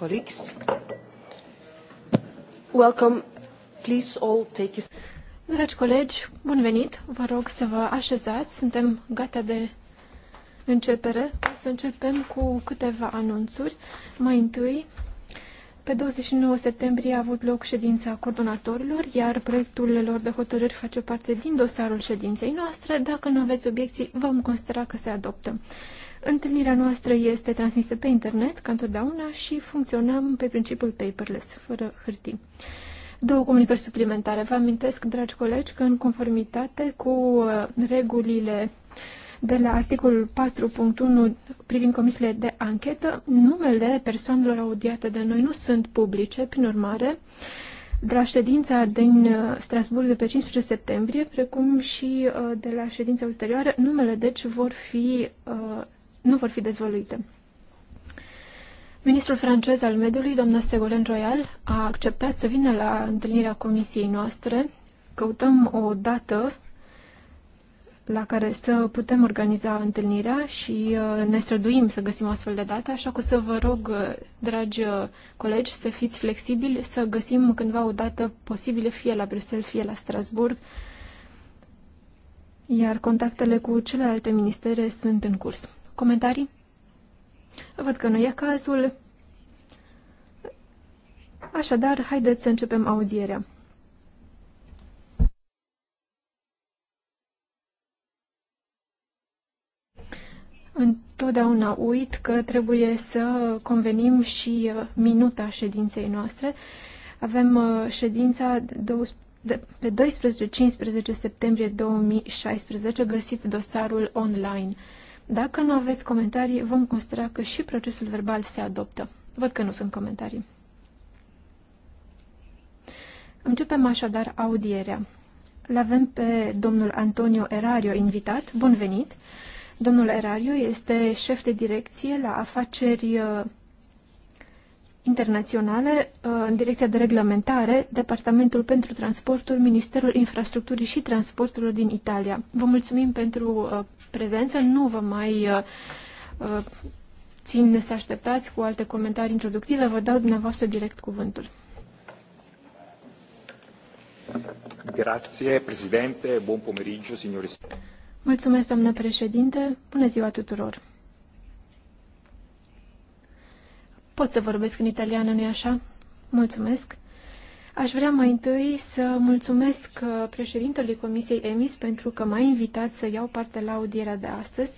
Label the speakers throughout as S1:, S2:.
S1: colleagues. Welcome.
S2: Please all take Dragi colegi, bun venit. Vă rog să vă așezați. Suntem gata de începere. O să începem cu câteva anunțuri. Mai întâi, pe 29 septembrie a avut loc ședința coordonatorilor, iar proiectul lor de hotărâri face parte din dosarul ședinței noastre. Dacă nu aveți obiecții, vom considera că se adoptă. Întâlnirea noastră este transmisă pe internet, ca întotdeauna, și funcționăm pe principiul paperless, fără hârtii. Două comunicări suplimentare. Vă amintesc, dragi colegi, că în conformitate cu uh, regulile de la articolul 4.1 privind comisiile de anchetă, numele persoanelor audiate de noi nu sunt publice, prin urmare, de la ședința din uh, Strasburg de pe 15 septembrie, precum și uh, de la ședința ulterioară, numele deci vor fi nu vor fi dezvăluite. Ministrul francez al mediului, doamna Ségolène Royal, a acceptat să vină la întâlnirea comisiei noastre. Căutăm o dată la care să putem organiza întâlnirea și uh, ne străduim să găsim o astfel de dată, așa că să vă rog, uh, dragi uh, colegi, să fiți flexibili, să găsim cândva o dată posibilă, fie la Bruxelles, fie la Strasburg, iar contactele cu celelalte ministere sunt în curs. Comentarii? Văd că nu e cazul. Așadar, haideți să începem audierea. Întotdeauna uit că trebuie să convenim și uh, minuta ședinței noastre. Avem uh, ședința pe 12-15 septembrie 2016. Găsiți dosarul online. Dacă nu aveți comentarii, vom considera că și procesul verbal se adoptă. Văd că nu sunt comentarii. Începem așadar audierea. L-avem pe domnul Antonio Erario invitat. Bun venit! Domnul Erario este șef de direcție la afaceri uh, internaționale uh, în direcția de reglementare, Departamentul pentru transportul, Ministerul Infrastructurii și Transporturilor din Italia. Vă mulțumim pentru uh, prezență, nu vă mai uh, țin să așteptați cu alte comentarii introductive, vă dau dumneavoastră direct cuvântul.
S3: Grazie, Presidente. Buon pomeriggio, signori.
S2: Mulțumesc, doamnă președinte. Bună ziua tuturor. Pot să vorbesc în italiană, nu-i așa? Mulțumesc. Aș vrea mai întâi să mulțumesc uh, președintelui Comisiei EMIS pentru că m-a invitat să iau parte la audierea de astăzi.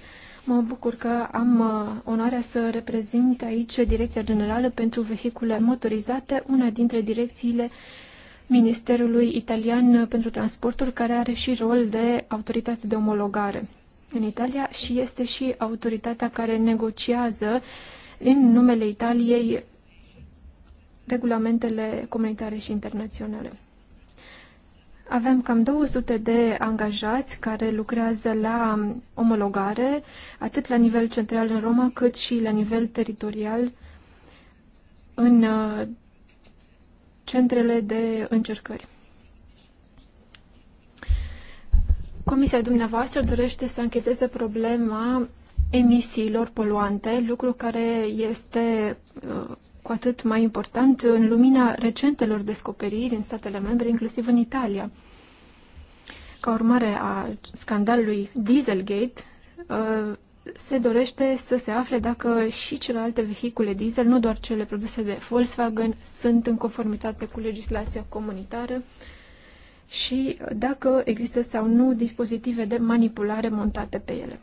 S2: Mă bucur că am uh, onoarea să reprezint aici Direcția Generală pentru Vehicule Motorizate, una dintre direcțiile Ministerului Italian uh, pentru Transportul, care are și rol de autoritate de omologare în Italia și este și autoritatea care negociază uh, în numele Italiei regulamentele comunitare și internaționale. Avem cam 200 de angajați care lucrează la omologare, atât la nivel central în Roma, cât și la nivel teritorial în uh, centrele de încercări. Comisia dumneavoastră dorește să încheteze problema emisiilor poluante, lucru care este uh, cu atât mai important în lumina recentelor descoperiri în statele membre, inclusiv în Italia. Ca urmare a scandalului Dieselgate, uh, se dorește să se afle dacă și celelalte vehicule diesel, nu doar cele produse de Volkswagen, sunt în conformitate cu legislația comunitară și dacă există sau nu dispozitive de manipulare montate pe ele.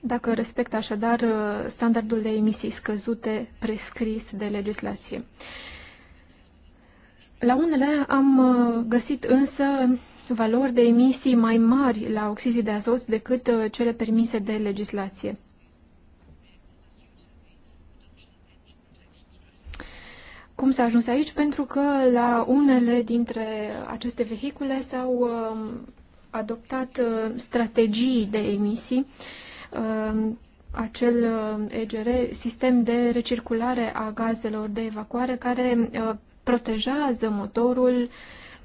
S2: dacă respectă așadar uh, standardul de emisii scăzute prescris de legislație. La unele am uh, găsit însă valori de emisii mai mari la oxizii de azot decât uh, cele permise de legislație. Cum s-a ajuns aici? Pentru că la unele dintre aceste vehicule s-au um, adoptat strategii de emisii Um, acel uh, EGR, sistem de recirculare a gazelor de evacuare care uh, protejează motorul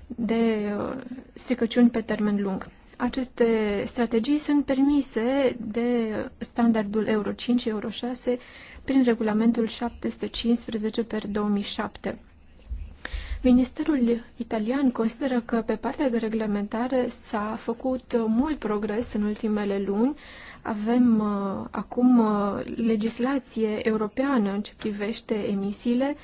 S2: de uh, stricăciuni pe termen lung. Aceste strategii sunt permise de standardul Euro 5 și Euro 6 prin regulamentul 715 per 2007. Ministerul italian consideră că pe partea de reglementare s-a făcut mult progres în ultimele luni, avem uh, acum uh, legislație europeană în ce privește emisiile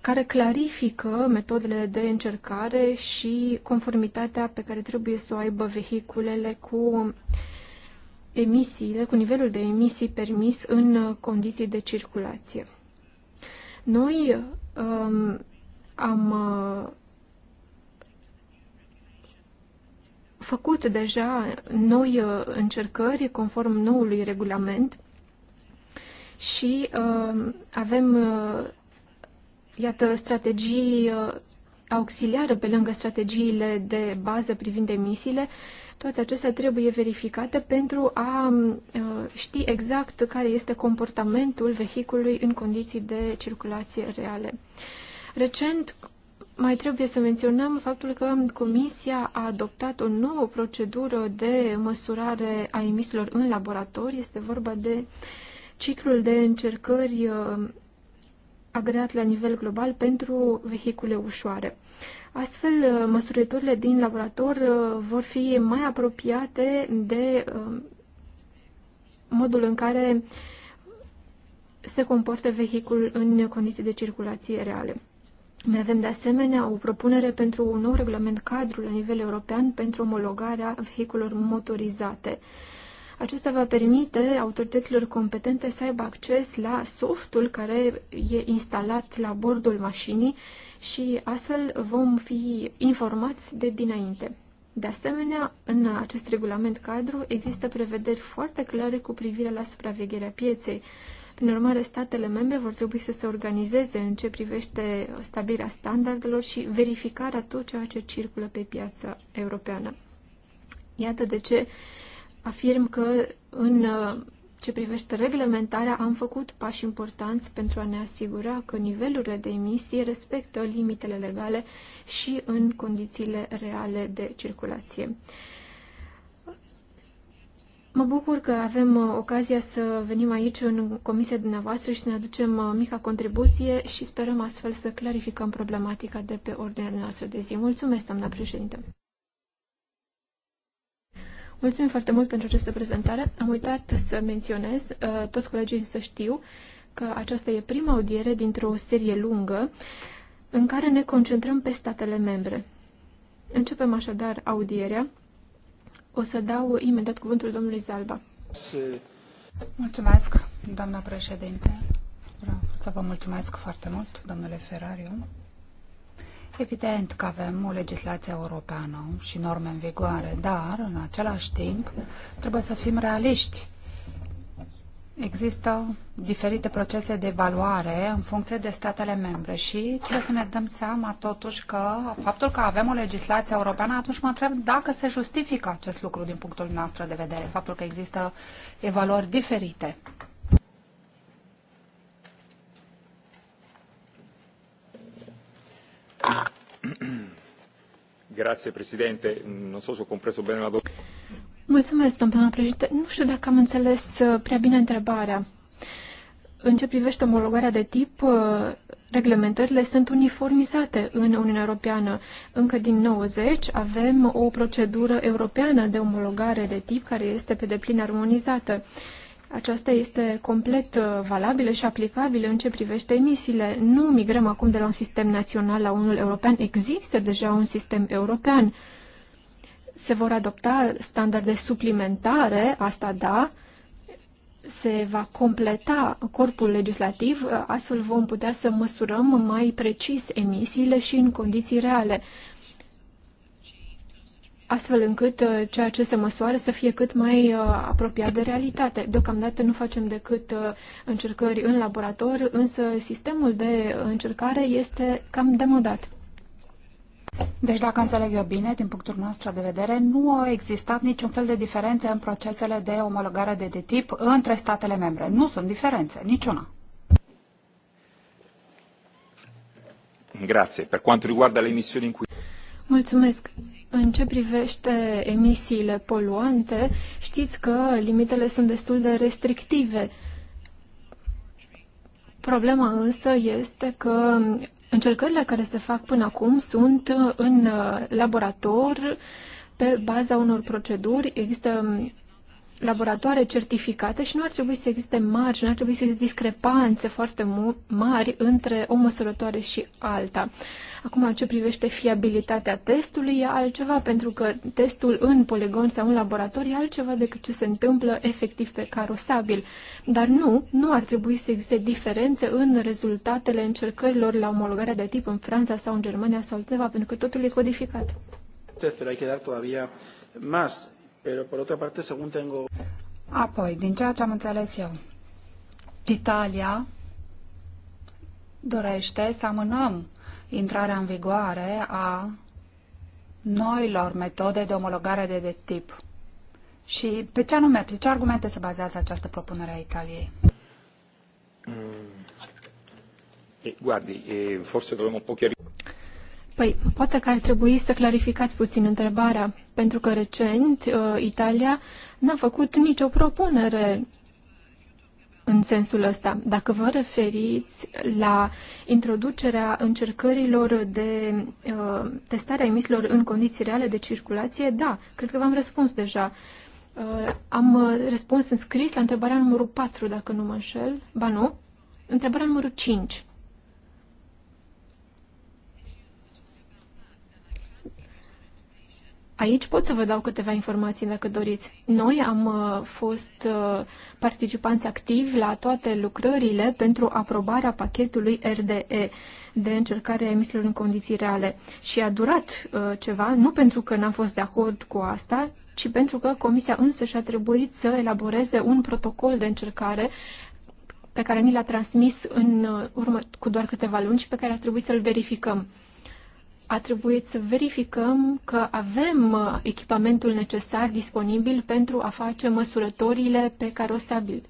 S2: care clarifică metodele de încercare și conformitatea pe care trebuie să o aibă vehiculele cu emisiile, cu nivelul de emisii permis în uh, condiții de circulație. Noi um, am uh, făcut deja noi uh, încercări conform noului regulament și uh, avem, uh, iată, strategii uh, auxiliare pe lângă strategiile de bază privind emisiile. Toate acestea trebuie verificate pentru a uh, ști exact care este comportamentul vehiculului în condiții de circulație reale. Recent, mai trebuie să menționăm faptul că Comisia a adoptat o nouă procedură de măsurare a emisiilor în laborator. Este vorba de ciclul de încercări uh, agreat la nivel global pentru vehicule ușoare. Astfel, uh, măsurătorile din laborator uh, vor fi mai apropiate de modul în care se comportă vehiculul în condiții de circulație reale. Mai avem de asemenea o propunere pentru un nou regulament cadru la nivel european pentru omologarea vehiculelor motorizate. Acesta va permite autorităților competente să aibă acces la softul care e instalat la bordul mașinii și astfel vom fi informați de dinainte. De asemenea, în acest regulament cadru există prevederi foarte clare cu privire la supravegherea pieței prin urmare, statele membre vor trebui să se organizeze în ce privește stabilirea standardelor și verificarea tot ceea ce circulă pe piața europeană. Iată de ce afirm că în uh, ce privește reglementarea, am făcut pași importanți pentru a ne asigura că nivelurile de emisie respectă limitele legale și în condițiile reale de circulație. Mă bucur că avem uh, ocazia să venim aici în comisia dumneavoastră și să ne aducem uh, mica contribuție și sperăm astfel să clarificăm problematica de pe ordinea noastră de zi. Mulțumesc, doamna președinte! Mulțumim foarte mult pentru această prezentare. Am uitat să menționez, uh, toți colegii să știu, că aceasta e prima audiere dintr-o serie lungă în care ne concentrăm pe statele membre. Începem așadar audierea o să dau imediat cuvântul domnului Zalba.
S4: Mulțumesc, doamna președinte. Vreau să vă mulțumesc foarte mult, domnule Ferrariu. Evident că avem o legislație europeană și norme în vigoare, dar, în același timp, trebuie să fim realiști Există diferite procese de evaluare în funcție de statele membre și trebuie să ne dăm seama totuși că faptul că avem o legislație europeană, atunci mă întreb dacă se justifică acest lucru din punctul nostru de vedere, faptul că există evaluări diferite.
S3: Grazie Presidente, non so se ho compreso bene la domanda.
S2: Mulțumesc, domnule președinte. Nu știu dacă am înțeles uh, prea bine întrebarea. În ce privește omologarea de tip, uh, reglementările sunt uniformizate în Uniunea Europeană. Încă din 90 avem o procedură europeană de omologare de tip care este pe deplin armonizată. Aceasta este complet uh, valabilă și aplicabilă în ce privește emisiile. Nu migrăm acum de la un sistem național la unul european. Există deja un sistem european se vor adopta standarde suplimentare, asta da, se va completa corpul legislativ, astfel vom putea să măsurăm mai precis emisiile și în condiții reale, astfel încât uh, ceea ce se măsoară să fie cât mai uh, apropiat de realitate. Deocamdată nu facem decât uh, încercări în laborator, însă sistemul de
S4: încercare este cam demodat. Deci, dacă înțeleg eu bine, din punctul nostru de vedere, nu a existat niciun fel de diferențe în procesele de omologare de, de tip între statele membre. Nu sunt diferențe, niciuna.
S3: Grazie. Per quanto riguarda le emissioni in cui...
S4: Mulțumesc.
S2: În ce privește emisiile poluante, știți că limitele sunt destul de restrictive. Problema însă este că Încercările care se fac până acum sunt uh, în uh, laborator pe baza unor proceduri. Există um, laboratoare certificate și nu ar trebui să existe margi, nu ar trebui să existe discrepanțe foarte mari între o măsurătoare și alta. Acum, ce privește fiabilitatea testului, e altceva, pentru că testul în poligon sau în laborator e altceva decât ce se întâmplă efectiv pe carosabil. Dar nu, nu ar trebui să existe diferențe în rezultatele încercărilor la omologarea de tip în Franța sau în Germania sau altceva, pentru că totul e codificat.
S4: Pero hay que dar todavía más Pero por otra parte, según tengo... Apoi, din ceea ce am înțeles eu, Italia dorește să amânăm intrarea în vigoare a noilor metode de omologare de, de tip. Și pe ce anume, pe ce argumente se bazează această propunere a Italiei?
S3: Mm. E, eh, guardi, e, eh, forse dovremmo un po' chiarire.
S2: Păi, poate că ar trebui să clarificați puțin întrebarea, pentru că recent uh, Italia n-a făcut nicio propunere în sensul ăsta. Dacă vă referiți la introducerea încercărilor de uh, testarea emisiilor în condiții reale de circulație, da, cred că v-am răspuns deja. Uh, am uh, răspuns în scris la întrebarea numărul 4, dacă nu mă înșel. Ba nu, întrebarea numărul 5. Aici pot să vă dau câteva informații dacă doriți. Noi am uh, fost uh, participanți activi la toate lucrările pentru aprobarea pachetului RDE de încercare a emisiilor în condiții reale și a durat uh, ceva, nu pentru că n-am fost de acord cu asta, ci pentru că Comisia însă și-a trebuit să elaboreze un protocol de încercare pe care ni l-a transmis în urmă cu doar câteva luni și pe care a trebuit să-l verificăm a trebuit să verificăm că avem uh, echipamentul necesar disponibil pentru a face măsurătorile pe carosabil,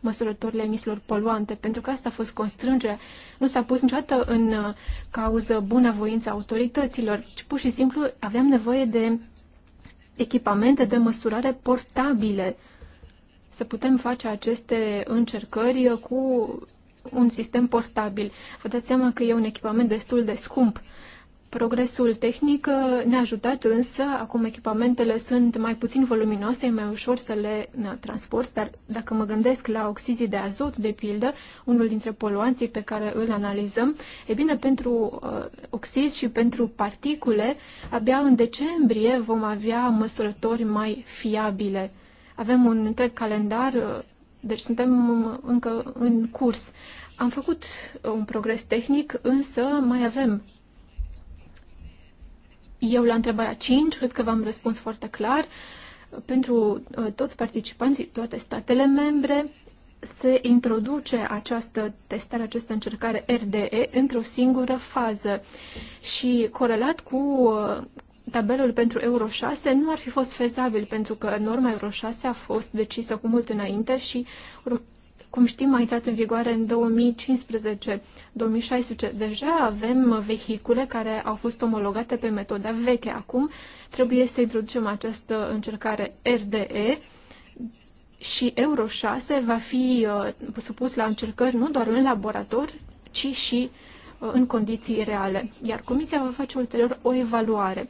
S2: măsurătorile emisiilor poluante, pentru că asta a fost constrângerea. Nu s-a pus niciodată în uh, cauză bunăvoința autorităților, ci pur și simplu aveam nevoie de echipamente de măsurare portabile, să putem face aceste încercări uh, cu un sistem portabil. Vă dați seama că e un echipament destul de scump. Progresul tehnic uh, ne-a ajutat, însă acum echipamentele sunt mai puțin voluminoase, e mai ușor să le na, transport, dar dacă mă gândesc la oxizii de azot, de pildă, unul dintre poluanții pe care îl analizăm, e bine, pentru uh, oxizi și pentru particule, abia în decembrie vom avea măsurători mai fiabile. Avem un întreg calendar, uh, deci suntem încă în curs. Am făcut uh, un progres tehnic, însă mai avem eu la întrebarea 5 cred că v-am răspuns foarte clar. Pentru uh, toți participanții, toate statele membre, se introduce această testare, această încercare RDE într-o singură fază și corelat cu uh, tabelul pentru Euro 6 nu ar fi fost fezabil pentru că norma Euro 6 a fost decisă cu mult înainte și cum știm, a intrat în vigoare în 2015-2016. Deja avem vehicule care au fost omologate pe metoda veche. Acum trebuie să introducem această încercare RDE și Euro 6 va fi uh, supus la încercări nu doar în laborator, ci și uh, în condiții reale, iar Comisia va face ulterior o evaluare.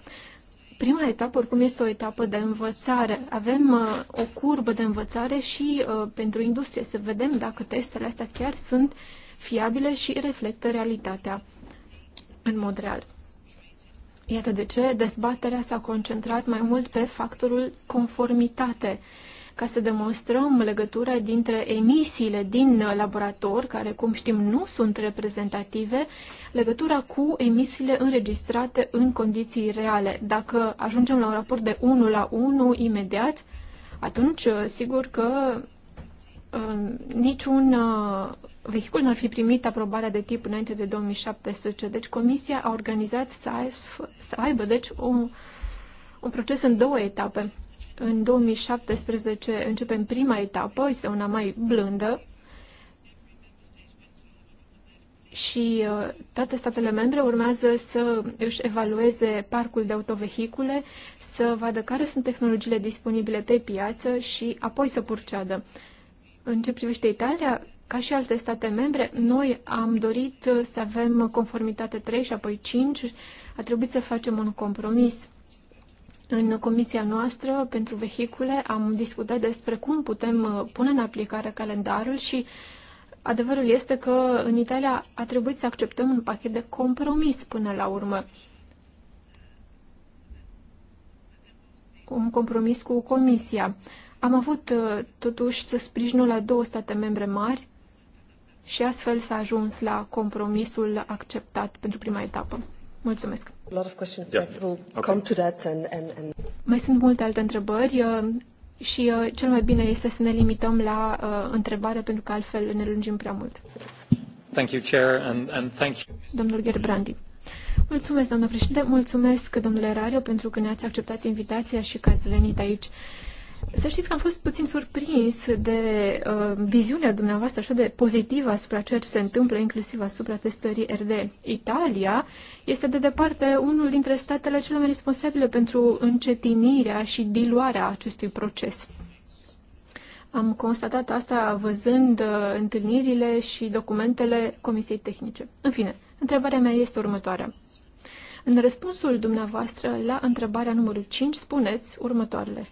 S2: Prima etapă, oricum, este o etapă de învățare. Avem uh, o curbă de învățare și uh, pentru industrie să vedem dacă testele astea chiar sunt fiabile și reflectă realitatea în mod real. Iată de ce dezbaterea s-a concentrat mai mult pe factorul conformitate. Uh, ca să demonstrăm legătura dintre emisiile din laborator, care, cum știm, nu sunt reprezentative, legătura cu emisiile înregistrate în condiții reale. Dacă ajungem la un raport de 1 la 1 imediat, atunci, uh, sigur că uh, niciun uh, vehicul n-ar fi primit aprobarea de tip înainte de 2017. Deci Comisia a organizat să, aibă deci, un, un proces în două etape. În 2017 începem prima etapă, este una mai blândă și uh, toate statele membre urmează să își evalueze parcul de autovehicule, să vadă care sunt tehnologiile disponibile pe piață și apoi să purceadă. În ce privește Italia, ca și alte state membre, noi am dorit să avem conformitate 3 și apoi 5. A trebuit să facem un compromis. În comisia noastră pentru vehicule am discutat despre cum putem uh, pune în aplicare calendarul și adevărul este că în Italia a trebuit să acceptăm un pachet de compromis până la urmă. Un compromis cu comisia. Am avut uh, totuși să sprijinul la două state membre mari și astfel s-a ajuns la compromisul acceptat pentru prima etapă. Mulțumesc. A lot
S1: of questions yeah. come to that and, and,
S2: and... Mai sunt multe alte întrebări uh, și uh, cel mai bine este să ne limităm la uh, întrebare pentru că altfel ne lungim prea mult.
S3: Thank you, Chair, and, and thank you.
S2: Domnul Gerbrandi. Mulțumesc, doamnă președinte, mulțumesc, domnule Rario, pentru că ne-ați acceptat invitația și că ați venit aici. Să știți că am fost puțin surprins de uh, viziunea dumneavoastră așa de pozitivă asupra ceea ce se întâmplă, inclusiv asupra testării RD. Italia este de departe unul dintre statele cele mai responsabile pentru încetinirea și diluarea acestui proces. Am constatat asta văzând uh, întâlnirile și documentele Comisiei Tehnice. În fine, întrebarea mea este următoarea. În răspunsul dumneavoastră la întrebarea numărul 5 spuneți următoarele.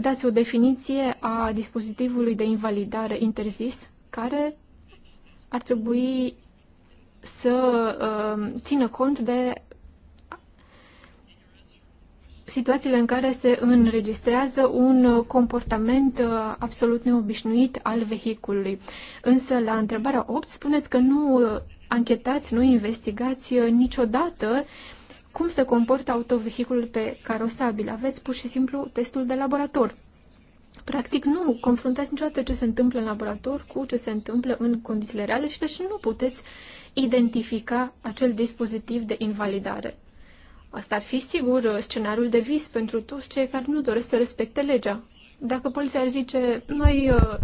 S2: dați o definiție a dispozitivului de invalidare interzis, care ar trebui să uh, țină cont de situațiile în care se înregistrează un comportament uh, absolut neobișnuit al vehiculului. Însă, la întrebarea 8, spuneți că nu uh, anchetați, nu investigați uh, niciodată uh, cum se comportă autovehiculul pe carosabil. Aveți pur și simplu testul de laborator. Practic nu confruntați niciodată ce se întâmplă în laborator cu ce se întâmplă în condițiile reale și deci nu puteți identifica acel dispozitiv de invalidare. Asta ar fi sigur scenariul de vis pentru toți cei care nu doresc să respecte legea. Dacă poliția ar zice, noi uh,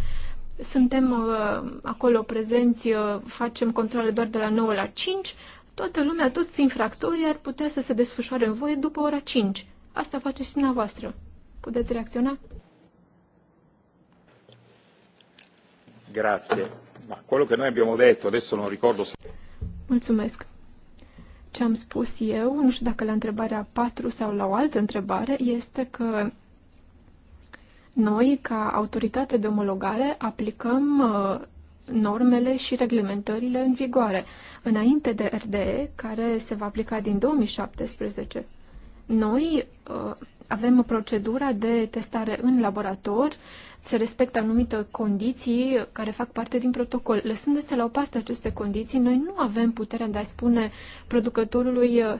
S2: suntem uh, acolo prezenți, uh, facem controle doar de la 9 la 5, toată lumea, toți infractorii ar putea să se desfășoare în voie după ora 5. Asta faceți dumneavoastră. Puteți reacționa?
S3: Grazie. Ma quello che noi abbiamo detto, adesso non ricordo se...
S2: Mulțumesc. Ce am spus eu, nu știu dacă la întrebarea 4 sau la o altă întrebare, este că noi, ca autoritate de omologare, aplicăm uh, normele și reglementările în vigoare, înainte de RDE, care se va aplica din 2017. Noi uh, avem procedura de testare în laborator, se respectă anumite condiții care fac parte din protocol. Lăsându-se la o parte aceste condiții, noi nu avem puterea de a spune producătorului uh,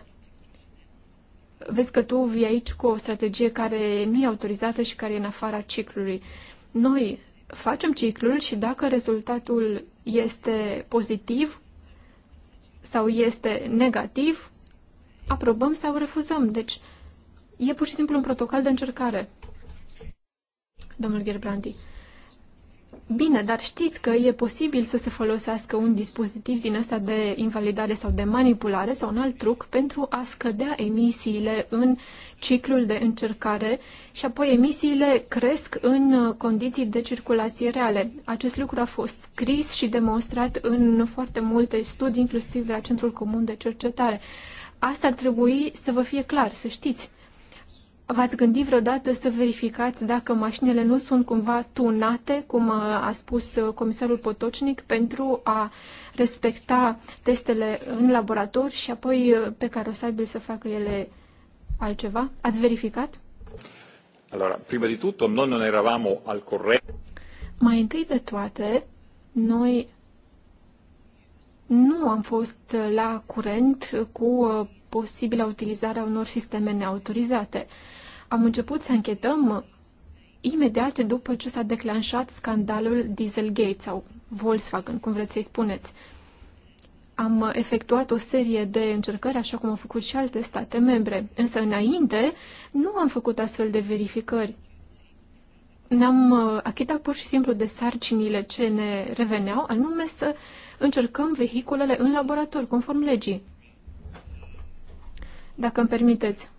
S2: vezi că tu vii aici cu o strategie care nu e autorizată și care e în afara ciclului. Noi facem ciclul și dacă rezultatul este pozitiv sau este negativ, aprobăm sau refuzăm. Deci e pur și simplu un protocol de încercare. Domnul Uh, Bine, dar știți că e posibil să se folosească un dispozitiv din ăsta de invalidare sau de manipulare sau un alt truc pentru a scădea emisiile în ciclul de încercare și apoi emisiile cresc în condiții de circulație reale. Acest lucru a fost scris și demonstrat în foarte multe studii, inclusiv la Centrul Comun de Cercetare. Asta ar trebui să vă fie clar, să știți. V-ați gândit vreodată să verificați dacă mașinile nu sunt cumva tunate, cum uh, a spus uh, comisarul Potocnic, pentru a respecta testele în laborator și apoi uh, pe carosabil să facă ele altceva? Ați verificat?
S3: Allora, prima di tutto, noi non eravamo al corret.
S2: Mai întâi de toate, noi nu am fost la curent cu posibilă utilizarea unor sisteme neautorizate. Uh, am început să închetăm imediat după ce s-a declanșat scandalul Dieselgate sau Volkswagen, cum vreți să-i spuneți. Am efectuat o serie de încercări, așa cum au făcut și alte state membre, însă înainte nu am făcut astfel de verificări. Ne-am uh, achitat pur și simplu de sarcinile ce ne reveneau, anume să încercăm vehiculele în laborator, conform legii. Dacă îmi permiteți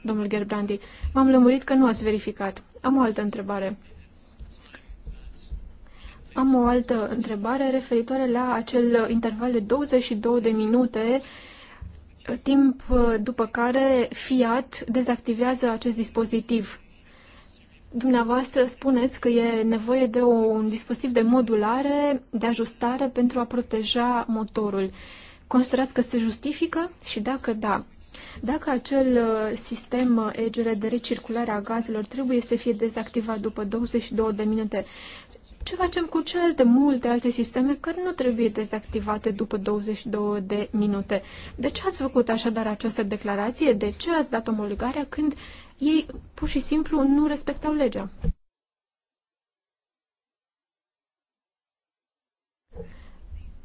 S2: domnul Gerbrandi. M-am lămurit că nu ați verificat. Am o altă întrebare. Am o altă întrebare referitoare la acel interval de 22 de minute timp uh, după care Fiat dezactivează acest dispozitiv. Dumneavoastră spuneți că e nevoie de un dispozitiv de modulare, de ajustare pentru a proteja motorul. Considerați că se justifică? Și dacă da, dacă acel uh, sistem uh, EGR de recirculare a gazelor trebuie să fie dezactivat după 22 de minute, ce facem cu celelalte multe alte sisteme care nu trebuie dezactivate după 22 de minute? De ce ați făcut așadar această declarație? De ce ați dat omologarea când ei pur și simplu nu respectau legea?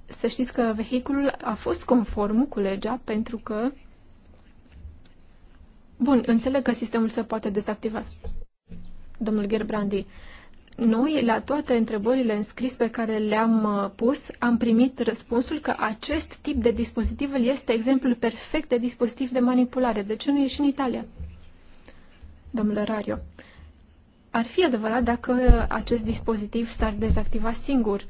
S2: Să știți că vehiculul a fost conform cu legea pentru că Bun, înțeleg că sistemul se poate dezactiva. Domnul Gerbrandi, noi la toate întrebările înscris pe care le-am uh, pus, am primit răspunsul că acest tip de dispozitiv este exemplul perfect de dispozitiv de manipulare. De ce nu e și în Italia? Domnule Rario, ar fi adevărat dacă acest dispozitiv s-ar dezactiva singur.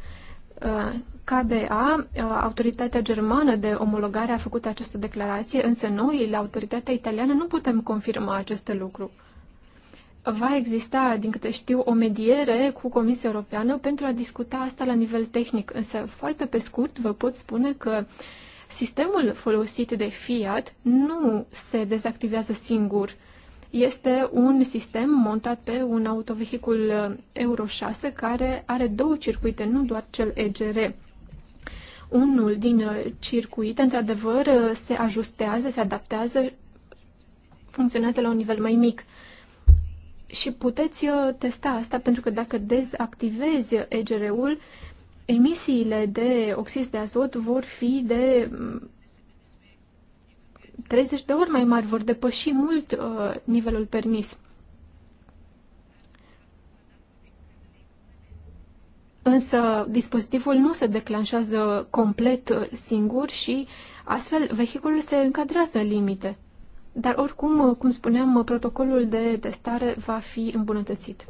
S2: Uh, KBA, uh, autoritatea germană de omologare a făcut această declarație, însă noi, la autoritatea italiană, nu putem confirma acest lucru. Va exista, din câte știu, o mediere cu Comisia Europeană pentru a discuta asta la nivel tehnic, însă foarte pe scurt vă pot spune că sistemul folosit de Fiat nu se dezactivează singur. Este un sistem montat pe un autovehicul uh, Euro 6 care are două circuite, nu doar cel EGR unul din uh, circuit, într-adevăr, uh, se ajustează, se adaptează, funcționează la un nivel mai mic. Și puteți uh, testa asta pentru că dacă dezactivezi EGR-ul, emisiile de oxid de azot vor fi de 30 mm, de ori mai mari, vor depăși mult uh, nivelul permis. Însă dispozitivul nu se declanșează complet uh, singur și astfel vehiculul se încadrează în limite. Dar oricum, uh, cum spuneam, uh, protocolul de testare va fi îmbunătățit.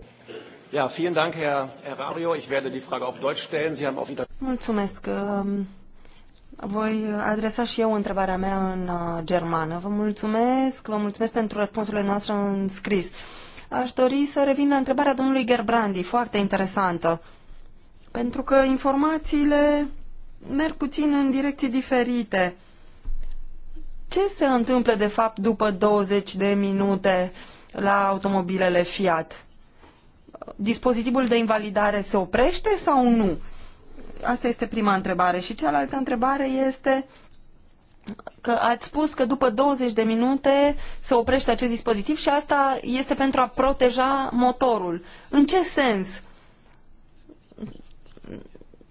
S3: Ja, vielen Dank, Herr Erario. Ich werde die Frage auf Deutsch stellen. Sie haben auf
S1: Mulțumesc. Um, voi adresa și eu întrebarea mea în germană. Vă mulțumesc, vă mulțumesc pentru răspunsurile noastre în scris. Aș dori să revin la întrebarea domnului Gerbrandi, foarte interesantă. Pentru că informațiile merg puțin în direcții diferite. Ce se întâmplă de fapt după 20 de minute la automobilele Fiat? Dispozitivul de invalidare se oprește sau nu? Asta este prima întrebare. Și cealaltă întrebare este că ați spus că după 20 de minute se oprește acest dispozitiv și asta este pentru a proteja motorul. În ce sens?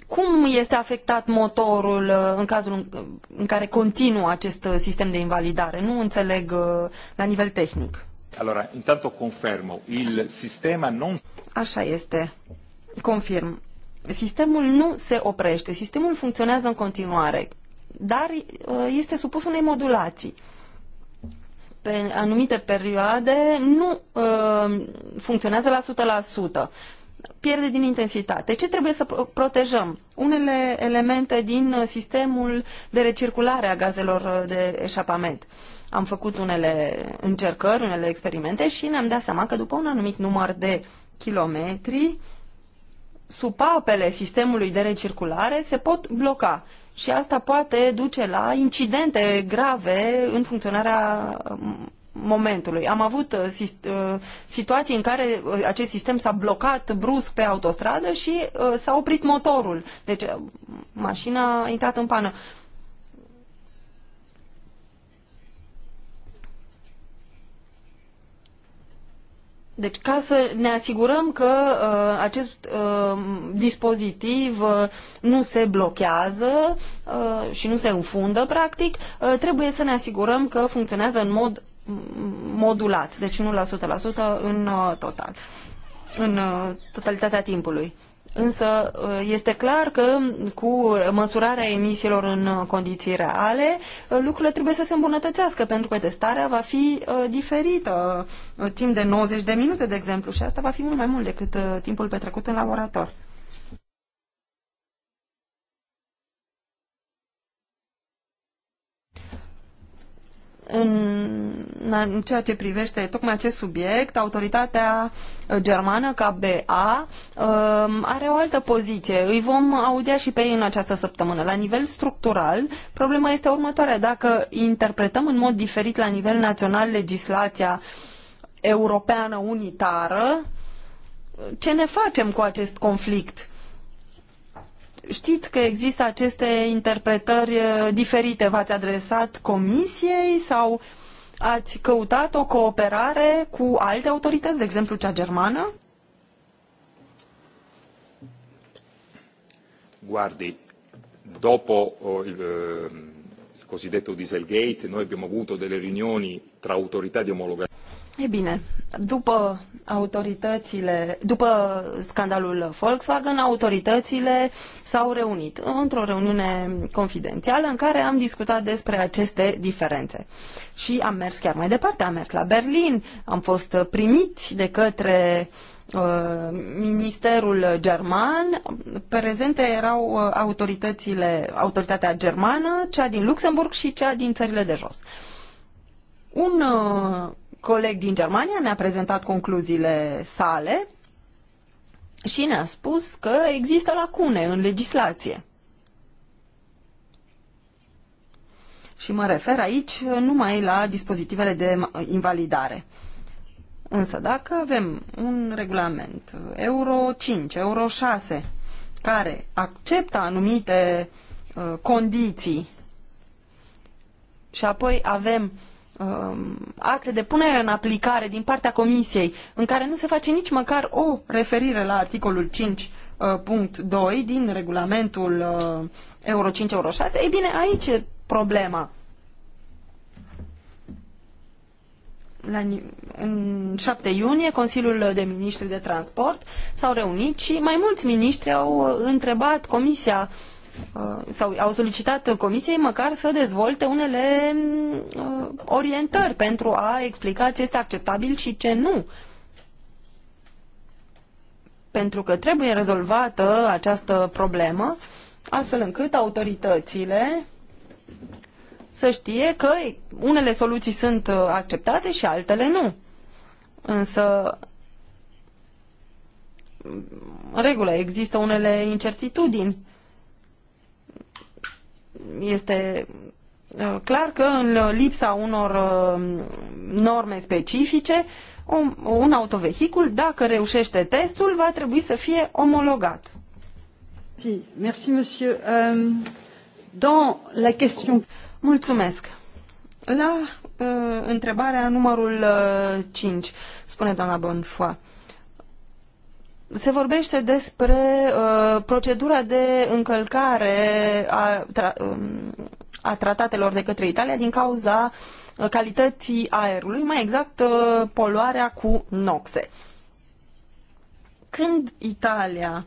S1: cum este afectat motorul uh, în cazul uh, în care continuă acest uh, sistem de invalidare? Nu înțeleg la nivel tehnic.
S3: Allora, intanto confermo, il sistema non...
S1: Așa este. Confirm. Sistemul nu se oprește, sistemul funcționează în continuare, dar este supus unei modulații. Pe anumite perioade nu uh, funcționează la 100% pierde din intensitate. Ce trebuie să protejăm? Unele elemente din uh, sistemul de recirculare a gazelor uh, de eșapament. Am făcut unele încercări, unele experimente și ne-am dat seama că după un anumit număr de kilometri, supapele sistemului de recirculare se pot bloca și asta poate duce la incidente grave în funcționarea um, momentului. Am avut uh, uh, situații în care uh, acest sistem s-a blocat brusc pe autostradă și s-a oprit motorul. Deci mașina a intrat în pană. Deci ca să ne asigurăm că uh, acest uh, dispozitiv uh, nu se blochează uh, și nu se înfundă, practic, uh, trebuie să ne asigurăm că funcționează în mod modulat, deci nu la 100 în uh, total, în uh, totalitatea timpului. Însă uh, este clar că cu măsurarea emisiilor în condiții reale, lucrurile trebuie să se îmbunătățească, pentru că testarea va fi diferită timp de 90 de minute, de exemplu, și asta va fi mult mai mult decât timpul petrecut în laborator. în, ceea ce privește tocmai acest subiect, autoritatea uh, germană, KBA um, are o altă poziție. Îi vom audia și pe ei în această săptămână. La nivel structural, problema este următoarea. Dacă interpretăm în mod diferit la nivel național legislația europeană unitară, ce ne facem cu acest conflict? Știți că există aceste interpretări uh, diferite. V-ați adresat comisiei sau ați căutat o cooperare cu alte autorități, de exemplu cea germană?
S3: Guardi, dopo uh, il, uh, il cosiddetto Dieselgate noi abbiamo avuto delle riunioni tra autorità di omologazione.
S1: E bine, după autoritățile, după scandalul Volkswagen, autoritățile s-au reunit într-o reuniune confidențială în care am discutat despre aceste diferențe. Și am mers chiar mai departe, am mers la Berlin, am fost primiți de către uh, Ministerul german, prezente erau uh, autoritățile, autoritatea germană, cea din Luxemburg și cea din țările de jos. Un uh, coleg din Germania ne-a prezentat concluziile sale și ne-a spus că există lacune în legislație. Și mă refer aici numai la dispozitivele de invalidare. Însă dacă avem un regulament Euro 5, Euro 6, care acceptă anumite uh, condiții și apoi avem uh, Um, acte de punere în aplicare din partea Comisiei în care nu se face nici măcar o referire la articolul 5 uh, punct 2 din regulamentul uh, Euro 5 Euro 6, ei bine, aici e problema. La, în 7 iunie, Consiliul de Ministri de Transport s-au reunit și mai mulți miniștri au uh, întrebat Comisia uh, Uh, sau au solicitat comisiei măcar să dezvolte unele uh, orientări pentru a explica ce este acceptabil și ce nu. Pentru că trebuie rezolvată această problemă astfel încât autoritățile să știe că unele soluții sunt uh, acceptate și altele nu. Însă, în regulă, există unele incertitudini este uh, clar că în lipsa unor uh, norme specifice, un autovehicul, dacă reușește testul, va trebui să fie omologat. Euh, Mulțumesc. La uh, întrebarea numărul uh, 5, spune doamna Bonfoy se vorbește despre uh, procedura de încălcare a, tra, um, a tratatelor de către Italia din cauza uh, calității aerului, mai exact uh, poluarea cu noxe. Când Italia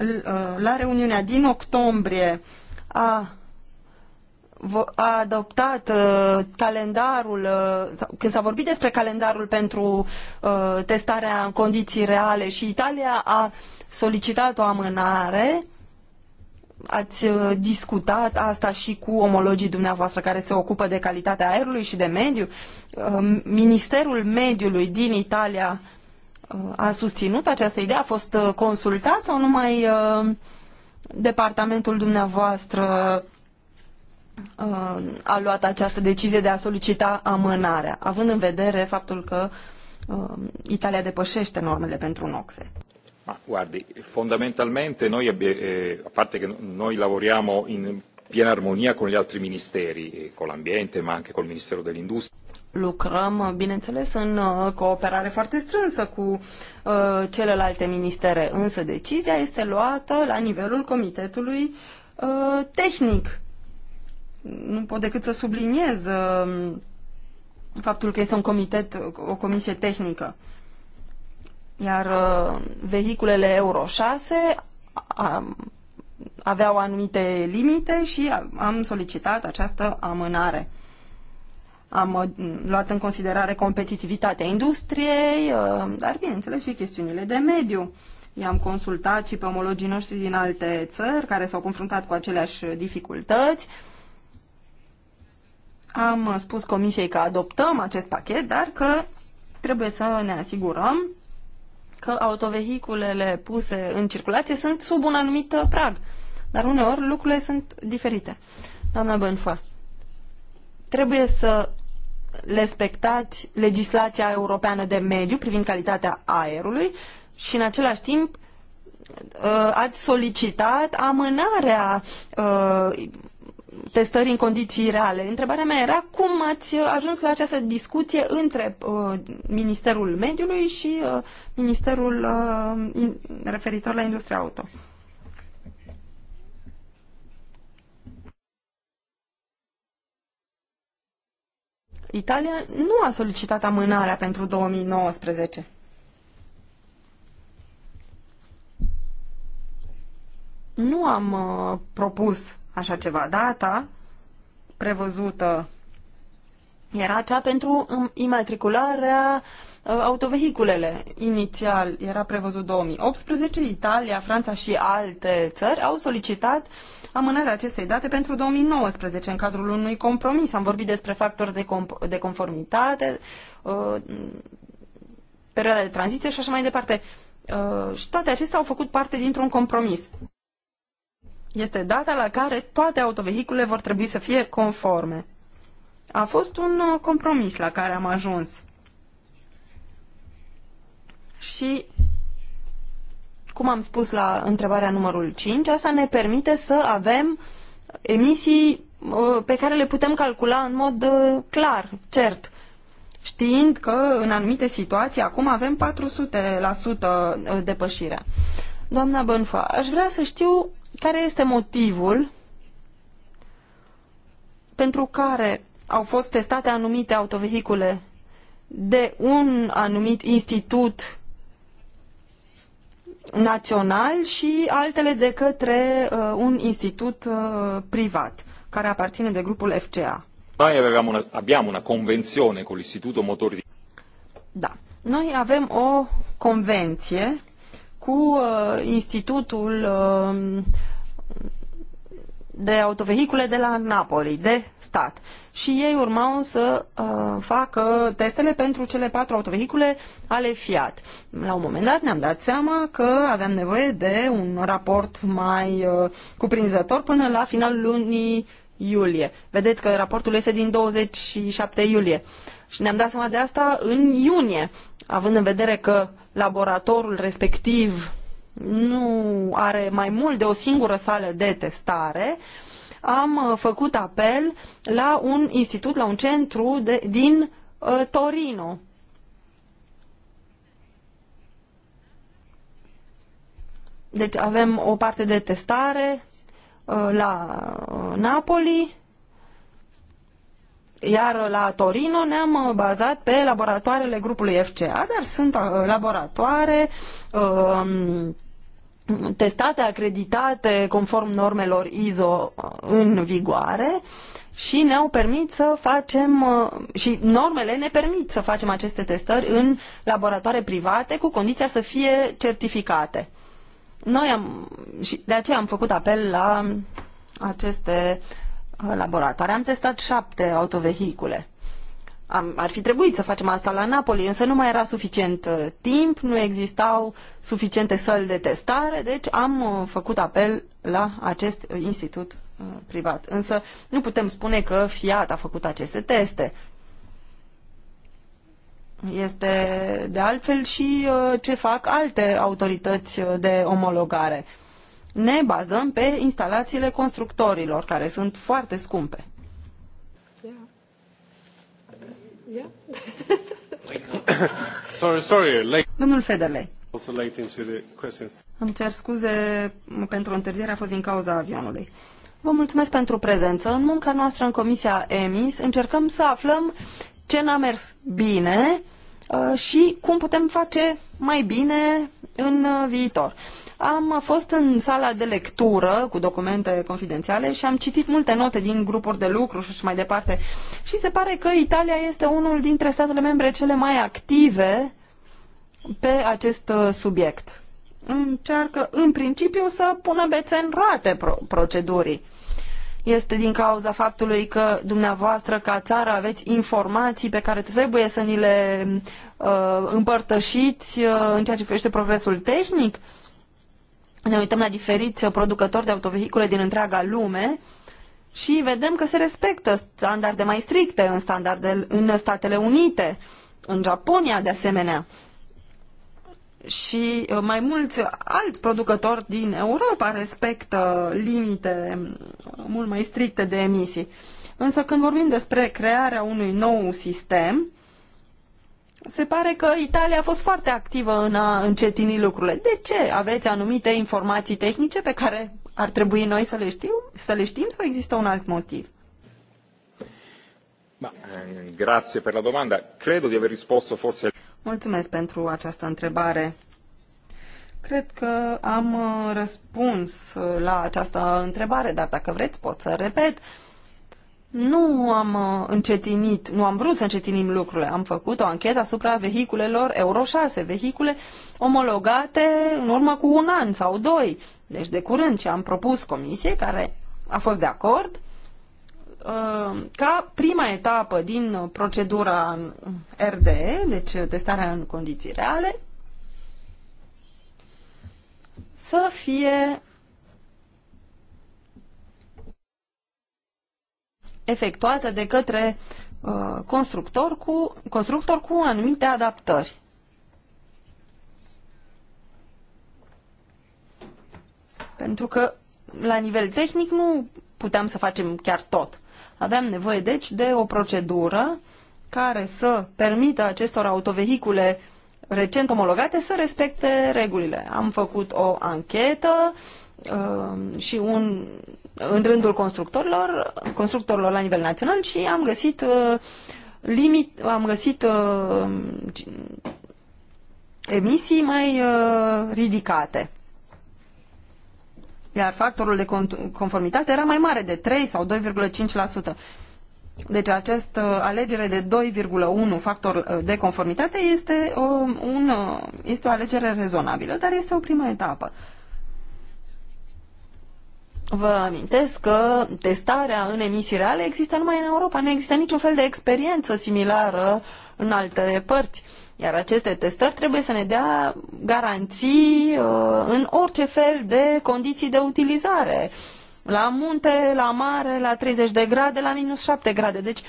S1: uh, la reuniunea din octombrie a a adoptat uh, calendarul, uh, când s-a vorbit despre calendarul pentru uh, testarea în condiții reale și Italia a solicitat o amânare, ați discutat asta și cu omologii dumneavoastră care se ocupă de calitatea aerului și de mediu. Ministerul Mediului din Italia a susținut această idee? A fost consultat sau numai departamentul dumneavoastră Uh, a luat această decizie de a solicita amânarea, având în vedere faptul că uh, Italia depășește normele pentru noxe.
S3: Ma guardi, fondamentalmente noi, eh, a parte che noi lavoriamo in piena armonia con gli altri ministeri, eh, con l'ambiente ma anche col Ministero dell'Industria.
S1: Lucrăm, eh, bineînțeles, în eh, cooperare foarte strânsă cu uh, celelalte ministere, însă decizia este luată la nivelul Comitetului uh, Tehnic nu pot decât să subliniez um, faptul că este un comitet, o comisie tehnică. Iar uh, vehiculele Euro 6 aveau anumite limite și am solicitat această amânare. Am uh, luat în considerare competitivitatea industriei, uh, dar bineînțeles și chestiunile de mediu. I-am consultat și pe omologii noștri din alte țări care s-au confruntat cu aceleași dificultăți am uh, spus Comisiei că adoptăm acest pachet, dar că trebuie să ne asigurăm că autovehiculele puse în circulație sunt sub un anumit uh, prag. Dar uneori lucrurile sunt diferite. Doamna Bănfă, trebuie să respectați legislația europeană de mediu privind calitatea aerului și în același timp uh, ați solicitat amânarea testări în condiții reale. Întrebarea mea era cum ați ajuns la această discuție între uh, Ministerul Mediului și uh, Ministerul uh, in, referitor la industria auto. Italia nu a solicitat amânarea pentru 2019. Nu am uh, propus așa ceva. Data prevăzută era cea pentru imatricularea uh, autovehiculele. Inițial era prevăzut 2018, Italia, Franța și alte țări au solicitat amânarea acestei date pentru 2019 în cadrul unui compromis. Am vorbit despre factori de, de conformitate, uh, perioada de tranziție și așa mai departe. Uh, și toate acestea au făcut parte dintr-un compromis este data la care toate autovehiculele vor trebui să fie conforme. A fost un uh, compromis la care am ajuns. Și, cum am spus la întrebarea numărul 5, asta ne permite să avem emisii uh, pe care le putem calcula în mod uh, clar, cert, știind că în anumite situații acum avem 400% depășirea. Doamna Bănfa, aș vrea să știu care este motivul pentru care au fost testate anumite autovehicule de un anumit institut național și altele de către uh, un institut uh, privat care aparține de grupul FCA.
S3: Noi avem una, abbiamo una convenzione con l'Istituto Motori di...
S1: Da. Noi avem o convenție cu uh, Institutul uh, de autovehicule de la Napoli, de stat. Și ei urmau să uh, facă testele pentru cele patru autovehicule ale Fiat. La un moment dat ne-am dat seama că aveam nevoie de un raport mai uh, cuprinzător până la finalul lunii iulie. Vedeți că raportul este din 27 iulie. Și ne-am dat seama de asta în iunie având în vedere că laboratorul respectiv nu are mai mult de o singură sală de testare, am uh, făcut apel la un institut, la un centru de, din uh, Torino. Deci avem o parte de testare uh, la uh, Napoli iar la Torino ne-am uh, bazat pe laboratoarele grupului FCA, dar sunt uh, laboratoare um, testate, acreditate conform normelor ISO uh, în vigoare și ne-au permis să facem și normele ne permit să facem aceste testări în laboratoare private cu condiția să fie certificate. Noi am, și de aceea am făcut apel la aceste Uh, laboratoare. Am testat șapte autovehicule. Am, ar fi trebuit să facem asta la Napoli, însă nu mai era suficient uh, timp, nu existau suficiente săli de testare, deci am uh, făcut apel la acest institut privat. Însă nu putem spune că Fiat a făcut aceste teste. Este de altfel și ce fac alte autorități de omologare ne bazăm pe instalațiile constructorilor, care sunt foarte scumpe. Yeah. Yeah. sorry, sorry, late. Domnul Federle. Also
S3: late into the questions.
S1: Îmi cer scuze pentru întârziere, a fost din cauza avionului. Vă mulțumesc pentru prezență. În munca noastră în Comisia EMIS încercăm să aflăm ce n-a mers bine uh, și cum putem face mai bine în uh, viitor. Am uh, fost în sala de lectură cu documente confidențiale și am citit multe note din grupuri de lucru și așa mai departe. Și se pare că Italia este unul dintre statele membre cele mai active pe acest uh, subiect. Încearcă, în principiu, să pună bețe în rate procedurii este din cauza faptului că dumneavoastră ca țară aveți informații pe care trebuie să ni le uh, împărtășiți uh, în ceea ce privește progresul tehnic? Ne uităm la diferiți producători de autovehicule din întreaga lume și vedem că se respectă standarde mai stricte în, standarde, în Statele Unite, în Japonia de asemenea. Uh, și uh, mai mulți alți producători din Europa respectă limite uh, mult mai stricte de emisii. Însă când vorbim despre crearea unui nou sistem, se pare că Italia a fost foarte activă în a încetini lucrurile. De ce aveți anumite informații tehnice pe care ar trebui noi să le, știu, să le știm sau există un alt motiv?
S3: Ma, eh, grazie per la domanda. Credo di aver risposto forse
S1: Mulțumesc pentru această întrebare. Cred că am uh, răspuns uh, la această întrebare, dar dacă vreți pot să repet. Nu am uh, încetinit, nu am vrut să încetinim lucrurile. Am făcut o anchetă asupra vehiculelor Euro 6, vehicule omologate în urmă cu un an sau doi, deci de curând, ce am propus comisiei care a fost de acord Uh, ca prima etapă din procedura RDE, deci testarea în condiții reale, să fie efectuată de către uh, constructor cu, constructor cu anumite adaptări. Pentru că la nivel tehnic nu puteam să facem chiar tot. Aveam nevoie, deci, de o procedură care să permită acestor autovehicule recent omologate să respecte regulile. Am făcut o anchetă uh, și un în rândul constructorilor, constructorilor la nivel național și am găsit uh, limit, am găsit uh, emisii mai uh, ridicate iar factorul de conformitate era mai mare, de 3 sau 2,5%. Deci această uh, alegere de 2,1 factor uh, de conformitate este o, um, un, uh, este o alegere rezonabilă, dar este o primă etapă. Vă amintesc că testarea în emisii reale există numai în Europa. Nu există niciun fel de experiență similară în alte părți. Iar aceste testări trebuie să ne dea garanții uh, în orice fel de condiții de utilizare. La munte, la mare, la 30 de grade, la minus 7 grade. Deci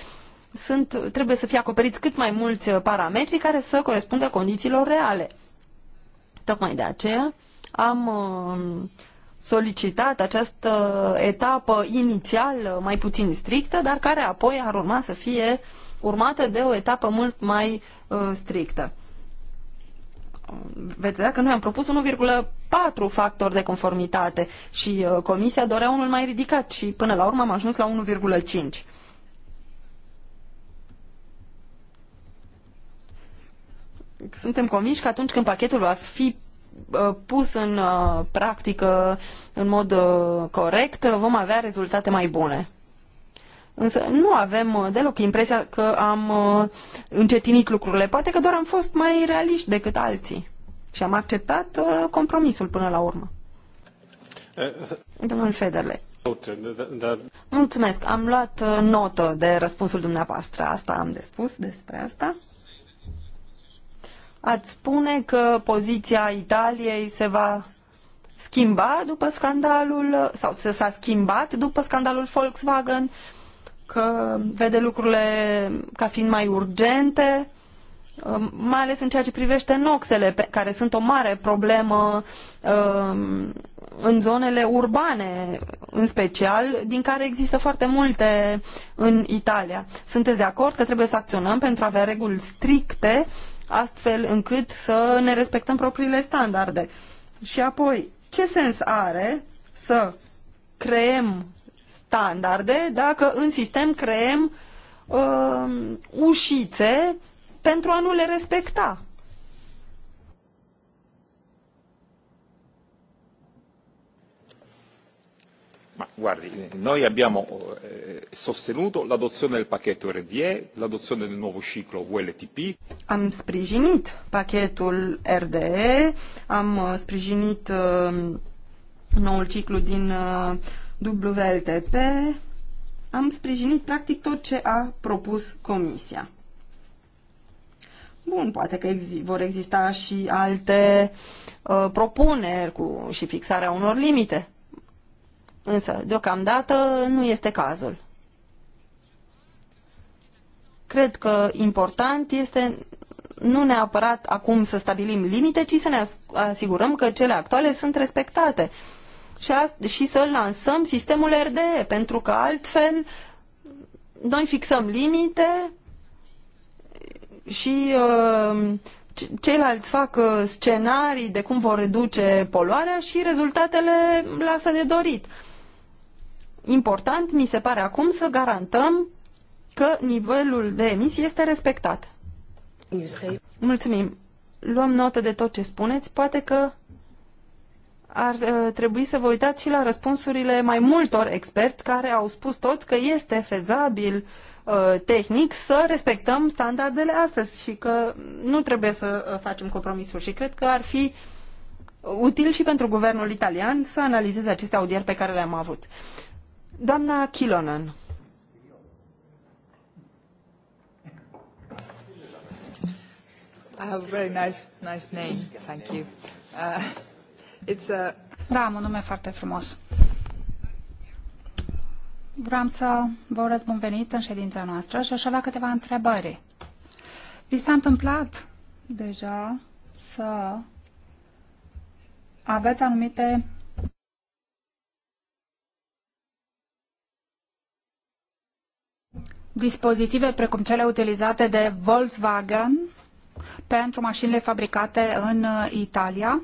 S1: sunt, trebuie să fie acoperiți cât mai mulți uh, parametri care să corespundă condițiilor reale. Tocmai de aceea am uh, solicitat această etapă inițial uh, mai puțin strictă, dar care apoi ar urma să fie uh, urmată de o etapă mult mai uh, strictă. Veți vedea că noi am propus 1,4 factori de conformitate și uh, comisia dorea unul mai ridicat și până la urmă am ajuns la 1,5. Suntem convinși că atunci când pachetul va fi uh, pus în uh, practică în mod uh, corect, vom avea rezultate mai bune. Însă nu avem uh, deloc impresia că am uh, încetinit lucrurile. Poate că doar am fost mai realiști decât alții. Și am acceptat uh, compromisul până la urmă.
S3: Domnul Federle.
S1: Mulțumesc. Am luat notă de răspunsul dumneavoastră. Asta am de spus despre asta. Ați spune că poziția Italiei se va schimba după scandalul, sau s-a schimbat după scandalul Volkswagen că vede lucrurile ca fiind mai urgente, um, mai ales în ceea ce privește noxele, care sunt o mare problemă um, în zonele urbane, în special, din care există foarte multe în Italia. Sunteți de acord că trebuie să acționăm pentru a avea reguli stricte, astfel încât să ne respectăm propriile standarde? Și apoi, ce sens are să creăm standarde dacă în sistem creăm uh, ușițe pentru a nu le respecta.
S3: Ma guardi, noi abbiamo eh, sostenuto l'adozione del pacchetto RDE, l'adozione del nuovo ciclo WLTP.
S1: Am sprijinit pacchetul RDE, am eh, sprijinit eh, noul ciclu din eh, WLTP, am sprijinit practic tot ce a propus Comisia. Bun, poate că ex- vor exista și alte uh, propuneri cu, și fixarea unor limite. Însă, deocamdată, nu este cazul. Cred că important este nu neapărat acum să stabilim limite, ci să ne asigurăm că cele actuale sunt respectate. Uh, și, a, și să lansăm sistemul RDE, pentru că altfel noi fixăm limite și uh, ceilalți fac uh, scenarii de cum vor reduce poluarea și rezultatele lasă de dorit. Important mi se pare acum să garantăm că nivelul de emisii este respectat. Mulțumim. Luăm notă de tot ce spuneți. Poate că ar uh, trebui să vă uitați și la răspunsurile mai multor experți care au spus toți că este fezabil uh, tehnic să respectăm standardele astăzi și că nu trebuie să uh, facem compromisuri și cred că ar fi util și pentru guvernul italian să analizeze aceste audieri pe care le-am avut. Doamna Kilonen.
S4: I have a very nice, nice name. Thank you. Uh... Da, am un nume foarte frumos. Vreau să vă urez bun venit în ședința noastră și aș avea câteva întrebări. Vi s-a întâmplat deja să aveți anumite dispozitive precum cele utilizate de Volkswagen pentru mașinile fabricate în Italia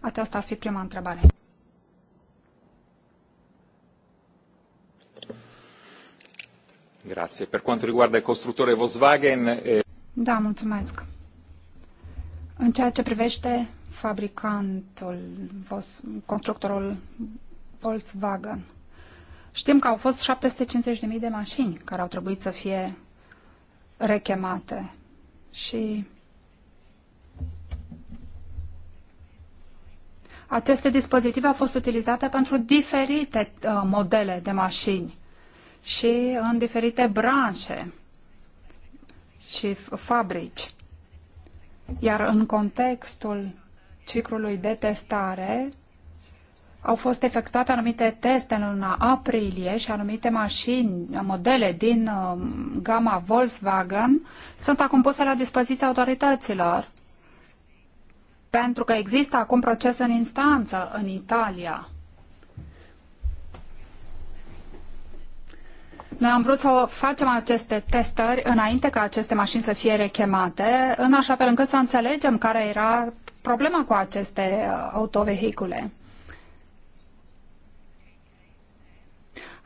S4: aceasta ar fi prima întrebare.
S3: Grazie. Per quanto riguarda il costruttore Volkswagen... Eh...
S4: Da, mulțumesc. În ceea ce privește fabricantul, constructorul Volkswagen, știm că au fost 750.000 de mașini care au trebuit să fie rechemate și Aceste dispozitive au fost utilizate pentru diferite uh, modele de mașini și în diferite branșe și fabrici. Iar în contextul ciclului de testare au fost efectuate anumite teste în luna aprilie și anumite mașini, modele din uh, gama Volkswagen sunt acum puse la dispoziția autorităților pentru că există acum proces în instanță în Italia. Noi am vrut să facem aceste testări înainte ca aceste mașini să fie rechemate, în așa fel încât să înțelegem care era problema cu aceste uh, autovehicule.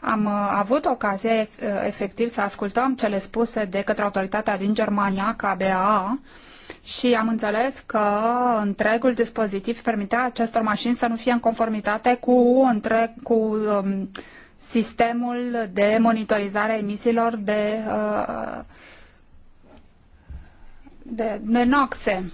S4: Am uh, avut ocazia uh, efectiv să ascultăm cele spuse de către autoritatea din Germania, KBA, și am înțeles că întregul dispozitiv permitea acestor mașini să nu fie în conformitate cu, întreg, cu um, sistemul de monitorizare a emisiilor de, uh, de, de noxe.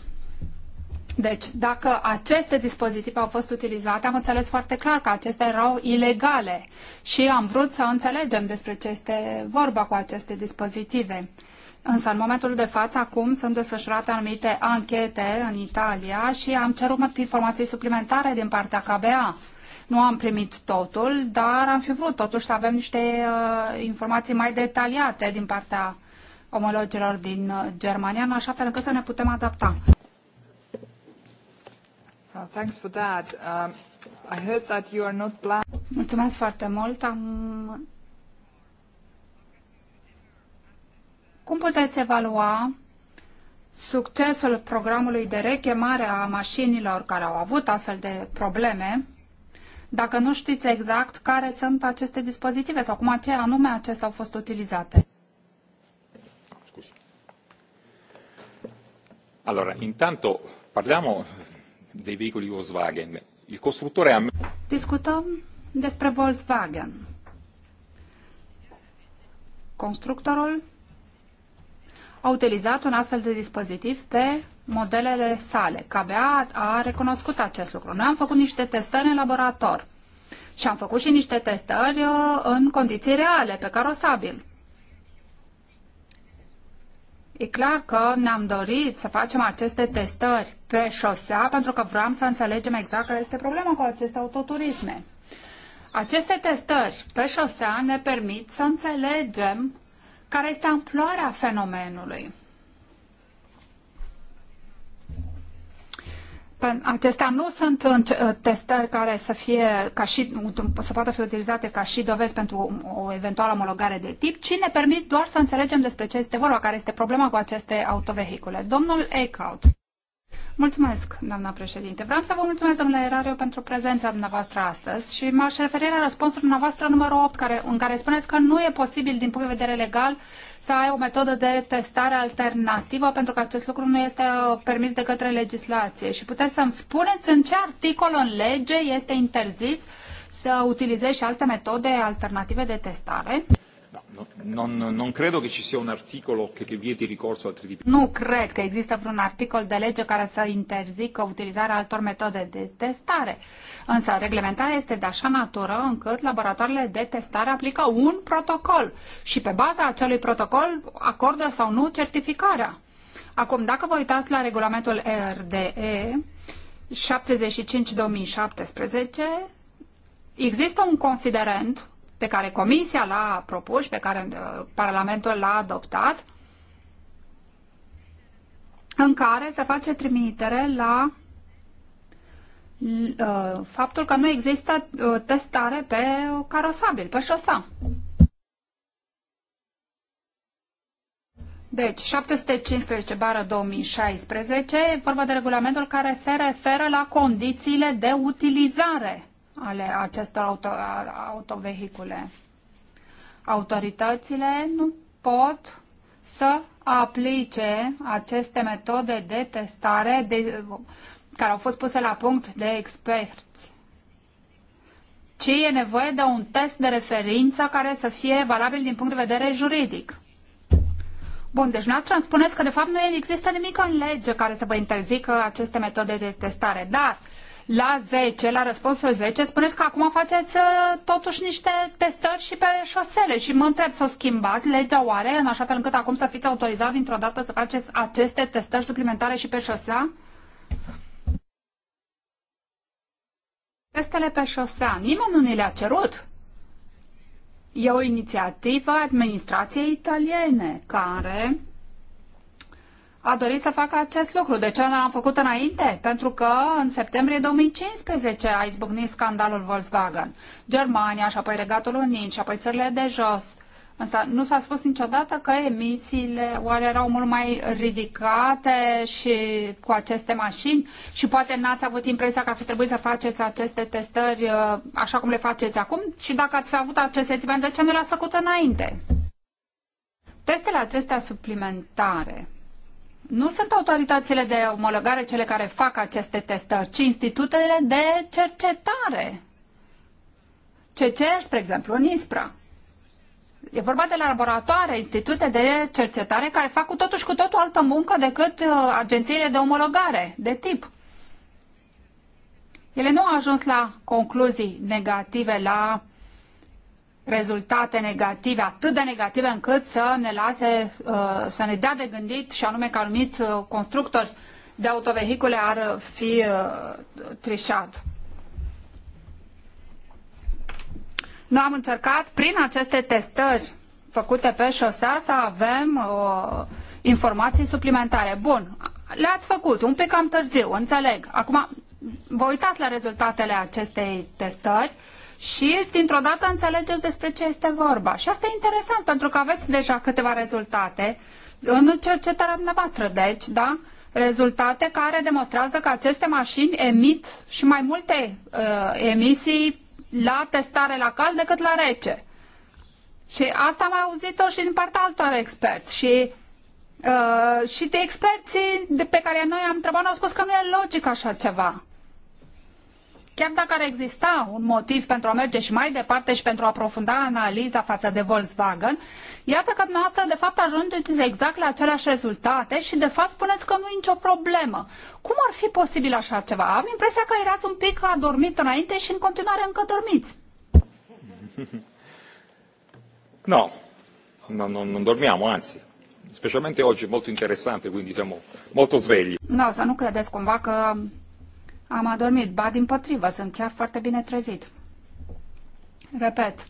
S4: Deci, dacă aceste dispozitive au fost utilizate, am înțeles foarte clar că acestea erau ilegale și am vrut să înțelegem despre ce este vorba cu aceste dispozitive. Însă, în momentul de față, acum sunt desfășurate anumite anchete în Italia și am cerut informații suplimentare din partea KBA. Nu am primit totul, dar am fi vrut totuși să avem niște uh, informații mai detaliate din partea omologilor din uh, Germania, în așa fel încât să ne putem adapta. Uh, thanks for that. Uh, I heard that you are not Mulțumesc foarte mult. Am Cum puteți evalua succesul programului de rechemare a mașinilor care au avut astfel de probleme, dacă nu știți exact care sunt aceste dispozitive sau cum ace- anume acestea au fost utilizate?
S3: Allora, intanto parliamo dei veicoli Volkswagen. Il costruttore ha...
S4: Discutăm despre Volkswagen. Constructorul a utilizat un astfel de dispozitiv pe modelele sale. KBA a recunoscut acest lucru. Noi am făcut niște testări în laborator și am făcut și niște testări uh, în condiții reale, pe carosabil. E clar că ne-am dorit să facem aceste testări pe șosea pentru că vreau să înțelegem exact care este problema cu aceste autoturisme. Aceste testări pe șosea ne permit să înțelegem care este amploarea fenomenului. Păi, acestea nu sunt ă, testări care să, fie ca și, să poată fi utilizate ca și dovezi pentru o eventuală omologare de tip, ci ne permit doar să înțelegem despre ce este vorba, care este problema cu aceste autovehicule. Domnul Eichhout. Mulțumesc, doamna președinte. Vreau să vă mulțumesc, domnule Erario, pentru prezența dumneavoastră astăzi și m-aș referi la răspunsul dumneavoastră numărul 8, care, în care spuneți că nu e posibil, din punct de vedere legal, să ai o metodă de testare alternativă, pentru că acest lucru nu este uh, permis de către legislație. Și puteți să-mi spuneți în ce articol în lege este interzis să utilizezi și alte metode alternative de testare?
S3: Non, non credo che ci sia un articolo che, che vieti ricorso a altri tipi.
S4: Nu cred că există vreun articol de lege care să interzică utilizarea altor metode de testare. Însă reglementarea este de așa natură încât laboratoarele de testare aplică un protocol și pe baza acelui protocol acordă sau nu certificarea. Acum, dacă vă uitați la regulamentul RDE 75-2017, există un considerent pe care Comisia l-a propus și pe care uh, Parlamentul l-a adoptat, în care se face trimitere la uh, faptul că nu există uh, testare pe carosabil, pe șosea. Deci, 715 bară 2016, vorba de regulamentul care se referă la condițiile de utilizare ale acestor auto, autovehicule. Autoritățile nu pot să aplice aceste metode de testare de, care au fost puse la punct de experți ci e nevoie de un test de referință care să fie valabil din punct de vedere juridic. Bun, deci noastră îmi spuneți că de fapt nu există nimic în lege care să vă interzică aceste metode de testare, dar la 10, la răspunsul 10, spuneți că acum faceți uh, totuși niște testări și pe șosele și mă întreb să o schimbat legea oare în așa fel încât acum să fiți autorizat dintr-o dată să faceți aceste testări suplimentare și pe șosea? Testele pe șosea, nimeni nu ni le-a cerut. E o inițiativă administrației italiene care a dorit să facă acest lucru. De ce nu l-am făcut înainte? Pentru că în septembrie 2015 a izbucnit scandalul Volkswagen. Germania și apoi Regatul Unit și apoi țările de jos. Însă nu s-a spus niciodată că emisiile oare erau mult mai ridicate și cu aceste mașini și poate n-ați avut impresia că ar fi trebuit să faceți aceste testări uh, așa cum le faceți acum și dacă ați fi avut acest sentiment, de ce nu l ați făcut înainte? Testele acestea suplimentare nu sunt autoritățile de omologare cele care fac aceste testări, ci institutele de cercetare. CCR, spre exemplu, în ISPRA. E vorba de laboratoare, institute de cercetare care fac cu totuși cu totul altă muncă decât uh, agențiile de omologare de tip. Ele nu au ajuns la concluzii negative, la rezultate negative, atât de negative încât să ne lase, uh, să ne dea de gândit și anume că anumiți uh, constructori de autovehicule ar fi uh, trișat. Noi am încercat prin aceste testări făcute pe șosea să avem o informații suplimentare. Bun, le-ați făcut un pic cam târziu, înțeleg. Acum, vă uitați la rezultatele acestei testări și dintr-o dată înțelegeți despre ce este vorba. Și asta e interesant pentru că aveți deja câteva rezultate în cercetarea dumneavoastră, deci, da? Rezultate care demonstrează că aceste mașini emit și mai multe uh, emisii la testare la cald decât la rece. Și asta am auzit-o și din partea altor experți. Și Uh, și de experții de pe care noi am întrebat au spus că nu e logic așa ceva. Chiar dacă ar exista un motiv pentru a merge și mai departe și pentru a aprofunda analiza față de Volkswagen, iată că dumneavoastră de fapt ajungeți exact la aceleași rezultate și de fapt spuneți că nu e nicio problemă. Cum ar fi posibil așa ceva? Am impresia că erați un pic adormit înainte și în continuare încă dormiți.
S3: No, no, non, non dormiamo, anzi. Specialmente oggi è molto interessante, quindi siamo molto svegli.
S4: No, să nu credeți cumva că am adormit, ba din potrivă, sunt chiar foarte bine trezit. Repet,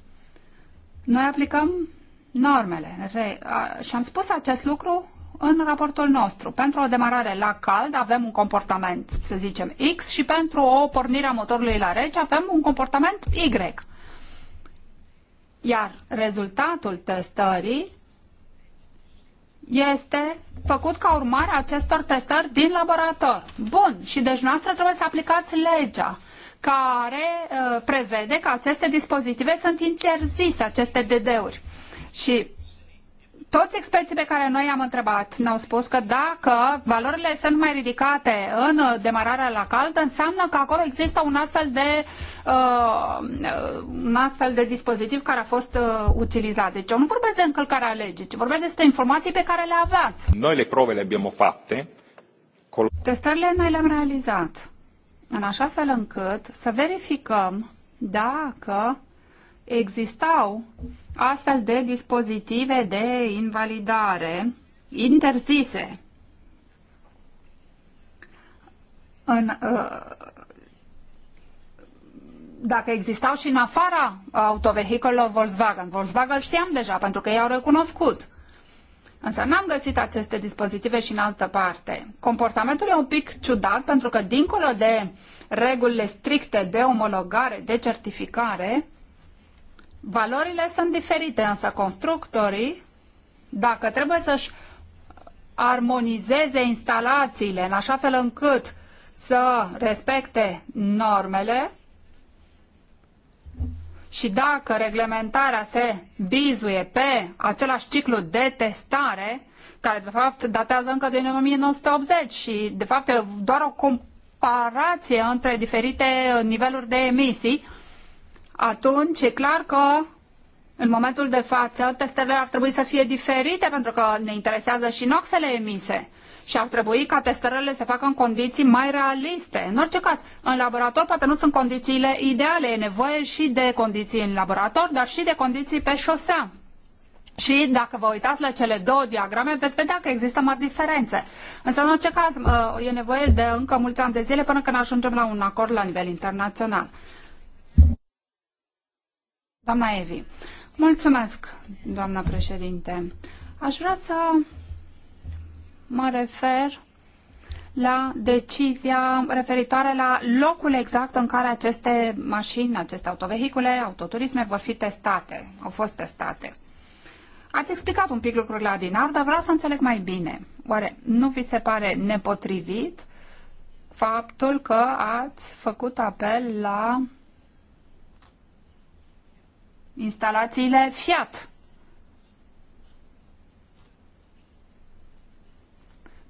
S4: noi aplicăm normele re, a, și am spus acest lucru în raportul nostru. Pentru o demarare la cald avem un comportament, să zicem, X și pentru o pornire a motorului la rece avem un comportament Y. Iar rezultatul testării este făcut ca urmare a acestor testări din laborator. Bun, și deci noastră trebuie să aplicați legea care uh, prevede că aceste dispozitive sunt interzise, aceste DD-uri. Și toți experții pe care noi i-am întrebat ne-au spus că dacă valorile sunt mai ridicate în demararea la cald, înseamnă că acolo există un astfel de, uh, un astfel de dispozitiv care a fost uh, utilizat. Deci eu nu vorbesc de încălcarea legii, ci vorbesc despre informații pe care le aveați.
S3: Noi le prove le abbiamo fatte.
S4: Testările noi le-am realizat în așa fel încât să verificăm dacă existau astfel de dispozitive de invalidare interzise în, uh, dacă existau și în afara autovehicolului Volkswagen. Volkswagen știam deja pentru că i-au recunoscut. Însă n-am găsit aceste dispozitive și în altă parte. Comportamentul e un pic ciudat pentru că dincolo de regulile stricte de omologare, de certificare, Valorile sunt diferite, însă constructorii, dacă trebuie să-și armonizeze instalațiile în așa fel încât să respecte normele și dacă reglementarea se bizuie pe același ciclu de testare, care de fapt datează încă din 1980 și de fapt e doar o comparație între diferite niveluri de emisii, atunci e clar că în momentul de față testele ar trebui să fie diferite pentru că ne interesează și noxele emise și ar trebui ca testările să facă în condiții mai realiste. În orice caz, în laborator poate nu sunt condițiile ideale, e nevoie și de condiții în laborator, dar și de condiții pe șosea. Și dacă vă uitați la cele două diagrame, veți vedea că există mari diferențe. Însă, în orice caz, uh, e nevoie de încă mulți ani de zile până când ajungem la un acord la nivel internațional. Doamna Evi. Mulțumesc, doamna președinte. Aș vrea să mă refer la decizia referitoare la locul exact în care aceste mașini, aceste autovehicule, autoturisme vor fi testate, au fost testate. Ați explicat un pic lucrurile dinar, dar vreau să înțeleg mai bine. Oare nu vi se pare nepotrivit faptul că ați făcut apel la instalațiile Fiat.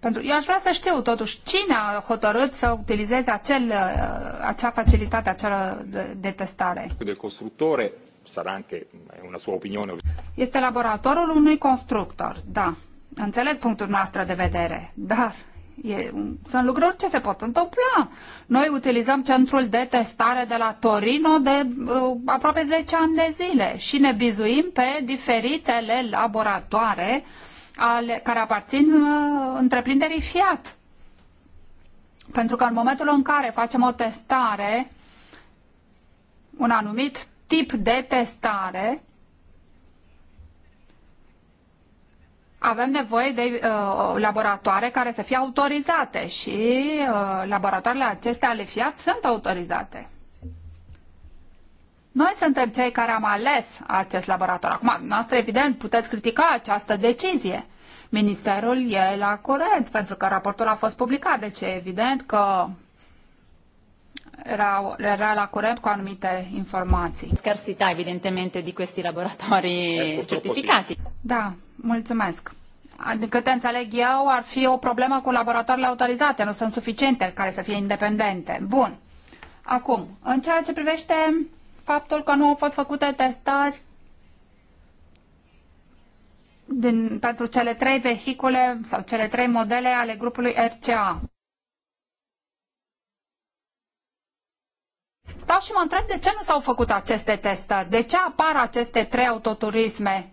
S4: Pentru, eu aș vrea să știu totuși cine a hotărât să utilizeze acel, uh, acea facilitate, acea de testare.
S3: De constructore, sarà anche una sua opinione.
S4: Este laboratorul unui constructor, da. Înțeleg punctul noastră de vedere, dar E, sunt lucruri ce se pot întâmpla. Noi utilizăm centrul de testare de la Torino de uh, aproape 10 ani de zile și ne bizuim pe diferitele laboratoare ale, care aparțin uh, întreprinderii Fiat. Pentru că în momentul în care facem o testare, un anumit tip de testare, avem nevoie de uh, laboratoare care să fie autorizate și uh, laboratoarele acestea ale Fiat sunt autorizate. Noi suntem cei care am ales acest laborator. Acum, noastră, evident, puteți critica această decizie. Ministerul e la curent, pentru că raportul a fost publicat, deci e evident că era, era la curent cu anumite informații. Scarsita, evidentemente, de questi laboratori certificati. Da, mulțumesc. Adică te înțeleg eu, ar fi o problemă cu laboratoarele autorizate, nu sunt suficiente care să fie independente. Bun. Acum, în ceea ce privește faptul că nu au fost făcute testări din, pentru cele trei vehicule sau cele trei modele ale grupului RCA. Stau și mă întreb de ce nu s-au făcut aceste testări, de ce apar aceste trei autoturisme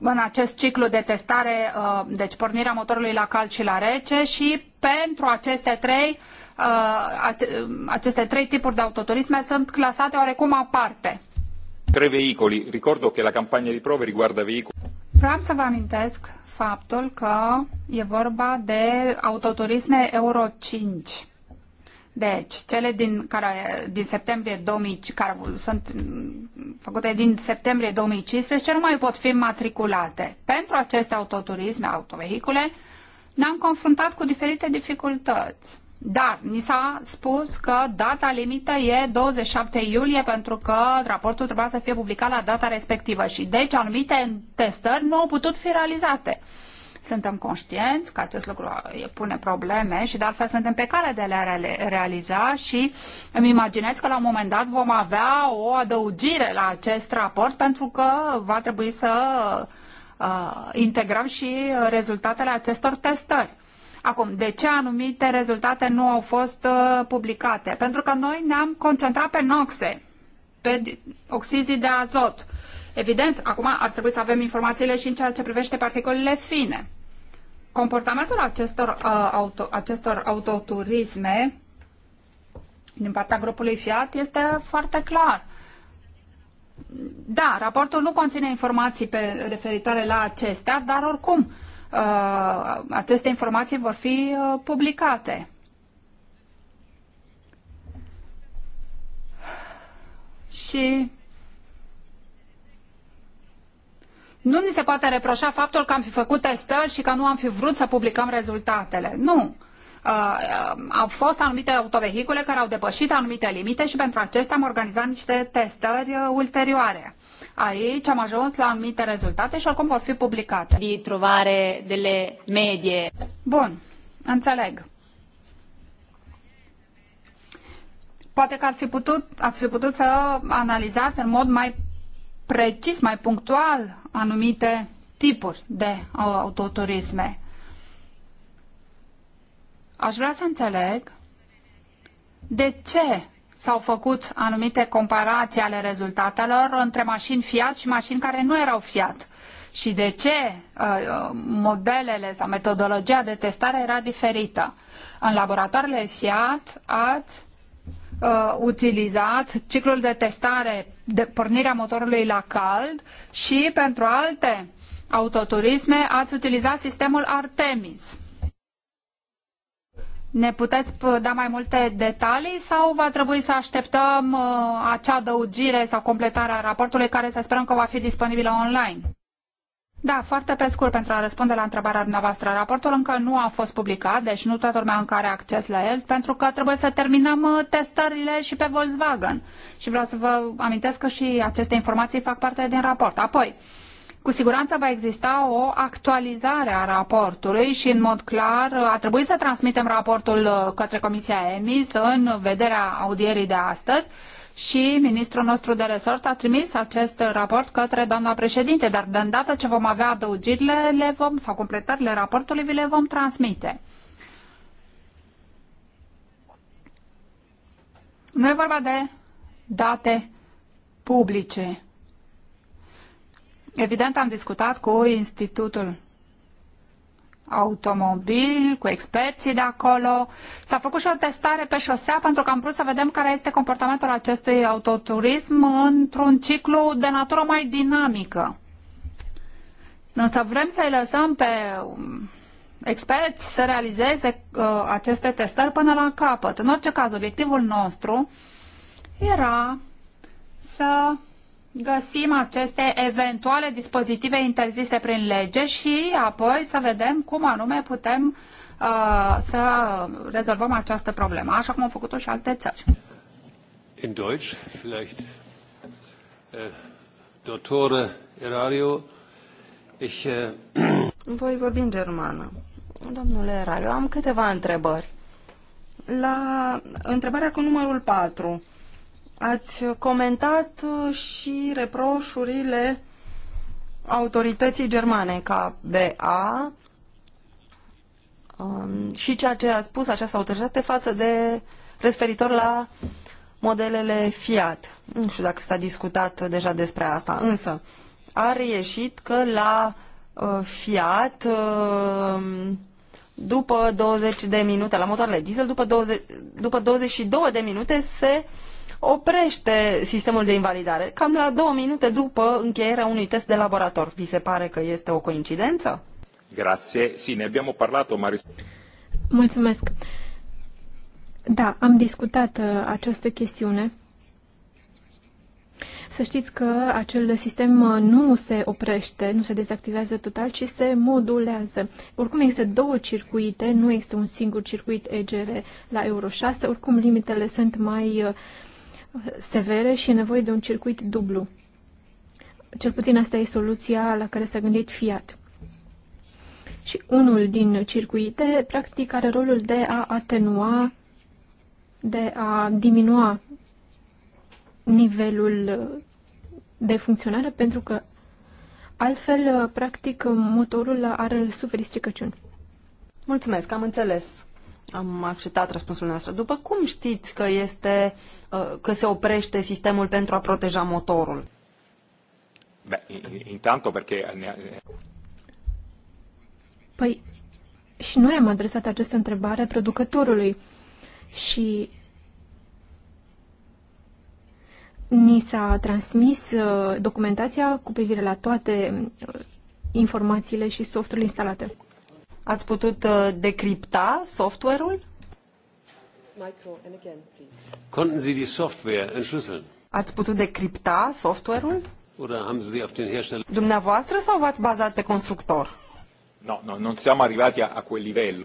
S4: în acest ciclu de testare, uh, deci pornirea motorului la cald și la rece și pentru aceste trei, uh, uh, aceste trei tipuri de autoturisme sunt clasate oarecum aparte.
S3: Trei veicoli. Ricordo că la campania di prove riguarda veicoli.
S4: Vreau să vă amintesc faptul că e vorba de autoturisme Euro 5 deci, cele din, care, din septembrie 2000, care sunt făcute din septembrie 2015 nu mai pot fi matriculate. Pentru aceste autoturisme, autovehicule, ne-am confruntat cu diferite dificultăți. Dar ni s-a spus că data limită e 27 iulie pentru că raportul trebuia să fie publicat la data respectivă și deci anumite testări nu au putut fi realizate. Suntem conștienți că acest lucru pune probleme și de altfel suntem pe cale de a le realiza și îmi imaginez că la un moment dat vom avea o adăugire la acest raport pentru că va trebui să uh, integrăm și rezultatele acestor testări. Acum, de ce anumite rezultate nu au fost uh, publicate? Pentru că noi ne-am concentrat pe noxe, pe oxizii de azot. Evident, acum ar trebui să avem informațiile și în ceea ce privește particulele fine. Comportamentul acestor, uh, auto, acestor autoturisme din partea grupului Fiat este foarte clar. Da, raportul nu conține informații pe, referitoare la acestea, dar oricum uh, aceste informații vor fi uh, publicate. Și Nu ni se poate reproșa faptul că am fi făcut testări și că nu am fi vrut să publicăm rezultatele. Nu. Uh, uh, au fost anumite autovehicule care au depășit anumite limite și pentru acestea am organizat niște testări uh, ulterioare. Aici am ajuns la anumite rezultate și oricum vor fi publicate. Di trovare delle medie. Bun, înțeleg. Poate că ar fi putut, ați fi putut să analizați în mod mai precis, mai punctual anumite tipuri de autoturisme. Aș vrea să înțeleg de ce s-au făcut anumite comparații ale rezultatelor între mașini Fiat și mașini care nu erau Fiat și de ce uh, modelele sau metodologia de testare era diferită. În laboratoarele Fiat ați uh, utilizat ciclul de testare de pornirea motorului la cald și pentru alte autoturisme ați utilizat sistemul Artemis. Ne puteți da mai multe detalii sau va trebui să așteptăm uh, acea adăugire sau completarea raportului care să sperăm că va fi disponibilă online? Da, foarte pe scurt pentru a răspunde la întrebarea dumneavoastră. Raportul încă nu a fost publicat, deci nu toată lumea încă are acces la el, pentru că trebuie să terminăm uh, testările și pe Volkswagen. Și vreau să vă amintesc că și aceste informații fac parte din raport. Apoi, cu siguranță va exista o actualizare a raportului și, în mod clar, uh, a trebuit să transmitem raportul uh, către Comisia EMIS în vederea audierii de astăzi și ministrul nostru de resort a trimis acest raport către doamna președinte, dar de îndată ce vom avea adăugirile le vom, sau completările raportului, vi le vom transmite. Nu e vorba de date publice. Evident, am discutat cu Institutul automobil, cu experții de acolo. S-a făcut și o testare pe șosea pentru că am vrut să vedem care este comportamentul acestui autoturism într-un ciclu de natură mai dinamică. Însă vrem să-i lăsăm pe experți să realizeze uh, aceste testări până la capăt. În orice caz, obiectivul nostru era să găsim aceste eventuale dispozitive interzise prin lege și apoi să vedem cum anume putem uh, să rezolvăm această problemă, așa cum au făcut-o și alte țări.
S3: In Deutsch, vielleicht, uh, Erario, ich...
S4: Uh...
S1: Voi vorbi în germană. Domnule Erario, am câteva întrebări. La întrebarea cu numărul 4, Ați comentat uh, și reproșurile autorității germane ca BA um, și ceea ce a spus această autoritate față de referitor la modelele Fiat. Nu știu dacă s-a discutat deja despre asta, însă a reieșit că la uh, Fiat um, după 20 de minute, la motoarele diesel, după, 20, după 22 de minute se uh, oprește sistemul de invalidare, cam la două minute după încheierea unui test de laborator. Vi se pare că este o coincidență?
S3: Grazie, sì, ne abbiamo parlato, ma...
S1: Mulțumesc.
S2: Da, am discutat uh, această chestiune. Să știți că acel sistem uh, nu se oprește, nu se dezactivează total, ci se modulează. Oricum există două circuite, nu există un singur circuit EGR la Euro 6, oricum limitele sunt mai uh, severe și e nevoie de un circuit dublu. Cel puțin asta e soluția la care s-a gândit Fiat. Și unul din circuite, practic, are rolul de a atenua, de a diminua nivelul de funcționare, pentru că altfel, practic, motorul ar
S1: suferi stricăciuni. Mulțumesc, am înțeles. Am acceptat răspunsul nostru. După cum știți că este Uh, că se oprește sistemul pentru a proteja motorul?
S3: Beh, intanto perché...
S2: Păi, și noi am adresat această întrebare producătorului și ni s-a transmis uh, documentația cu privire la toate uh, informațiile și softurile instalate.
S1: Ați putut decripta software-ul?
S3: Konnten Sie die Software entschlüsseln?
S1: Ați putut decripta software-ul? Dumneavoastră sau v-ați bazat pe constructor?
S3: No, no, non siamo arrivati a, a quel livello.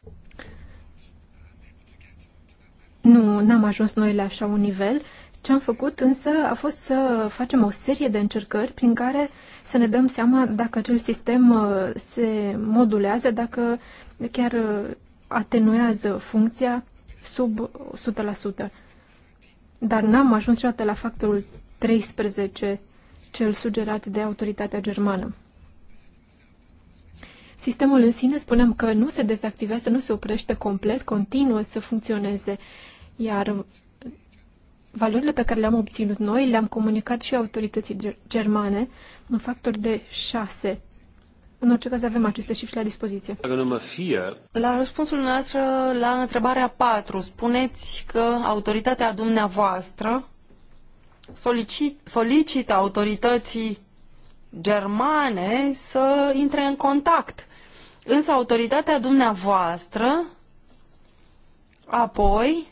S2: Nu, n-am ajuns noi la așa un nivel. Ce am făcut însă a fost să facem o serie de încercări prin care să ne dăm seama dacă acel sistem uh, se modulează, dacă chiar uh, atenuează funcția sub 100%. Dar n-am ajuns niciodată la factorul 13, cel sugerat de autoritatea germană. Sistemul în sine, spunem că nu se dezactivează, nu se oprește complet, continuă să funcționeze, iar valorile pe care le-am obținut noi le-am comunicat și autorității germane, un factor de 6 în orice caz avem aceste cifre la dispoziție.
S1: La răspunsul noastră la întrebarea 4, spuneți că autoritatea dumneavoastră solicit, solicită autorității germane să intre în contact. Însă autoritatea dumneavoastră apoi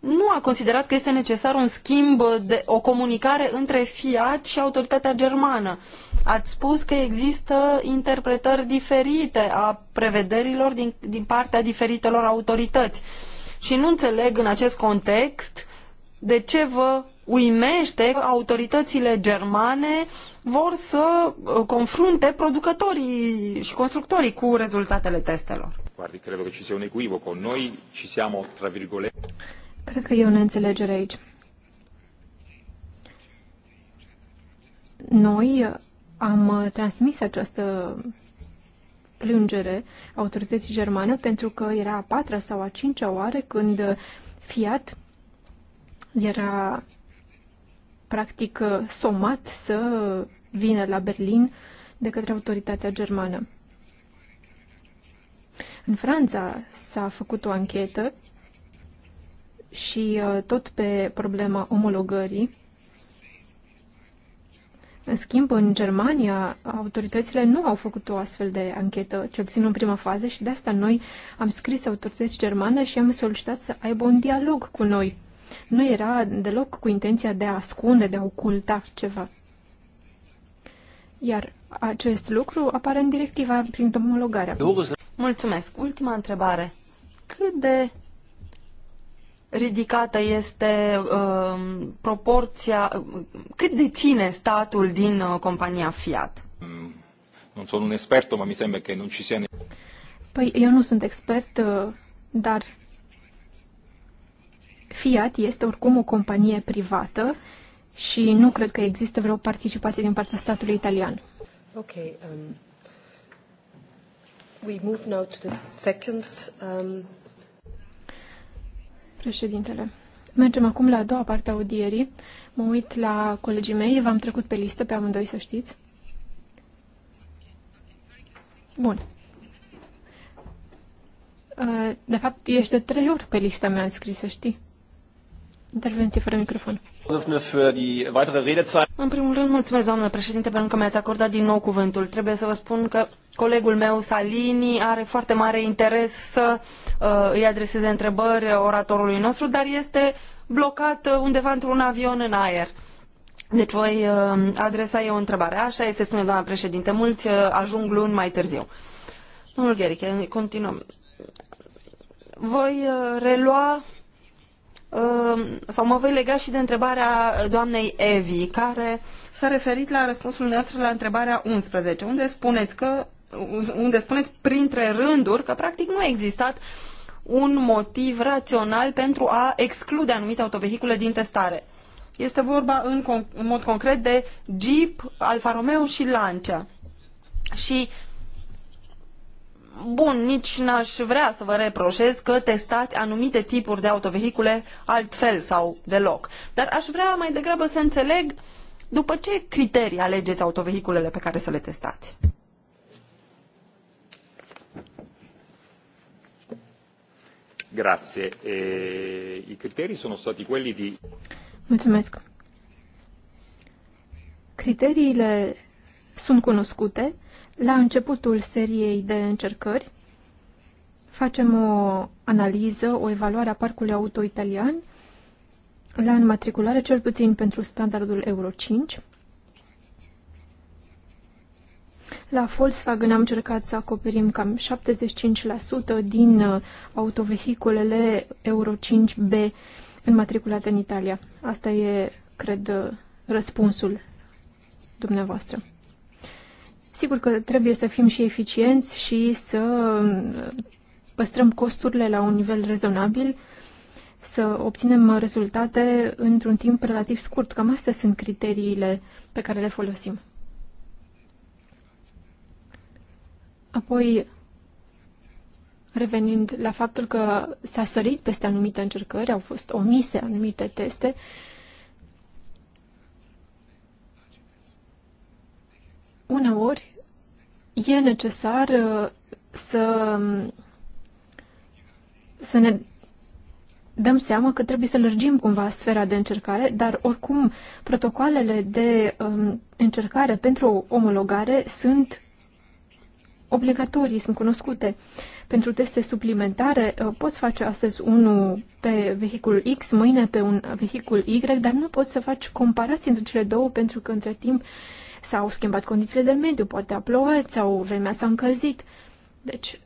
S1: nu a considerat că este necesar un schimb, de, o comunicare între Fiat și autoritatea germană. Ați spus că există interpretări diferite a prevederilor din, din partea diferitelor autorități. Și nu înțeleg în acest context de ce vă uimește că autoritățile germane vor să uh, confrunte producătorii și constructorii cu rezultatele testelor.
S3: Guardi, cred că ci sia un equivoco. Noi ci siamo, tra virgolette...
S1: Cred că e o neînțelegere aici.
S2: Noi am uh, transmis această plângere autorității germane pentru că era a patra sau a cincea oară când Fiat era practic uh, somat să vină la Berlin de către autoritatea germană. În Franța s-a făcut o anchetă și uh, tot pe problema omologării în schimb, în Germania, autoritățile nu au făcut o astfel de anchetă, ci obțin în prima fază, și de asta noi am scris autorități germane și am solicitat să aibă un dialog cu noi. Nu era deloc cu intenția de a ascunde, de a oculta ceva. Iar acest lucru apare în directiva
S1: prin omologarea. Mulțumesc. Ultima întrebare. Cât de ridicată este uh, proporția, cât deține statul din uh, compania Fiat? Mm,
S3: nu sunt un expert, mă mi se că nu ci sia...
S1: Păi eu nu sunt expert, uh, dar
S2: Fiat este oricum o companie privată și nu cred că există vreo participație din partea statului italian.
S4: Ok. Um, we move now to the second um,
S2: Președintele. Mergem acum la a doua parte a audierii. Mă uit la colegii mei, v-am trecut pe listă pe amândoi, să știți. Bun. Uh, de fapt, ești de trei ori pe lista
S1: mea scris să știi. Intervenție fără microfon. În primul rând, mulțumesc, doamnă președinte, pentru că mi-ați acordat din nou cuvântul. Trebuie să vă spun că colegul meu, Salini, are foarte mare interes să uh, îi adreseze întrebări oratorului nostru, dar este blocat uh, undeva într-un avion în aer. Deci voi uh, adresa eu întrebarea. Așa este, spune doamna președinte. Mulți uh, ajung luni mai târziu. Domnul Gheriche, continuăm. Voi uh, relua Ehm, sau mă voi lega și de întrebarea doamnei Evi, care s-a referit la răspunsul nostru la întrebarea 11, unde spuneți că unde spuneți printre rânduri că practic nu a existat un motiv rațional pentru a exclude anumite autovehicule din testare. Este vorba în, în mod concret de Jeep, Alfa Romeo și Lancia. Și Bun, nici n-aș vrea să vă reproșez că testați anumite tipuri de autovehicule altfel sau deloc. Dar aș vrea mai degrabă să înțeleg după ce criterii alegeți autovehiculele pe care să le testați.
S3: Grazie. E, eh, I sono stati quelli di...
S2: Mulțumesc. Criteriile sunt cunoscute la începutul seriei de încercări, facem o analiză, o evaluare a parcului auto italian la înmatriculare, cel puțin pentru standardul Euro 5. La Volkswagen am încercat să acoperim cam 75% din uh, autovehiculele Euro 5B înmatriculate în Italia. Asta e, cred, uh, răspunsul dumneavoastră. Sigur că trebuie să fim și eficienți și să uh, păstrăm costurile la un nivel rezonabil, să obținem rezultate într-un timp relativ scurt. Cam astea sunt criteriile pe care le folosim. Apoi, revenind la faptul că s-a sărit peste anumite încercări, au fost omise anumite teste, uh, uneori e necesar uh, să, să ne dăm seama că trebuie să lărgim cumva sfera de încercare, dar oricum protocoalele de um, încercare pentru omologare sunt obligatorii, sunt cunoscute. Pentru teste suplimentare uh, poți face astăzi unul pe vehicul X, mâine pe un vehicul Y, dar nu poți să faci comparații între cele două pentru că între timp uh, S-au schimbat condițiile de mediu, poate a plouat sau vremea s-a încălzit. Deci,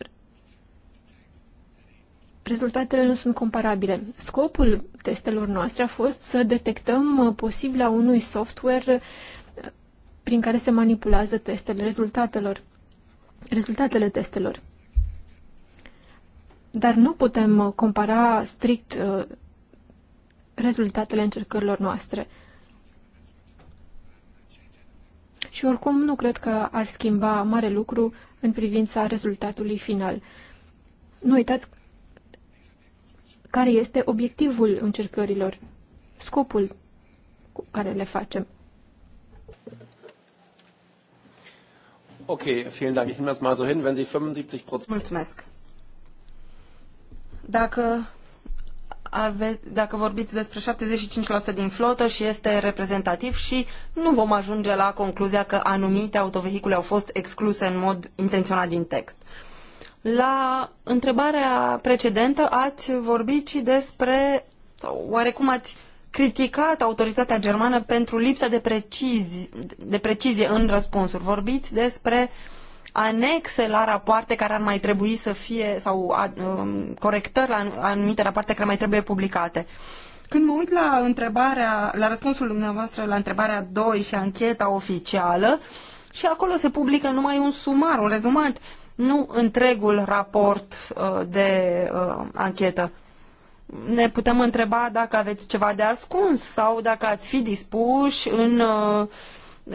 S2: rezultatele nu sunt comparabile. Scopul testelor noastre a fost să detectăm uh, posibila unui software uh, prin care se manipulează testele rezultatelor, rezultatele testelor. Dar nu putem uh, compara strict rezultatele încercărilor noastre și oricum nu cred că ar schimba mare lucru în privința rezultatului final. Nu uitați care este obiectivul încercărilor, scopul cu care le facem.
S3: Okay, vielen Dank. Ich nehme das mal so hin,
S1: wenn Sie 75 Prozent. Mulțumesc. Dacă ave, dacă vorbiți despre 75% din flotă și este reprezentativ și nu vom ajunge la concluzia că anumite autovehicule au fost excluse în mod intenționat din text. La întrebarea precedentă ați vorbit și despre, sau oarecum ați criticat autoritatea germană pentru lipsa de, precizi, de precizie în răspunsuri. Vorbiți despre uh, anexe la rapoarte care ar mai trebui să fie sau um, corectări la anumite rapoarte care mai trebuie publicate. Când mă uit la întrebarea, la răspunsul dumneavoastră la întrebarea 2 și ancheta oficială, și acolo se publică numai un sumar, un rezumat, nu întregul raport uh, de uh, anchetă. Ne putem întreba dacă aveți ceva de ascuns sau dacă ați fi dispuși în uh,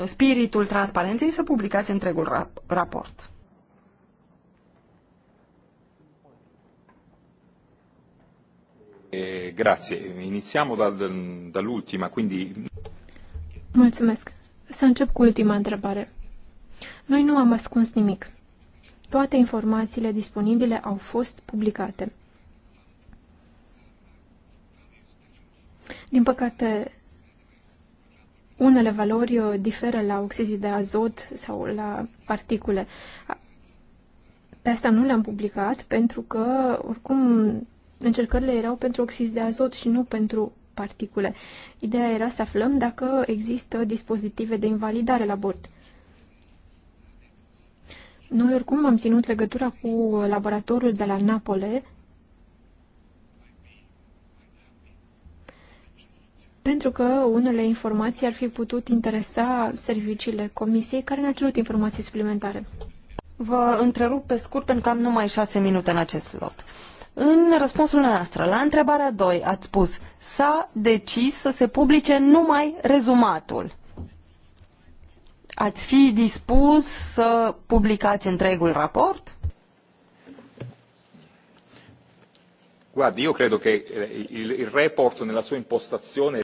S1: spiritul transparenței să publicați întregul rap raport.
S3: Eh, grazie. Iniziamo dal, dall'ultima, quindi...
S2: Mulțumesc. Să încep cu ultima întrebare. Noi nu am ascuns nimic. Toate informațiile disponibile au fost publicate. Din păcate, unele valori uh, diferă la oxizii de azot sau la particule. Pe asta nu le-am publicat pentru că, oricum, încercările erau pentru oxizi de azot și nu pentru particule. Ideea era să aflăm dacă există dispozitive de invalidare la bord. Noi oricum am ținut legătura cu laboratorul de la Napole pentru că unele informații ar fi putut interesa serviciile comisiei care ne-a cerut informații suplimentare.
S1: Vă întrerup pe scurt pentru că am numai șase minute în acest lot. În răspunsul noastră, la întrebarea 2, ați spus, s-a decis să se publice numai rezumatul. Ați fi dispus să publicați întregul raport?
S3: Guardi, io credo che eh, il, il report nella sua impostazione.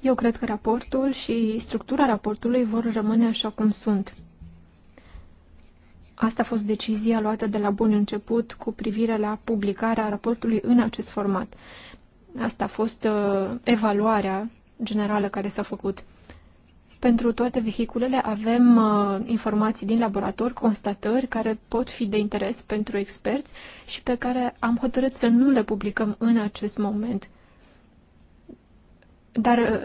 S2: Eu cred că raportul și structura raportului vor rămâne așa cum sunt. Asta a fost decizia luată de la bun început cu privire la publicarea raportului în acest format. Asta a fost uh, evaluarea generală care s-a făcut. Pentru toate vehiculele avem uh, informații din laborator, constatări care pot fi de interes pentru experți și pe care am hotărât să nu le publicăm în acest moment. Dar uh,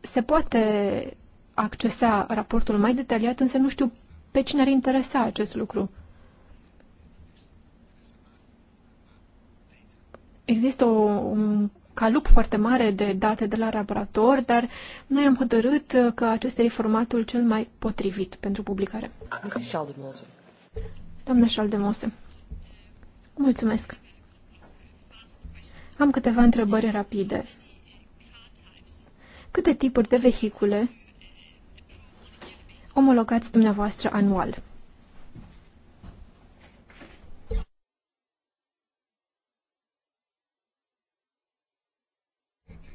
S2: se poate accesa raportul mai detaliat, însă nu știu pe cine ar interesa acest lucru. Există o, un calup foarte mare de date de la laborator, dar noi am hotărât că acesta e formatul cel mai potrivit pentru publicare. Doamna Șaldemose, mulțumesc. Am câteva întrebări rapide. Câte tipuri de vehicule omologați dumneavoastră anual?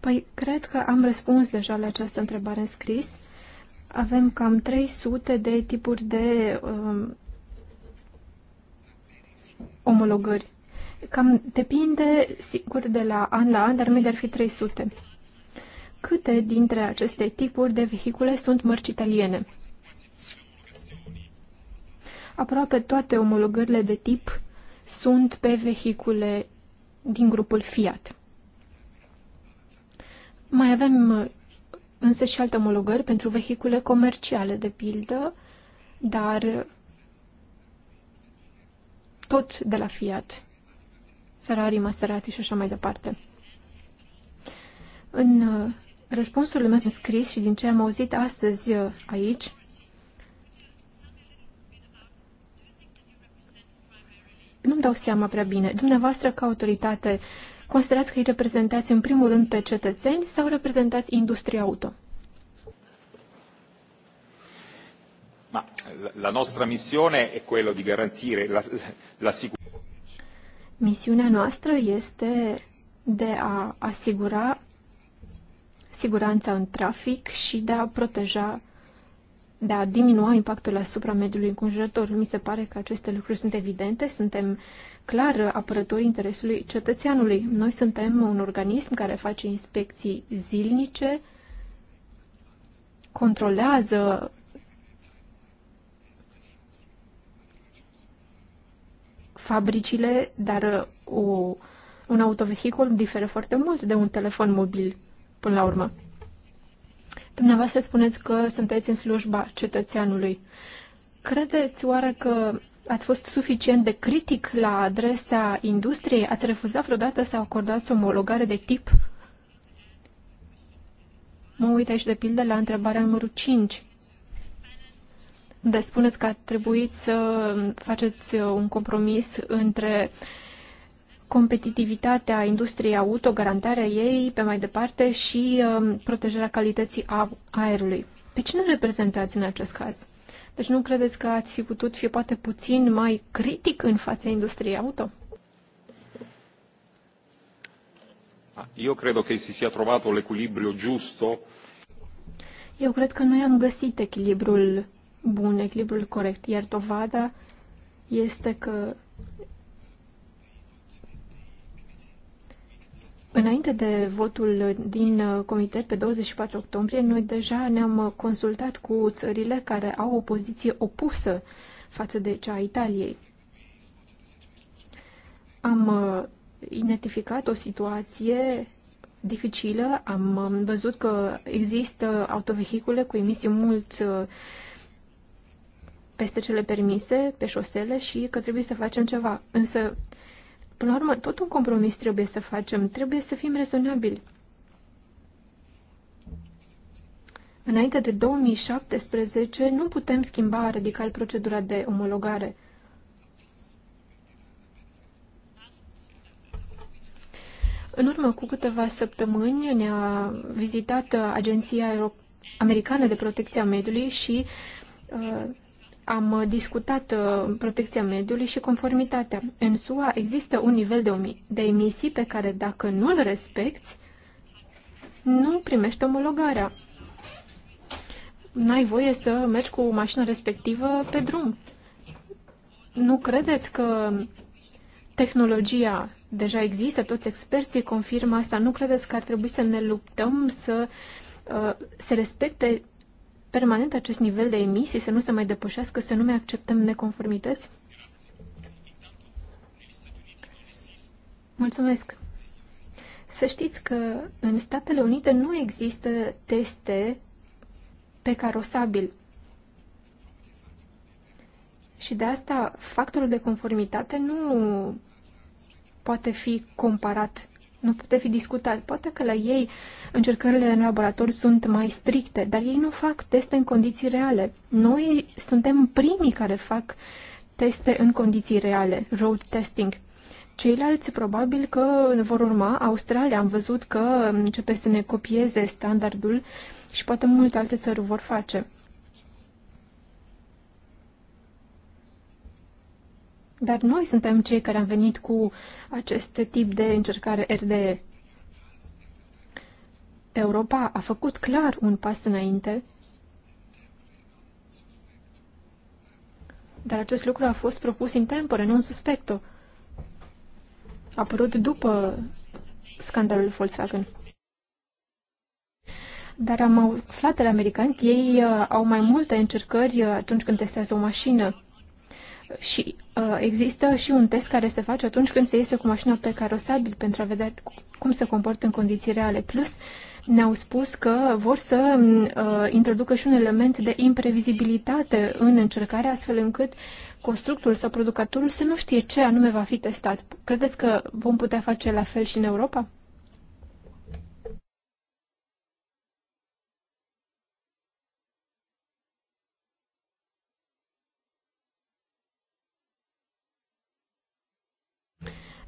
S2: Păi, cred că am răspuns deja la această întrebare în scris. Avem cam 300 de tipuri de um, omologări. Cam depinde, sigur, de la an la an, dar mi ar fi 300. Câte dintre aceste tipuri de vehicule sunt mărci italiene? Aproape toate omologările de tip sunt pe vehicule din grupul Fiat. Mai avem uh, însă și alte omologări pentru vehicule comerciale, de pildă, dar uh, tot de la Fiat, Ferrari, Maserati și așa mai departe. În uh, răspunsurile mele scris și din ce am auzit astăzi aici, nu-mi dau seama prea bine. Dumneavoastră, ca autoritate, Considerați că îi reprezentați în primul rând pe cetățeni sau reprezentați industria auto?
S3: Ma, la, la nostra misiune è quello di garantire la, la sicurezza.
S2: Misiunea noastră este de a asigura siguranța în trafic și de a proteja, de a diminua impactul asupra mediului înconjurător. Mi se pare că aceste lucruri sunt evidente, suntem uh, clar apărători interesului cetățeanului. Noi suntem un organism care face inspecții zilnice, controlează fabricile, dar uh, o, un autovehicul diferă foarte mult de un telefon mobil, până la urmă. Dumneavoastră spuneți că sunteți în slujba cetățeanului. Credeți oare că ați fost suficient de critic la adresa industriei? Ați refuzat vreodată să acordați omologare de tip? Mă uit aici de pildă la întrebarea numărul 5. Unde spuneți că a trebuit să faceți uh, un compromis între competitivitatea industriei auto, garantarea ei pe mai departe și um, protejarea calității aerului. Pe cine reprezentați în acest caz? Deci nu credeți că ați fi putut fi poate puțin mai critic în fața industriei auto?
S3: Eu credo că si sia un echilibru just.
S2: Eu cred că noi am găsit echilibrul bun, echilibrul corect, iar dovada este că Înainte de votul din uh, comitet pe 24 octombrie, noi deja ne-am uh, consultat cu țările care au o poziție opusă față de cea a Italiei. Am uh, identificat o situație dificilă, am văzut că există autovehicule cu emisii mult peste cele permise pe șosele și că trebuie să facem ceva. Însă Până la urmă, tot un compromis trebuie să facem, trebuie să fim rezonabili. Înainte de 2017 nu putem schimba radical procedura de omologare. În urmă cu câteva săptămâni ne-a vizitat Agenția Euro- Americană de Protecție a Mediului și uh, am uh, discutat uh, protecția mediului și conformitatea. În SUA există un nivel de, de emisii pe care dacă nu îl respecti, nu primești omologarea. N-ai voie să mergi cu mașina respectivă pe drum. Nu credeți că tehnologia deja există, toți experții confirmă asta, nu credeți că ar trebui să ne luptăm să uh, se respecte permanent acest nivel de emisii, să nu se mai depășească, să nu mai acceptăm neconformități? Mulțumesc! Să știți că în Statele Unite nu există teste pe carosabil. Și de asta factorul de conformitate nu poate fi comparat nu poate fi discutat. Poate că la ei încercările în laborator sunt mai stricte, dar ei nu fac teste în condiții reale. Noi suntem primii care fac teste în condiții reale, road testing. Ceilalți probabil că vor urma Australia. Am văzut că începe să ne copieze standardul și poate multe alte țări vor face. Dar noi suntem cei care am venit cu acest tip de încercare RDE. Europa a făcut clar un pas înainte, dar acest lucru a fost propus în tempore, în suspecto. A apărut după scandalul Volkswagen. Dar am aflat de la americani că ei uh, au mai multe încercări uh, atunci când testează o mașină. Și uh, există și un test care se face atunci când se iese cu mașina pe carosabil pentru a vedea cum se comportă în condiții reale. Plus, ne-au spus că vor să uh, introducă și un element de imprevizibilitate în încercare, astfel încât constructul sau producătorul să nu știe ce anume va fi testat. Credeți că vom putea face la fel și în Europa?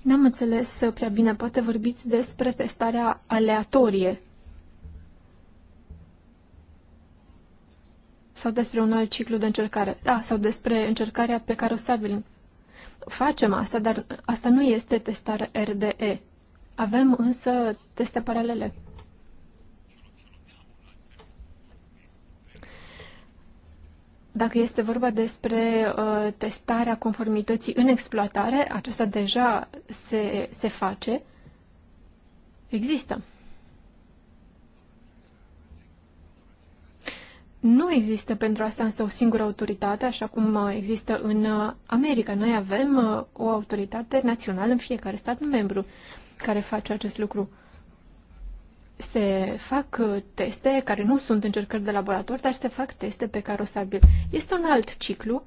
S2: N-am înțeles prea bine. Poate vorbiți despre testarea aleatorie. Sau despre un alt ciclu de încercare. Da, sau despre încercarea pe care o stabilim. Facem asta, dar asta nu este testare RDE. Avem însă teste paralele. Dacă este vorba despre uh, testarea conformității în exploatare, acesta deja se, se face. Există. Nu există pentru asta însă o singură autoritate, așa cum uh, există în uh, America. Noi avem uh, o autoritate națională în fiecare stat membru care face acest lucru se fac teste care nu sunt încercări de laborator, dar se fac teste pe carosabil. Este un alt ciclu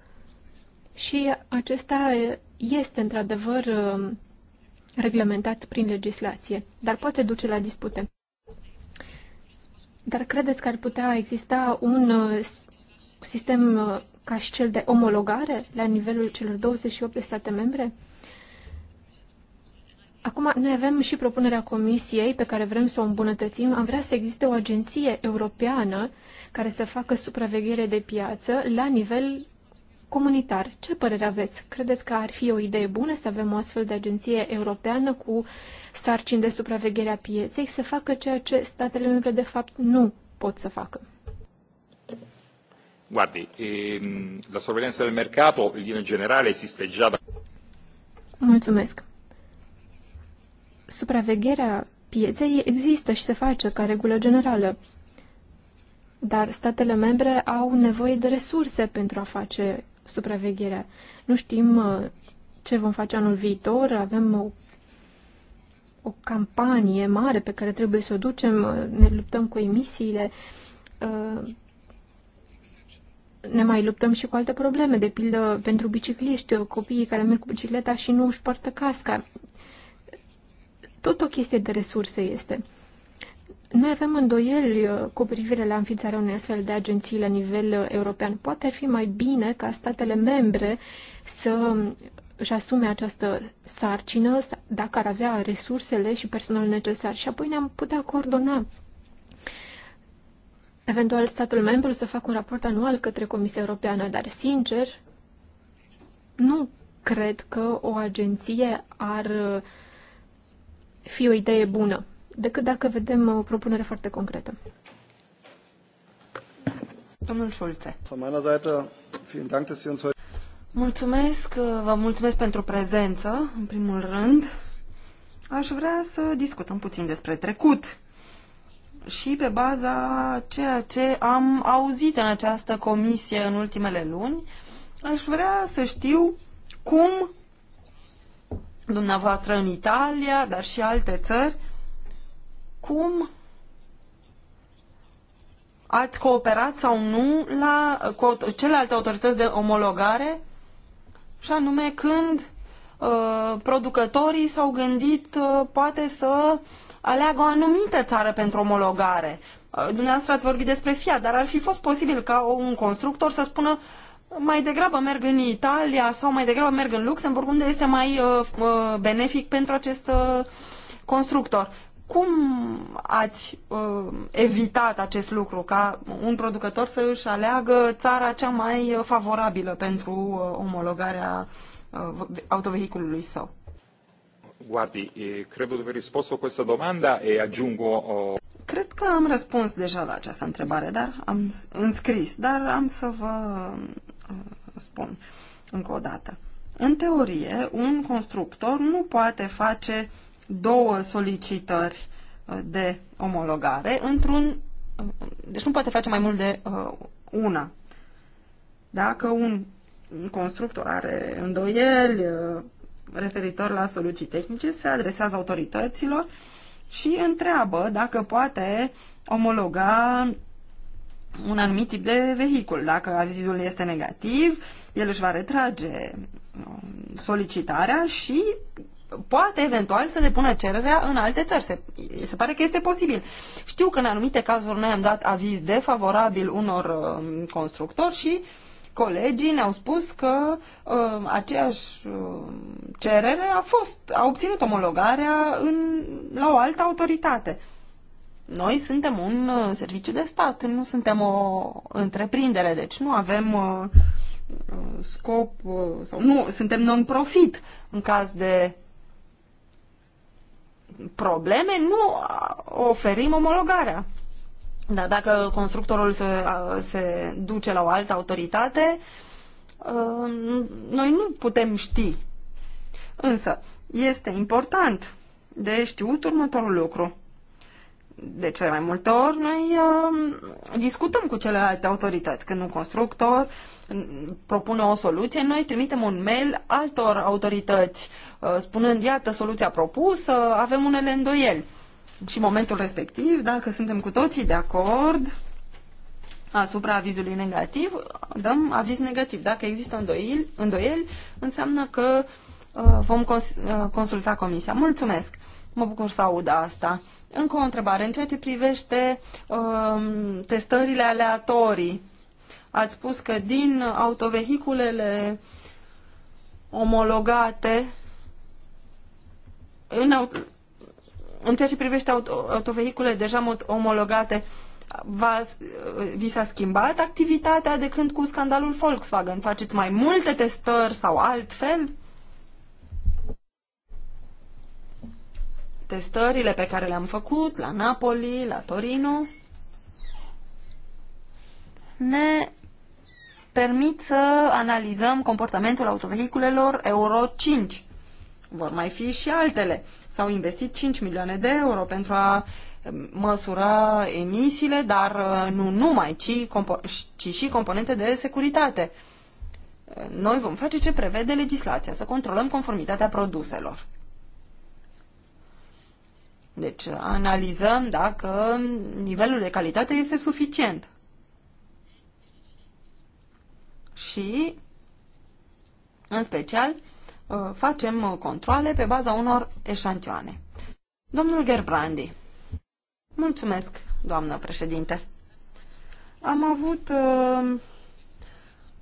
S2: și acesta este într-adevăr um, reglementat prin legislație, dar poate duce la dispute. Dar credeți că ar putea exista un uh, sistem uh, ca și cel de omologare la nivelul celor 28 de state membre? Acum, noi avem și propunerea Comisiei pe care vrem să o îmbunătățim. Am vrea să existe o agenție europeană care să facă supraveghere de piață la nivel comunitar. Ce părere aveți? Credeți că ar fi o idee bună să avem o astfel de agenție europeană cu sarcini de supraveghere a pieței să facă ceea ce statele membre de fapt nu pot să facă?
S3: Guardi, ehm, la sorveglianța del mercato, în generale, există deja.
S2: Mulțumesc supravegherea pieței există și se face ca regulă generală. Dar statele membre au nevoie de resurse pentru a face supravegherea. Nu știm uh, ce vom face anul viitor, avem o, o campanie mare pe care trebuie să o ducem, uh, ne luptăm cu emisiile, uh, ne mai luptăm și cu alte probleme, de pildă pentru bicicliști, copiii care merg cu bicicleta și nu își poartă casca. Tot o chestie de resurse este. Noi avem îndoieli uh, cu privire la înființarea unei astfel de agenții la nivel uh, european. Poate ar fi mai bine ca statele membre să um, își asume această sarcină dacă ar avea resursele și personalul necesar și apoi ne-am putea coordona. Eventual statul membru să facă un raport anual către Comisia Europeană, dar sincer, nu cred că o agenție ar uh, fie o idee bună, decât dacă vedem uh, o propunere foarte concretă.
S1: Domnul Schulze. Mulțumesc, uh, vă mulțumesc pentru prezență, în primul rând. Aș vrea să discutăm puțin despre trecut și pe baza ceea ce am auzit în această comisie în ultimele luni, aș vrea să știu cum dumneavoastră în Italia, dar și alte țări, cum ați cooperat sau nu la, cu celelalte autorități de omologare și anume când uh, producătorii s-au gândit uh, poate să aleagă o anumită țară pentru omologare. Uh, dumneavoastră ați vorbit despre Fiat, dar ar fi fost posibil ca un constructor să spună uh, mai degrabă merg în Italia sau mai degrabă merg în Luxemburg, unde este mai uh, uh, benefic pentru acest uh, constructor. Cum ați uh, evitat acest lucru, ca un producător să își aleagă țara cea mai uh, favorabilă pentru uh, omologarea uh, autovehiculului său?
S3: Guardi, cred că răspuns cu această domanda e aggiungo...
S1: Cred că am răspuns deja la această întrebare, dar am înscris, dar am să vă Uh, spun încă o dată. În teorie, un constructor nu poate face două solicitări uh, de omologare într-un. Uh, deci nu poate face mai mult de una. Dacă un constructor are îndoieli referitor la soluții tehnice, se adresează autorităților și întreabă dacă poate omologa un anumit tip de vehicul. Dacă avizul este negativ, el își va retrage um, solicitarea și poate eventual să depună cererea în alte țări. Se, se pare că este posibil. Știu că în anumite cazuri noi am dat aviz defavorabil unor um, constructori și colegii ne-au spus că uh, aceeași uh, cerere a fost, a obținut omologarea în, la o altă autoritate noi suntem un uh, serviciu de stat, nu suntem o întreprindere, deci nu avem uh, uh, scop sau nu, suntem non-profit în caz de probleme, nu oferim omologarea. Dar dacă constructorul se, se duce la o altă autoritate, noi nu putem ști. Însă, este important de știut următorul lucru de cele mai multe ori noi uh, discutăm cu celelalte autorități. Când un constructor mm, propune o soluție, noi trimitem un mail altor autorități uh, spunând, iată soluția propusă, avem unele îndoieli. Și momentul respectiv, dacă suntem cu toții de acord asupra avizului negativ, dăm aviz negativ. Dacă există îndoieli, îndoieli înseamnă că uh, vom consulta comisia. Mulțumesc! Mă bucur să aud asta. Încă o întrebare. În ceea ce privește um, testările aleatorii, ați spus că din autovehiculele omologate, în, în ceea ce privește auto, autovehiculele deja omologate, va, vi s-a schimbat activitatea de când cu scandalul Volkswagen? Faceți mai multe testări sau altfel? testările pe care le-am făcut la Napoli, la Torino, ne permit să analizăm comportamentul autovehiculelor Euro 5. Vor mai fi și altele. S-au investit 5 milioane de euro pentru a um, măsura emisiile, dar uh, nu numai, ci, ci și componente de securitate. Uh, noi vom face ce prevede legislația, să controlăm conformitatea produselor. Deci analizăm dacă nivelul de calitate este suficient. Și, în special, facem controle pe baza unor eșantioane. Domnul Gerbrandi. Mulțumesc, doamnă președinte. Am avut uh,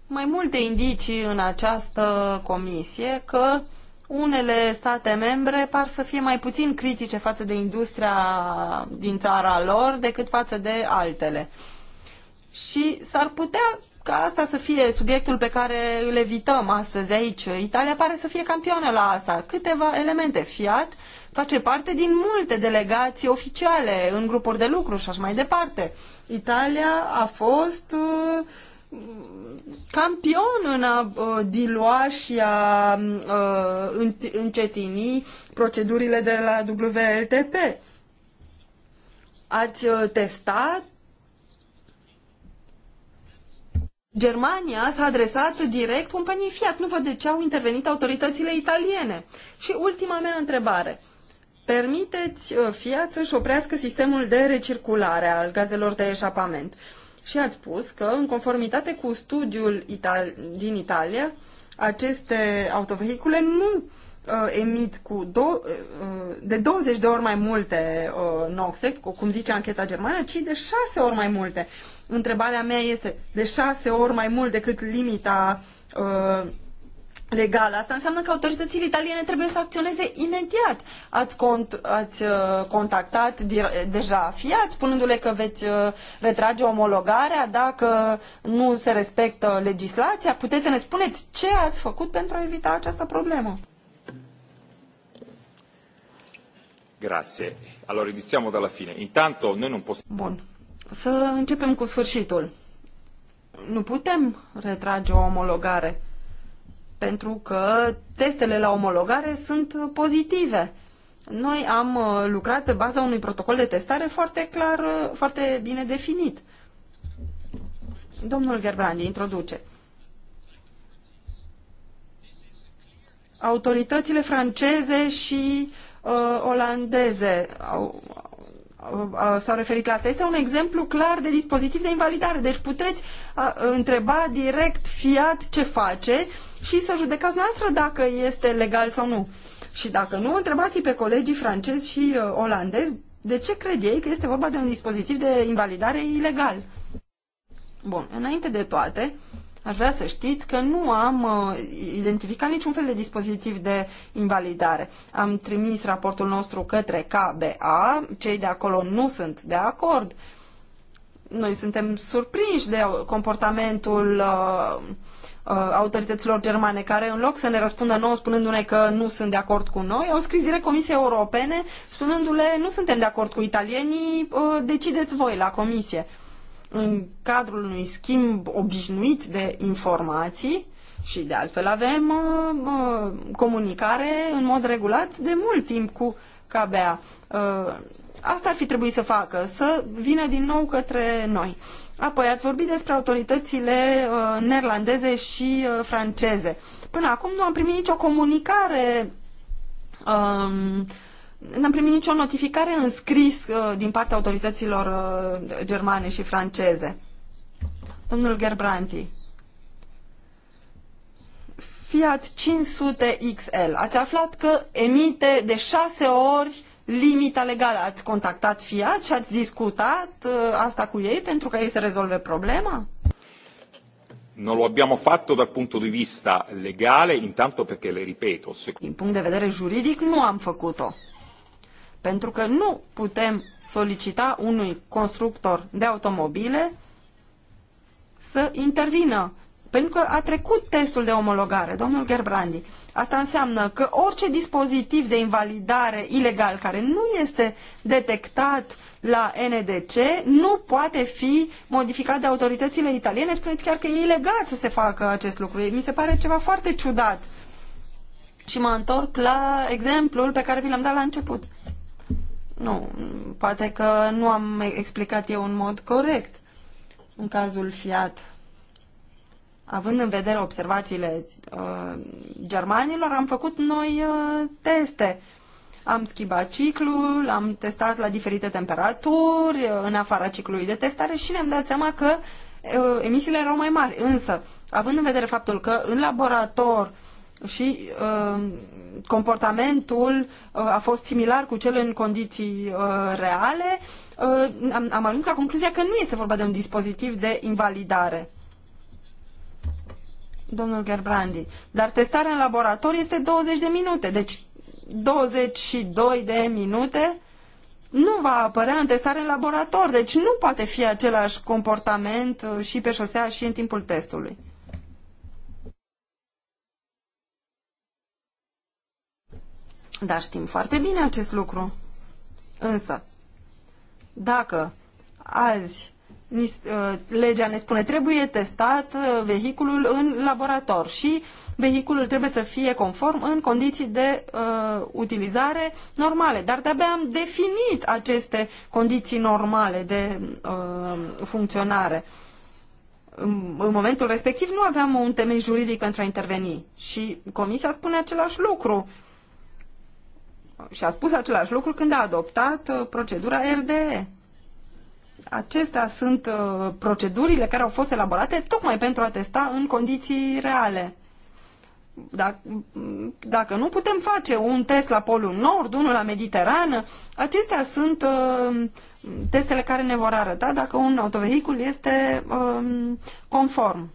S1: mai multe indicii în această comisie că unele state membre par să fie mai puțin critice față de industria din țara lor decât față de altele. Și s-ar putea ca asta să fie subiectul pe care îl evităm astăzi aici. Italia pare să fie campioană la asta. Câteva elemente. Fiat face parte din multe delegații oficiale în grupuri de lucru și așa mai departe. Italia a fost uh, campion în a uh, dilua și a uh, încetini procedurile de la WLTP. Ați uh, testat? Germania s-a adresat direct companiei Fiat. Nu văd de ce au intervenit autoritățile italiene. Și ultima mea întrebare. Permiteți uh, Fiat să-și oprească sistemul de recirculare al gazelor de eșapament. Uh, și ați spus că, în conformitate cu studiul Ital- din Italia, aceste autovehicule nu uh, emit cu do- uh, de 20 de ori mai multe uh, noxe, cum zice ancheta germană, ci de 6 ori mai multe. Întrebarea mea este de 6 ori mai mult decât limita uh, legală. Asta înseamnă că autoritățile italiene trebuie să acționeze imediat. Ați, cont, ați uh, contactat deja Fiat, spunându-le că veți uh, retrage omologarea dacă nu se respectă legislația. Puteți să ne spuneți ce ați făcut pentru a evita această problemă?
S3: Grazie. Allora iniziamo dalla fine. Intanto noi non possiamo...
S1: Bun. Să începem cu sfârșitul. Nu putem retrage o omologare pentru că testele la omologare sunt pozitive. Noi am uh, lucrat pe baza unui protocol de testare foarte clar, uh, foarte bine definit. Domnul Gerbrandi introduce. Autoritățile franceze și uh, olandeze au, Uh, uh, s a referit la asta. Este un exemplu clar de dispozitiv de invalidare. Deci puteți uh, întreba direct fiat ce face și să judecați noastră dacă este legal sau nu. Și dacă nu, întrebați pe colegii francezi și olandezi de ce cred ei că este vorba de un dispozitiv de invalidare ilegal. Bun, înainte de toate, Aș vrea să știți că nu am uh, identificat niciun fel de dispozitiv de invalidare. Am trimis raportul nostru către KBA, cei de acolo nu sunt de acord. Noi suntem surprinși de comportamentul uh, uh, autorităților germane, care în loc să ne răspundă nouă spunându-ne că nu sunt de acord cu noi, au scris direct Comisiei Europene spunându-le nu suntem de acord cu italienii, uh, decideți voi la Comisie. Uh, în cadrul unui schimb obișnuit de informații și de altfel avem uh, uh comunicare în mod regulat de mult timp cu KBA. Uh, asta ar fi trebuit să facă, să vină din nou către noi. Apoi ați vorbit despre autoritățile uh, neerlandeze și uh, franceze. Până acum nu am primit nicio comunicare um, N-am primit nicio notificare în scris uh, din partea autorităților uh, germane și franceze. Domnul Gerbranti. Fiat 500 XL. Ați aflat că emite de șase ori limita legală. Ați contactat Fiat și ați discutat uh, asta cu ei pentru ca ei să rezolve problema?
S3: Non lo abbiamo fatto dal punto di vista legale, intanto perché, le ripeto, se... din
S1: punct de vedere juridic non abbiamo fatto. Pentru că nu putem solicita unui constructor de automobile să intervină. Pentru că a trecut testul de omologare, domnul Gerbrandi. Asta înseamnă că orice dispozitiv de invalidare ilegal care nu este detectat la NDC nu poate fi modificat de autoritățile italiene. Spuneți chiar că e ilegal să se facă acest lucru. Mi se pare ceva foarte ciudat. Și mă întorc la exemplul pe care vi l-am dat la început. Nu, poate că nu am explicat eu în mod corect în cazul Fiat. Având în vedere observațiile uh, germanilor, am făcut noi uh, teste. Am schimbat ciclul, am testat la diferite temperaturi, uh, în afara ciclului de testare și ne-am dat seama că uh, emisiile erau mai mari. Însă, având în vedere faptul că în laborator uh, și uh, comportamentul uh, a fost similar cu cel în condiții uh, reale, uh, am, am ajuns la concluzia că nu este vorba de un dispozitiv de invalidare. Domnul Gerbrandi, dar testarea în laborator este 20 de minute, deci 22 de minute nu va apărea în testare în laborator, deci nu poate fi același comportament uh, și pe șosea și în timpul testului. Dar știm foarte bine acest lucru. Însă, dacă azi ă, legea ne spune trebuie testat ă, vehiculul în laborator și vehiculul trebuie să fie conform în condiții de uh, utilizare normale. Dar de-abia am definit aceste condiții normale de uh, funcționare. În, în momentul respectiv nu aveam un temei juridic pentru a interveni și comisia spune același lucru. Uh, și a spus același lucru când a adoptat uh, procedura RDE. Acestea sunt uh, procedurile care au fost elaborate tocmai pentru a testa în condiții reale. Dacă, dacă nu putem face un test la Polul Nord, unul la Mediterană, acestea sunt uh, testele care ne vor arăta dacă un autovehicul este
S4: uh, conform.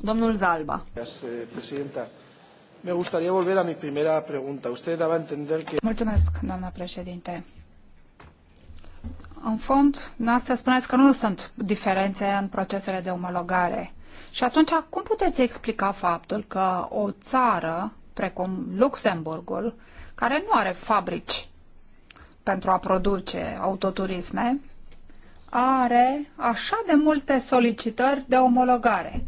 S1: Domnul Zalba. Gracias, eh, Me gustaría volver a mi primera pregunta. Usted daba a entender que...
S4: Mulțumesc, doamna președinte. În fond, noastră spuneți că nu sunt diferențe în procesele de omologare. Și atunci, cum puteți explica faptul că o țară, precum Luxemburgul, care nu are fabrici pentru a produce autoturisme, are așa de multe solicitări de omologare?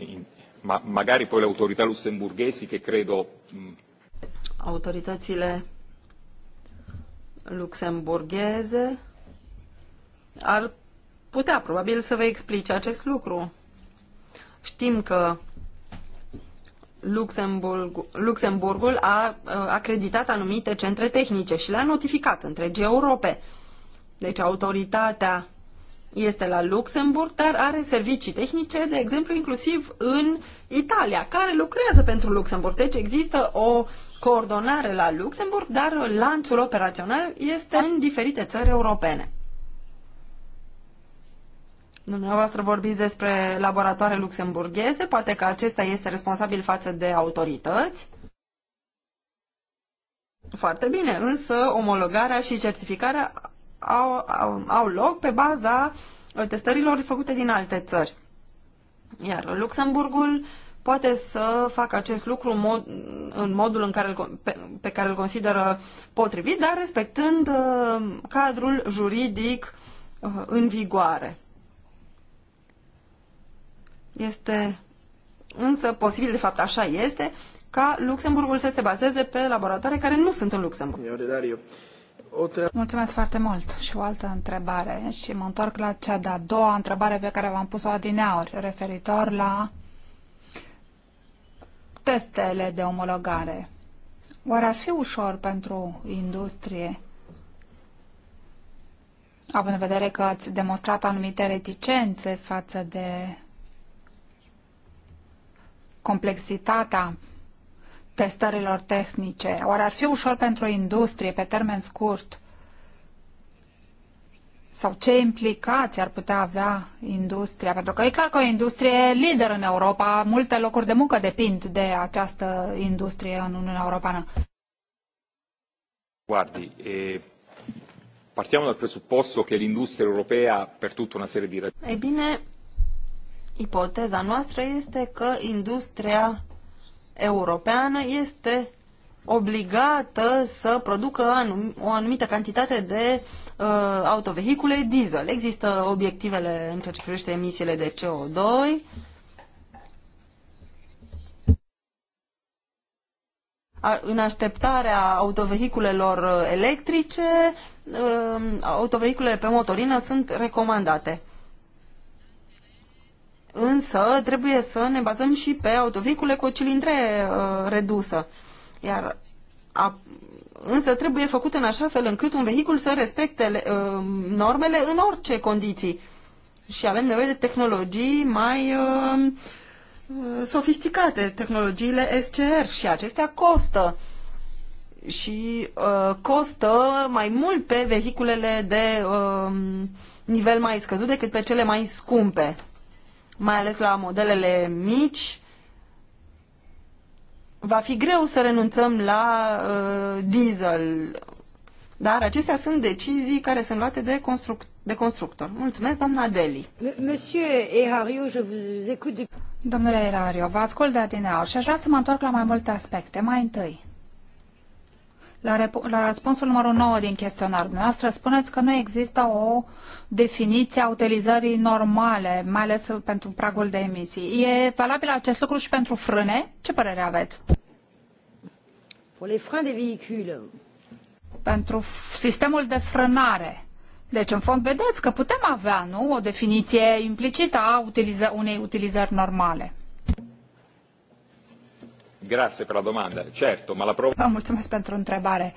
S3: in, ma, magari poi le autorità lussemburghesi che credo...
S1: Mm, Autoritățile luxemburgheze ar putea probabil să vă explice acest lucru. Știm că Luxemburg, Luxemburgul a acreditat anumite centre tehnice și le-a notificat întregii Europe. Deci autoritatea este la Luxemburg, dar are servicii tehnice, de exemplu, inclusiv în Italia, care lucrează pentru Luxemburg. Deci există o coordonare la Luxemburg, dar lanțul operațional este în diferite țări europene. Dumneavoastră vorbiți despre laboratoare luxemburgheze, poate că acesta este responsabil față de autorități. Foarte bine, însă omologarea și certificarea au, au, au loc pe baza uh, testărilor făcute din alte țări. Iar Luxemburgul poate să facă acest lucru mod, în modul în care îl, pe, pe care îl consideră potrivit, dar respectând uh, cadrul juridic uh, în vigoare. Este însă posibil, de fapt așa este, ca Luxemburgul
S4: să se bazeze pe laboratoare care nu sunt în Luxemburg. Mulțumesc foarte mult. Și o altă întrebare și mă întorc la cea de-a doua întrebare pe care v-am pus-o adineauri, referitor la testele de omologare. Oare ar fi ușor pentru industrie, având în vedere că ați demonstrat anumite reticențe față de complexitatea testărilor tehnice. Oare ar fi ușor pentru industrie pe termen scurt? Sau ce implicații ar putea avea industria? Pentru că e clar că o industrie lider în Europa, multe locuri de muncă depind de această industrie în Uniunea Europeană.
S3: Guardi, e... partiamo dal presupposto che l'industria europea per tutta una serie di ragioni.
S4: Ebbene,
S1: ipoteza noastră este că industria europeană este obligată să producă anum o anumită cantitate de uh, autovehicule diesel. Există obiectivele în ceea ce privește emisiile de CO2. în așteptarea autovehiculelor electrice, uh, autovehiculele pe motorină sunt recomandate. Însă trebuie să ne bazăm și pe autovehicule cu o cilindre uh, redusă. Iar a, însă trebuie făcut în așa fel încât un vehicul să respecte uh, normele în orice condiții. Și avem nevoie de tehnologii mai uh, sofisticate, tehnologiile SCR și acestea costă și uh, costă mai mult pe vehiculele de uh, nivel mai scăzut decât pe cele mai scumpe mai ales la modelele mici, va fi greu să renunțăm la uh, diesel. Dar acestea sunt decizii
S4: care sunt luate de, construc de constructor. Mulțumesc, doamna Deli. Domnule Erario, vă ascult de adineaur și aș vrea să mă întorc la mai multe aspecte. Mai întâi, la, la răspunsul numărul 9 din chestionarul noastră spuneți că nu există o definiție a utilizării normale, mai ales pentru pragul de emisii. E valabil acest lucru și pentru frâne? Ce părere aveți? Pentru sistemul de frânare. Deci, în fond, vedeți că putem avea, nu, o definiție implicită a utiliza- unei utilizări normale.
S3: Grazie per la domanda. Certo, ma la prova... Vă
S4: mulțumesc pentru întrebare.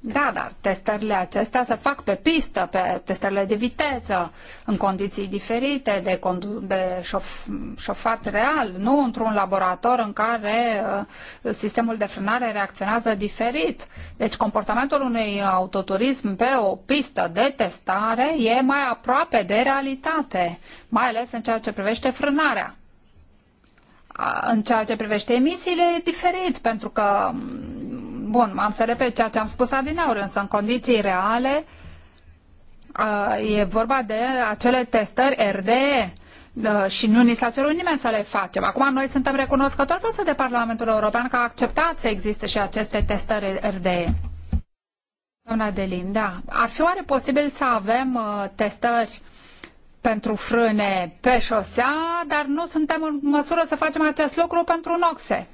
S4: Da, dar testările acestea se fac pe pistă, pe testările de viteză, în condiții diferite, de, de șof, șofat real, nu într-un laborator în care uh, sistemul de frânare reacționează diferit. Deci comportamentul unui autoturism pe o pistă de testare e mai aproape de realitate, mai ales în ceea ce privește frânarea în ceea ce privește emisiile e diferit, pentru că, bun, am să repet ceea ce am spus adineauri, însă în condiții reale e vorba de acele testări RDE și nu ni s-a cerut nimeni să le facem. Acum noi suntem recunoscători față de Parlamentul European că a acceptat să existe și aceste testări RDE. Doamna Delin, da. Ar fi oare posibil să avem testări pentru frâne pe șosea, dar nu suntem în măsură să facem acest lucru pentru noxe.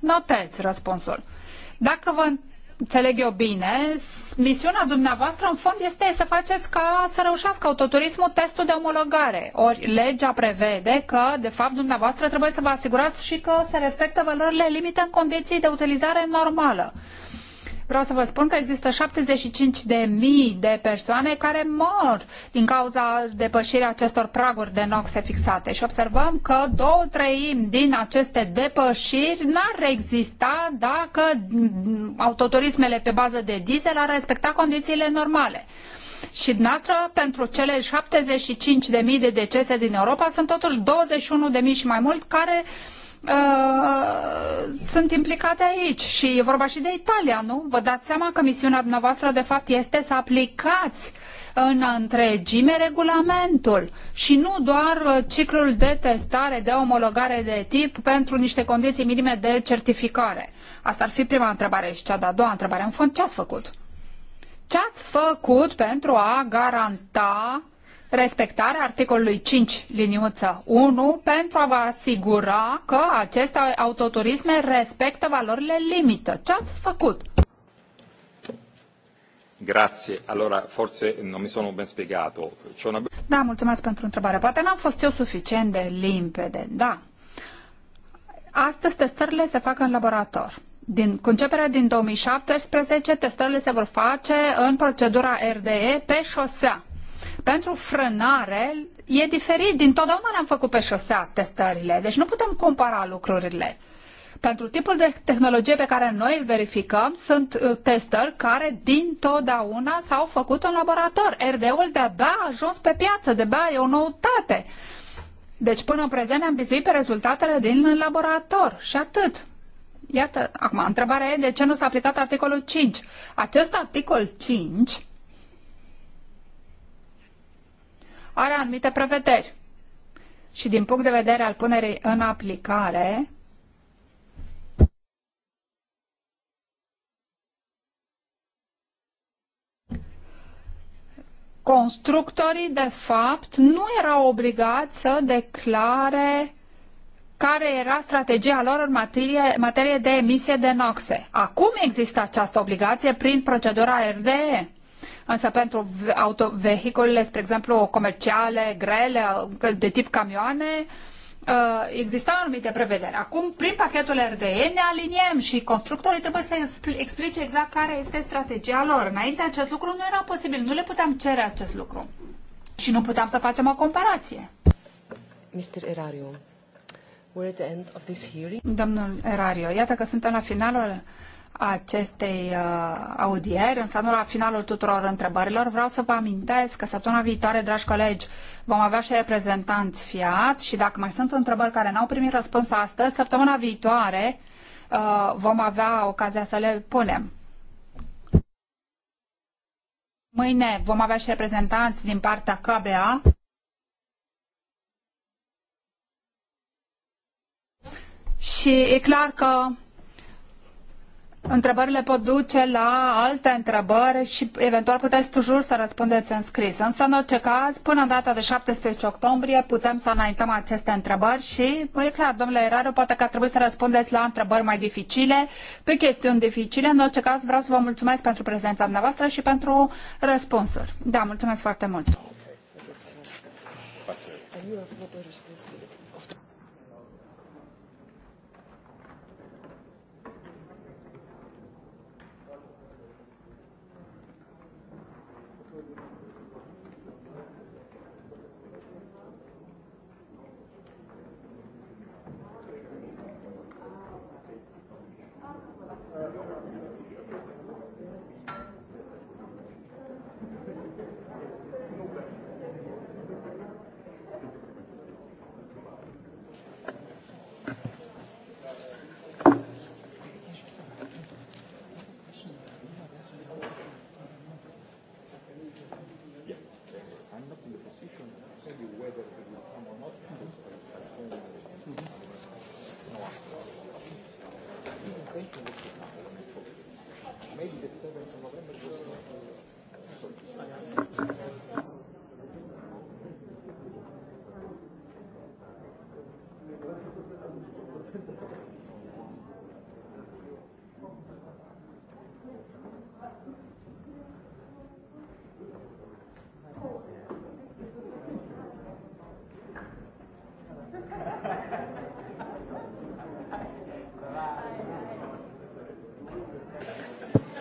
S4: Notez răspunsul. Dacă vă înțeleg eu bine, misiunea dumneavoastră în fond este să faceți ca să reușească autoturismul testul de omologare. Ori legea prevede că, de fapt, dumneavoastră trebuie să vă asigurați și că se respectă valorile limite în condiții de utilizare normală. Vreau să vă spun că există 75 de mii de persoane care mor din cauza depășirii acestor praguri de noxe fixate și observăm că două treimi din aceste depășiri n-ar exista dacă autoturismele pe bază de diesel ar respecta condițiile normale. Și dumneavoastră, pentru cele 75.000 de decese din Europa, sunt totuși 21.000 și mai mult care uh, Uh, sunt implicate aici. Și e vorba și de Italia, nu? Vă dați seama că misiunea dumneavoastră, de fapt, este să aplicați în întregime regulamentul și nu doar uh, ciclul de testare, de omologare de tip pentru niște condiții minime de certificare. Asta ar fi prima întrebare și cea de-a doua întrebare. În fond, ce ați făcut? Ce ați făcut pentru a garanta respectarea articolului 5 liniuță 1 pentru a vă asigura că aceste autoturisme respectă valorile limită. Ce ați făcut?
S3: Grazie. Allora, forse non mi sono ben spiegato. Una...
S4: Da, mulțumesc pentru întrebare. Poate n-am fost eu suficient de limpede. Da. Astăzi testările se fac în laborator. Din, cu din 2017, testările se vor face în procedura RDE pe șosea. Pentru frânare e diferit. Din totdeauna ne am făcut pe șosea testările, deci nu putem compara lucrurile. Pentru tipul de tehnologie pe care noi îl verificăm, sunt uh, testări care din totdeauna s-au făcut în laborator. RD-ul de-abia a ajuns pe piață, de-abia e o noutate. Deci până în prezent am bizuit pe rezultatele din laborator și atât. Iată, acum, întrebarea e de ce nu s-a aplicat articolul 5. Acest articol 5 are anumite prevederi. Și din punct de vedere al punerii în aplicare, constructorii, de fapt, nu erau obligați să declare care era strategia lor în materie, materie de emisie de noxe. Acum există această obligație prin procedura RDE însă pentru autovehicolele, spre exemplu, comerciale, grele, de tip camioane, uh, existau anumite prevederi. Acum, prin pachetul RDE, ne aliniem și constructorii trebuie să explice exact care este strategia lor. Înainte acest lucru nu era posibil, nu le puteam cere acest lucru. Și nu puteam să facem o comparație. Mr. Erario, we're at the end of this hearing. Domnul Erario, iată că suntem la finalul acestei uh, audieri, nu la finalul tuturor întrebărilor. Vreau să vă amintesc că săptămâna viitoare, dragi colegi, vom avea și reprezentanți fiat și dacă mai sunt întrebări care n-au primit răspuns astăzi, săptămâna viitoare uh, vom avea ocazia să le punem. Mâine vom avea și reprezentanți din partea KBA. Și e clar că întrebările pot duce la alte întrebări și eventual puteți toujours să răspundeți în scris. Însă, în orice caz, până în data de 17 octombrie putem să înaintăm aceste întrebări și, păi, e clar, domnule Eraru, poate că ar trebui să răspundeți la întrebări mai dificile, pe chestiuni dificile. În orice caz, vreau să vă mulțumesc pentru prezența dumneavoastră și pentru răspunsuri. Da, mulțumesc foarte mult. Okay.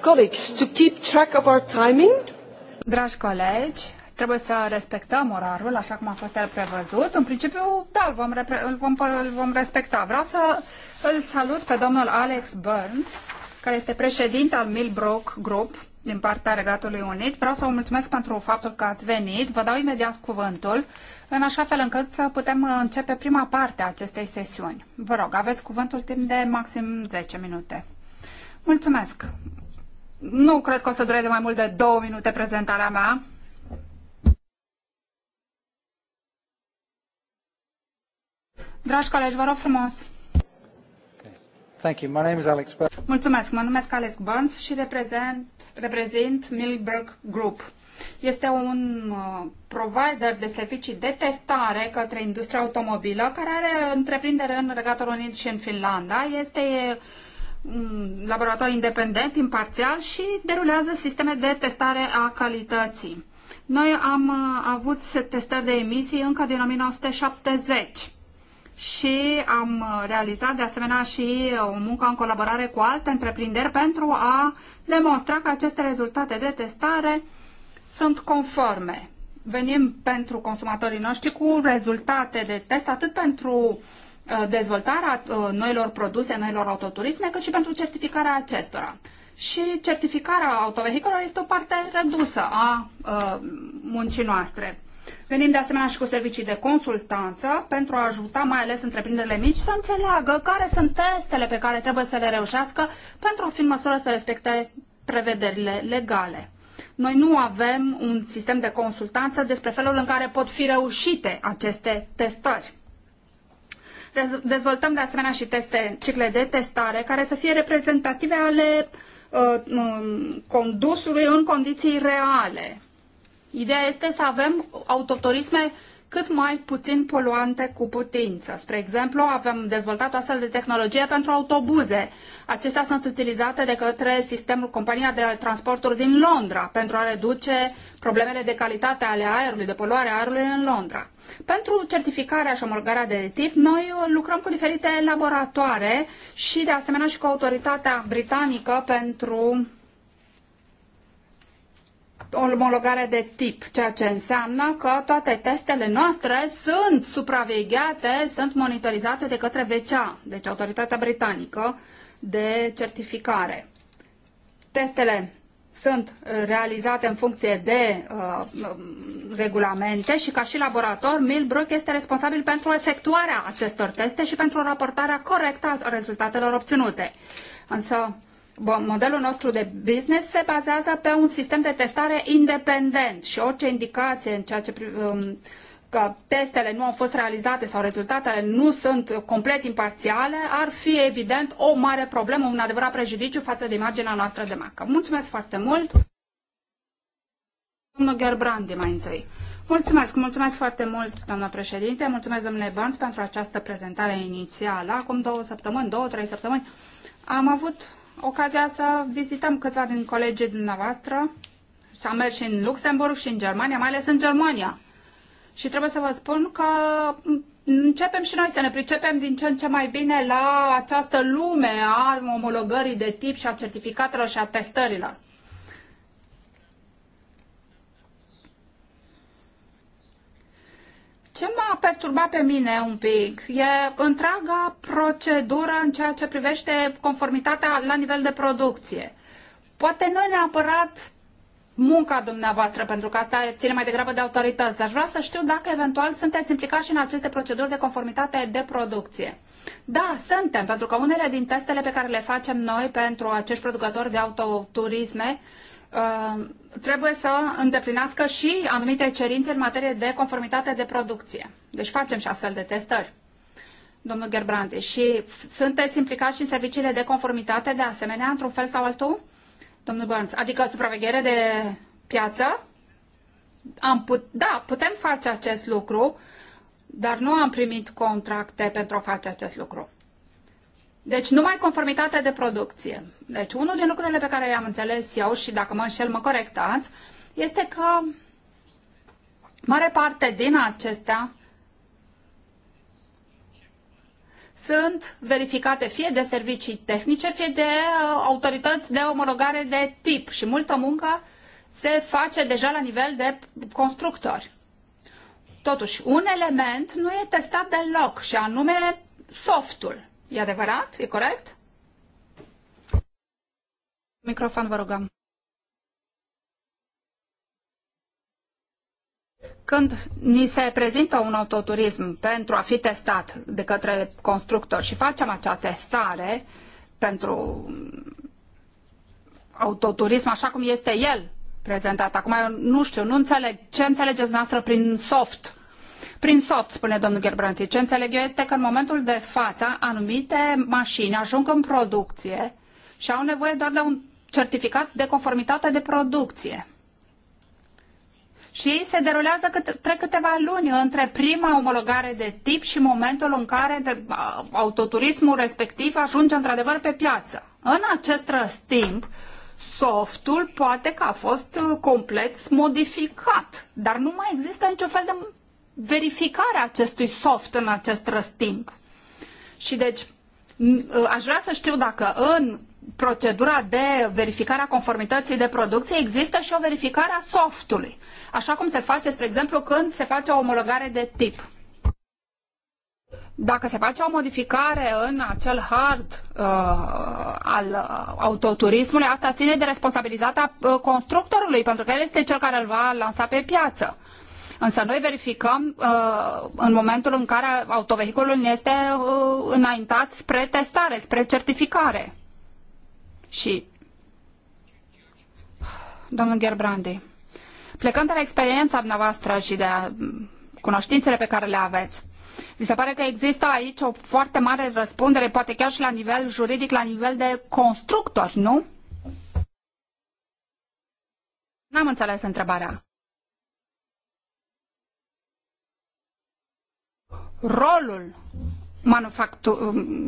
S4: colleagues, to keep track of our timing. Dragi colegi, trebuie să respectăm orarul, așa cum a fost el prevăzut. În principiu, da, îl vom, îl vom, îl vom respecta. Vreau să îl salut pe domnul Alex Burns, care este președinte al Millbrook Group din partea Regatului Unit. Vreau să vă mulțumesc pentru faptul că ați venit. Vă dau imediat cuvântul, în așa fel încât să putem începe prima parte a acestei sesiuni. Vă rog, aveți cuvântul timp de maxim 10 minute. Mulțumesc, nu cred că o să dureze mai mult de două minute prezentarea mea. Dragi colegi, vă rog frumos.
S3: Thank you. My name is Alex
S4: Burns. Mulțumesc, mă numesc Alex Burns și reprezent, reprezint Milberg Group. Este un uh, provider de servicii de testare către industria automobilă care are întreprindere în Regatul Unit și în Finlanda. Este uh, Mm, laborator independent, imparțial și derulează sisteme de testare a calității. Noi am uh, avut testări de emisii încă din 1970 și am uh, realizat de asemenea și uh, o muncă în colaborare cu alte întreprinderi pentru a demonstra că aceste rezultate de testare sunt conforme. Venim pentru consumatorii noștri cu rezultate de test atât pentru Uh, dezvoltarea uh, noilor produse, noilor autoturisme, cât și pentru certificarea acestora. Și certificarea autovehiculelor este o parte redusă a uh, muncii noastre. Venim de asemenea și cu servicii de consultanță pentru a ajuta mai ales întreprinderile mici să înțeleagă care sunt testele pe care trebuie să le reușească pentru a fi în măsură să respecte prevederile legale. Noi nu avem un sistem de consultanță despre felul în care pot fi reușite aceste testări. Dezvoltăm de asemenea și teste, cicle de testare care să fie reprezentative ale uh, um, condusului în condiții reale. Ideea este să avem autoturisme cât mai puțin poluante cu putință. Spre exemplu, avem dezvoltat o astfel de tehnologie pentru autobuze. Acestea sunt utilizate de către sistemul compania de transporturi din Londra pentru a reduce problemele de calitate ale aerului, de poluare a aerului în Londra. Pentru certificarea și omologarea de tip, noi lucrăm cu diferite laboratoare și de asemenea și cu autoritatea britanică pentru omologare de tip, ceea ce înseamnă că toate testele noastre sunt supravegheate, sunt monitorizate de către VCA, deci Autoritatea Britanică de Certificare. Testele sunt uh, realizate în funcție de uh, um, regulamente și ca și laborator, Milbrook este responsabil pentru efectuarea acestor teste și pentru raportarea corectă a rezultatelor obținute. Însă, modelul nostru de business se bazează pe un sistem de testare independent și orice indicație în ceea ce um, că testele nu au fost realizate sau rezultatele nu sunt complet imparțiale, ar fi evident o mare problemă, un adevărat prejudiciu față de imaginea noastră de marcă. Mulțumesc foarte mult! Domnul Gerbrandi mai întâi. Mulțumesc, mulțumesc foarte mult, doamna președinte, mulțumesc, domnule Burns pentru această prezentare inițială. Acum două săptămâni, două, trei săptămâni, am avut ocazia să vizităm câțiva din colegii dumneavoastră și am mers și în Luxemburg și în Germania, mai ales în Germania și trebuie să vă spun că începem și noi să ne pricepem din ce în ce mai bine la această lume a omologării de tip și a certificatelor și a testărilor. Ce m-a perturbat pe mine un pic e întreaga procedură în ceea ce privește conformitatea la nivel de producție. Poate nu neapărat munca dumneavoastră, pentru că asta ține mai degrabă de autorități, dar vreau să știu dacă eventual sunteți implicați și în aceste proceduri de conformitate de producție. Da, suntem, pentru că unele din testele pe care le facem noi pentru acești producători de autoturisme uh, trebuie să îndeplinească și anumite cerințe în materie de conformitate de producție. Deci facem și astfel de testări domnul Gerbrandi, și sunteți implicați și în serviciile de conformitate de asemenea, într-un fel sau altul? Domnul Burns, adică supraveghere de piață? Am put, da, putem face acest lucru, dar nu am primit contracte pentru a face acest lucru. Deci numai conformitate de producție. Deci unul din lucrurile pe care le-am înțeles eu și dacă mă înșel mă corectați, este că mare parte din acestea sunt verificate fie de servicii tehnice, fie de uh, autorități de omologare de tip și multă muncă se face deja la nivel de constructori. Totuși, un element nu e testat deloc și anume softul. E adevărat? E corect? Microfon, vă rugăm. Când ni se prezintă un autoturism pentru a fi testat de către constructor și facem acea testare pentru autoturism așa cum este el prezentat. Acum eu nu știu, nu înțeleg ce înțelegeți noastră prin soft. Prin soft, spune domnul Gerbranti, ce înțeleg eu este că în momentul de față anumite mașini ajung în producție și au nevoie doar de un certificat de conformitate de producție și se derulează cât, trec câteva luni între prima omologare de tip și momentul în care autoturismul respectiv ajunge într-adevăr pe piață. În acest răstimp, softul poate că a fost uh, complet modificat, dar nu mai există niciun fel de verificare a acestui soft în acest răstimp. Și deci uh, aș vrea să știu dacă în procedura de verificare a conformității de producție, există și o verificare a softului, așa cum se face, spre exemplu, când se face o omologare de tip. Dacă se face o modificare în acel hard uh, al autoturismului, asta ține de responsabilitatea uh, constructorului, pentru că el este cel care îl va lansa pe piață. Însă noi verificăm uh, în momentul în care autovehiculul este uh, înaintat spre testare, spre certificare. Și, domnul Gerbrandi, plecând de la experiența dumneavoastră și de la mm, cunoștințele pe care le aveți, vi se pare că există aici o foarte mare răspundere, poate chiar și la nivel juridic, la nivel de constructor, nu? N-am înțeles întrebarea. Rolul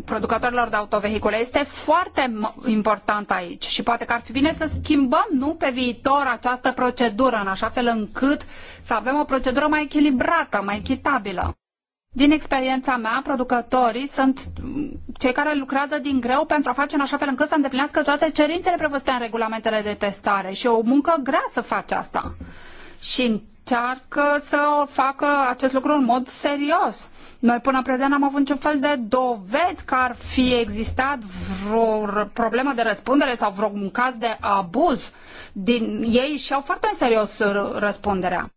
S4: producătorilor de autovehicule este foarte important aici și poate că ar fi bine să schimbăm, nu, pe viitor această procedură, în așa fel încât să avem o procedură mai echilibrată, mai echitabilă. Din experiența mea, producătorii sunt cei care lucrează din greu pentru a face în așa fel încât să îndeplinească toate cerințele prevăzute în regulamentele de testare și o muncă grea să faci asta. Și în încearcă să facă acest lucru în mod serios. Noi până prezent am avut niciun fel de dovezi că ar fi existat vreo problemă de răspundere sau vreun caz de abuz. Din ei și-au foarte în serios răspunderea.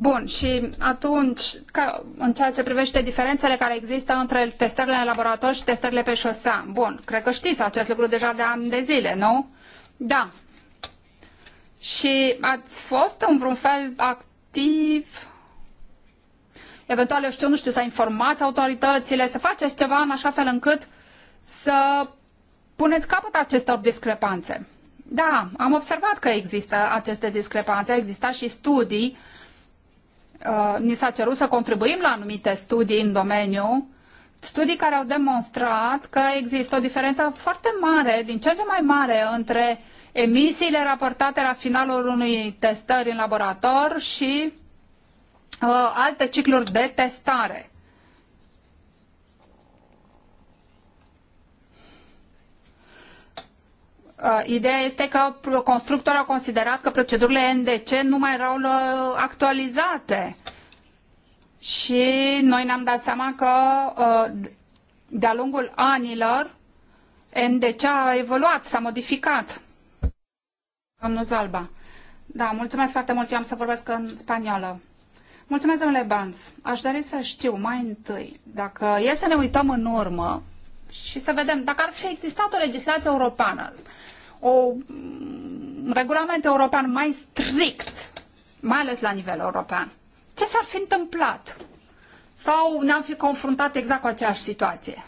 S4: Bun, și atunci, ca, în ceea ce privește diferențele care există între testările în laborator și testările pe șosea, bun, cred că știți acest lucru deja de ani de zile, nu? Da, și ați fost în vreun fel activ? Eventual, eu știu, nu știu, să informați autoritățile, să faceți ceva în așa fel încât să puneți capăt acestor discrepanțe. Da, am observat că există aceste discrepanțe, au existat și studii. Uh, ni s-a cerut să contribuim la anumite studii în domeniu, studii care au demonstrat că există o diferență foarte mare, din ce în ce mai mare, între uh, emisiile raportate la finalul unui testări în laborator și uh, alte cicluri de testare. Uh, ideea este că constructorul a considerat că procedurile NDC nu mai erau uh, actualizate și noi ne-am dat seama că uh, de-a lungul anilor NDC a evoluat, s-a modificat. Domnul Zalba. Da, mulțumesc foarte mult. Eu am să vorbesc în spaniolă. Mulțumesc, domnule Banz. Aș dori să știu mai întâi, dacă e să ne uităm în urmă și să vedem, dacă ar fi existat o legislație europeană, o, un regulament european mai strict, mai ales la nivel european, ce s-ar fi întâmplat? Sau ne-am fi confruntat exact cu aceeași situație?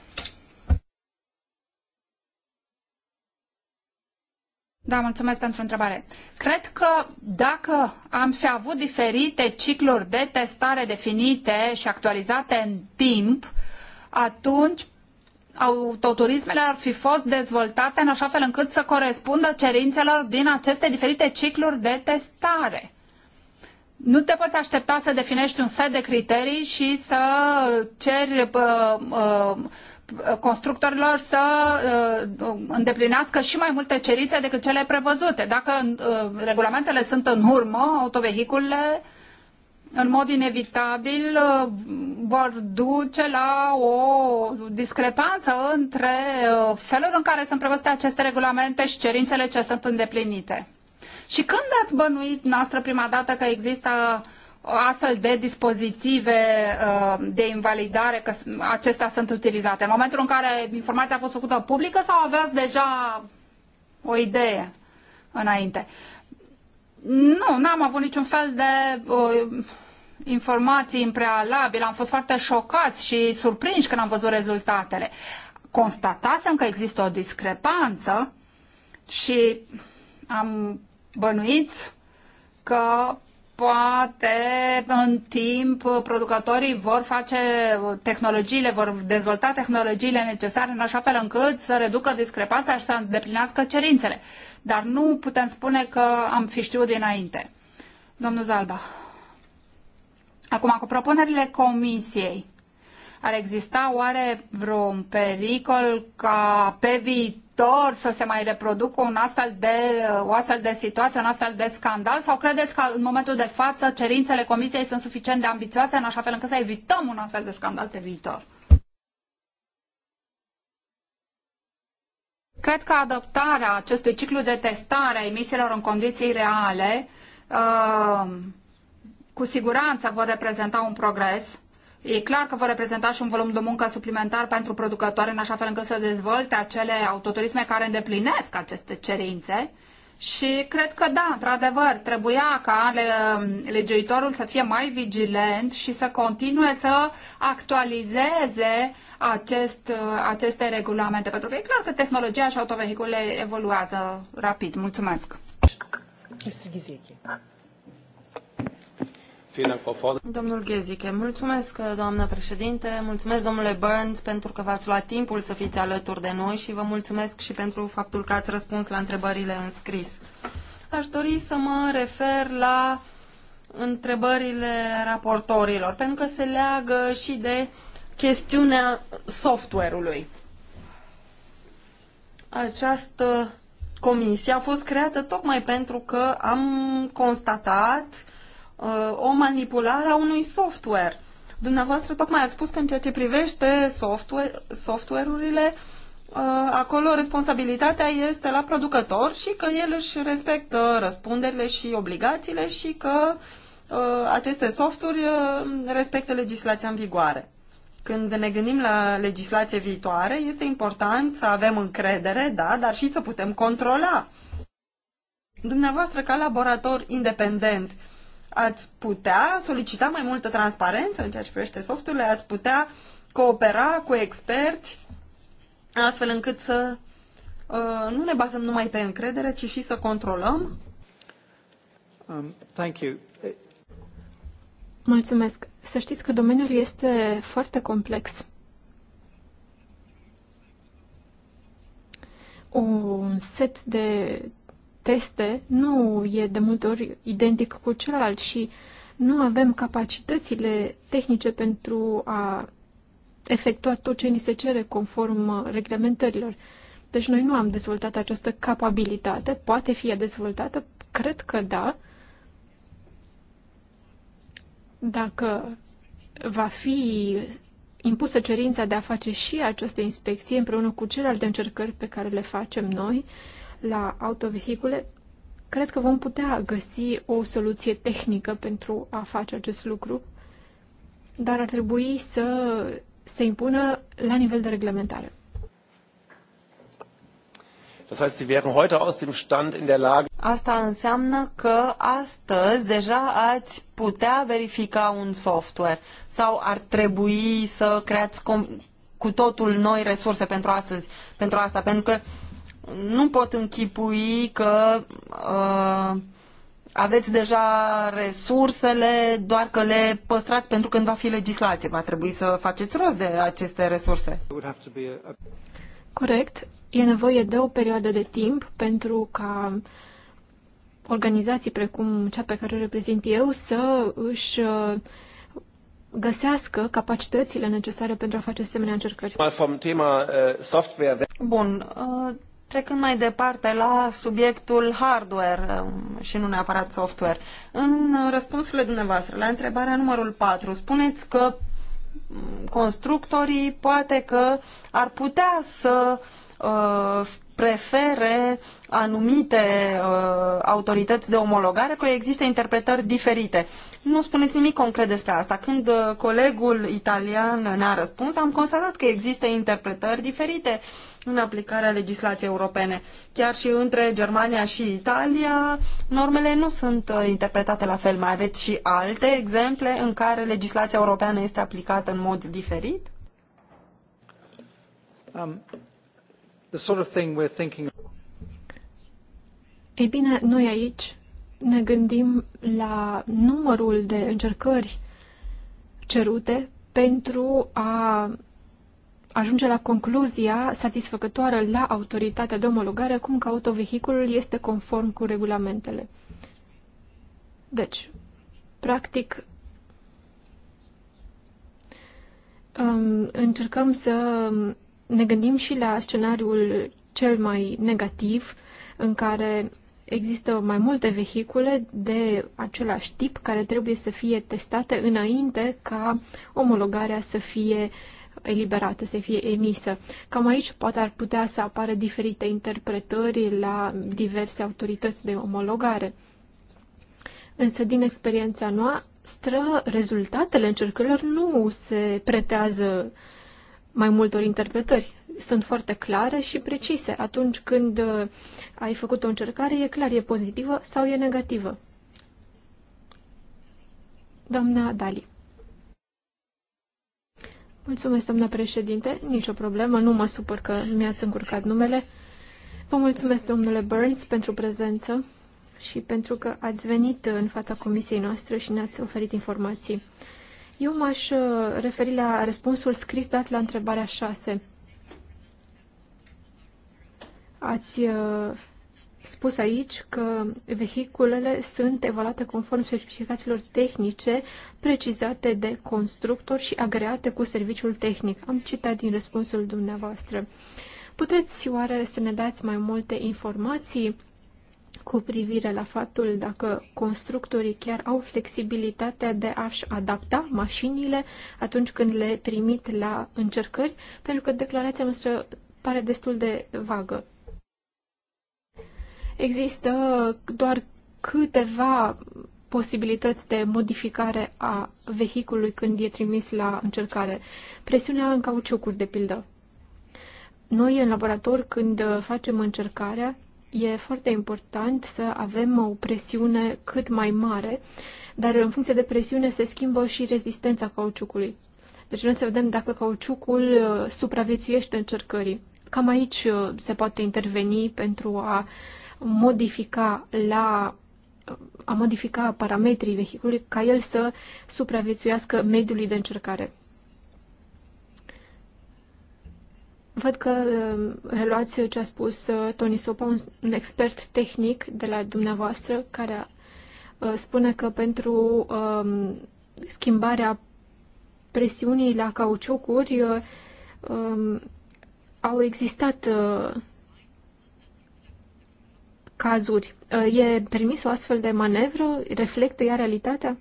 S4: Da, mulțumesc pentru întrebare. Cred că dacă am fi avut diferite cicluri de testare definite și actualizate în timp, atunci autoturismele ar fi fost dezvoltate în așa fel încât să corespundă cerințelor din aceste diferite cicluri de testare. Nu te poți aștepta să definești un set de criterii și să ceri uh, uh, constructorilor să uh, îndeplinească și mai multe cerințe decât cele prevăzute. Dacă uh, regulamentele sunt în urmă, autovehiculele în mod inevitabil uh, vor duce la o discrepanță între felul în care sunt prevăzute aceste regulamente și cerințele ce sunt îndeplinite. Și când ați bănuit noastră prima dată că există uh, astfel de dispozitive uh, de invalidare, că acestea sunt utilizate? În momentul în care informația a fost făcută publică sau aveați deja o idee înainte? Nu, n-am avut niciun fel de uh, informații în prealabil. Am fost foarte șocați și surprinși când am văzut rezultatele. Constatasem că există o discrepanță și am bănuit că poate în timp producătorii vor face tehnologiile, vor dezvolta tehnologiile necesare în așa fel încât să reducă discrepanța și să îndeplinească cerințele. Dar nu putem spune că am fi știut dinainte. Domnul Zalba. Acum, cu propunerile comisiei, ar exista oare vreun pericol ca pe viitor să se mai reproducă un astfel de, o astfel de situație, un astfel de scandal? Sau credeți că în momentul de față cerințele Comisiei sunt suficient de ambițioase în așa fel încât să evităm un astfel de scandal pe viitor? Cred că adoptarea acestui ciclu de testare a emisiilor în condiții reale uh, cu siguranță vor reprezenta un progres E clar că vor reprezenta și un volum de muncă suplimentar pentru producători, în așa fel încât să dezvolte acele autoturisme care îndeplinesc aceste cerințe. Și cred că da, într-adevăr, trebuia ca um, legiuitorul să fie mai vigilent și să continue să actualizeze acest, uh, aceste regulamente, pentru că e clar că tehnologia și autovehiculele evoluează rapid. Mulțumesc! Mr. Domnul Ghezike, mulțumesc, doamnă președinte,
S1: mulțumesc, domnule Burns, pentru că v-ați luat timpul să fiți alături de noi și vă mulțumesc și pentru faptul că ați răspuns la întrebările în scris. Aș dori să mă refer la întrebările raportorilor, pentru că se leagă și de chestiunea software-ului. Această comisie a fost creată tocmai pentru că am constatat uh, o manipulare a unui software. Dumneavoastră tocmai ați spus că în ceea ce privește software, software-urile, uh, acolo responsabilitatea este la producător și că el își respectă răspunderile și obligațiile și că uh, aceste softuri uh, respectă legislația în vigoare. Când ne gândim la legislație viitoare, este important să avem încredere, da, dar și să putem controla. Dumneavoastră, ca laborator independent, ați putea solicita mai multă transparență în ceea ce privește softurile, ați putea coopera cu experți astfel încât să uh, nu ne bazăm numai pe încredere, ci și să controlăm? Um,
S2: thank you. Mulțumesc. Să știți că domeniul este foarte complex. Un set de teste nu e de multe ori identic cu celălalt și nu avem capacitățile tehnice pentru a efectua tot ce ni se cere conform uh, reglementărilor. Deci noi nu am dezvoltat această capabilitate. Poate fi dezvoltată? Cred că da. Dacă va fi impusă cerința de a face și această inspecție împreună cu celelalte încercări pe care le facem noi, uh, la autovehicule, cred că vom putea găsi o soluție tehnică pentru a face acest lucru, dar ar trebui să se impună la nivel de reglementare.
S3: Das heißt, sie wären heute aus dem Stand in der Lage.
S1: Asta înseamnă că astăzi deja ați putea verifica un software sau ar trebui să creați cu totul noi resurse pentru astăzi, pentru asta, pentru că nu pot închipui că uh, aveți deja resursele, doar că le păstrați pentru când va fi legislație. Va trebui să faceți rost de aceste resurse.
S2: Corect. E nevoie de o perioadă de timp pentru ca organizații precum cea pe care o reprezint eu să își uh, găsească capacitățile
S1: necesare pentru a face asemenea încercări.
S3: Uh,
S1: Bun, uh, Trecând mai departe la subiectul hardware um, și nu neapărat software, în uh, răspunsurile dumneavoastră la întrebarea numărul 4, spuneți că um, constructorii poate că ar putea să uh, prefere anumite uh, autorități de omologare, că există interpretări diferite. Nu spuneți nimic concret despre asta. Când uh, colegul italian ne-a răspuns, am constatat că există interpretări diferite în aplicarea legislației europene. Chiar și între Germania și Italia, normele nu sunt uh, interpretate la fel. Mai aveți și alte exemple în care legislația europeană este aplicată în mod diferit?
S3: Um, the sort of thing we're thinking...
S2: Ei bine, noi aici ne gândim la numărul de încercări cerute pentru a ajunge la concluzia satisfăcătoare la autoritatea de omologare cum că autovehiculul este conform cu regulamentele. Deci, practic, um, încercăm să ne gândim și la scenariul cel mai negativ, în care există mai multe vehicule de același tip care trebuie să fie testate înainte ca omologarea să fie eliberată, să fie emisă. Cam aici poate ar putea să apară diferite interpretări la diverse autorități de omologare. Însă, din experiența noastră, rezultatele încercărilor nu se pretează mai multor interpretări. Sunt foarte clare și precise. Atunci când uh, ai făcut o încercare, e clar, e pozitivă sau e negativă. Doamna Dali. Mulțumesc, doamna președinte. Nicio problemă, nu mă supăr că mi-ați încurcat numele. Vă mulțumesc, domnule Burns, pentru prezență și pentru că ați venit în fața comisiei noastre și ne-ați oferit informații. Eu m-aș uh, referi la răspunsul scris dat la întrebarea 6. Ați uh, spus aici că vehiculele sunt evaluate conform specificațiilor tehnice precizate de constructor și agreate cu serviciul tehnic. Am citat din răspunsul dumneavoastră. Puteți oare să ne dați mai multe informații cu privire la faptul dacă constructorii chiar au flexibilitatea de a-și adapta mașinile atunci când le trimit la încercări, pentru că declarația noastră pare destul de vagă. Există doar câteva posibilități de modificare a vehiculului când e trimis la încercare. Presiunea în cauciucuri, de pildă. Noi, în laborator, când facem încercarea, e foarte important să avem o presiune cât mai mare, dar în funcție de presiune se schimbă și rezistența cauciucului. Deci noi să vedem dacă cauciucul uh, supraviețuiește încercării. Cam aici uh, se poate interveni pentru a uh, modifica la a modifica parametrii vehiculului ca el să supraviețuiască mediului de încercare. Văd că um, reluați ce a spus uh, Tony Sopa, un expert tehnic de la dumneavoastră, care uh, spune că pentru um, schimbarea presiunii la cauciucuri uh, um, au existat cazuri, uh, e permis o astfel de manevră? Reflectă ea realitatea?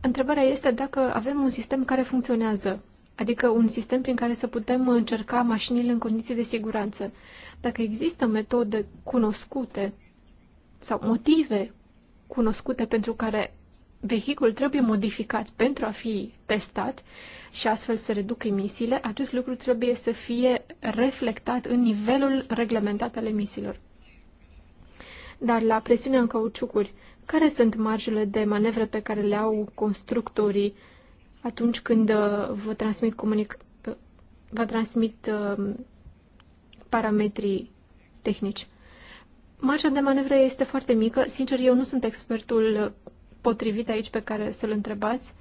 S2: Întrebarea este dacă avem un sistem care funcționează, adică un sistem prin care să putem încerca mașinile în condiții de siguranță. Dacă există metode cunoscute sau motive cunoscute pentru care vehicul trebuie modificat pentru a fi testat și astfel să reduc emisiile, acest lucru trebuie să fie reflectat în nivelul reglementat al emisiilor. Dar la presiunea în cauciucuri, care sunt marjele de manevră pe care le au constructorii atunci când uh, vă transmit, comunic- uh, vă transmit uh, parametrii tehnici? Marja de manevră este foarte mică. Sincer, eu nu sunt expertul potrivit aici pe care să-l întrebați.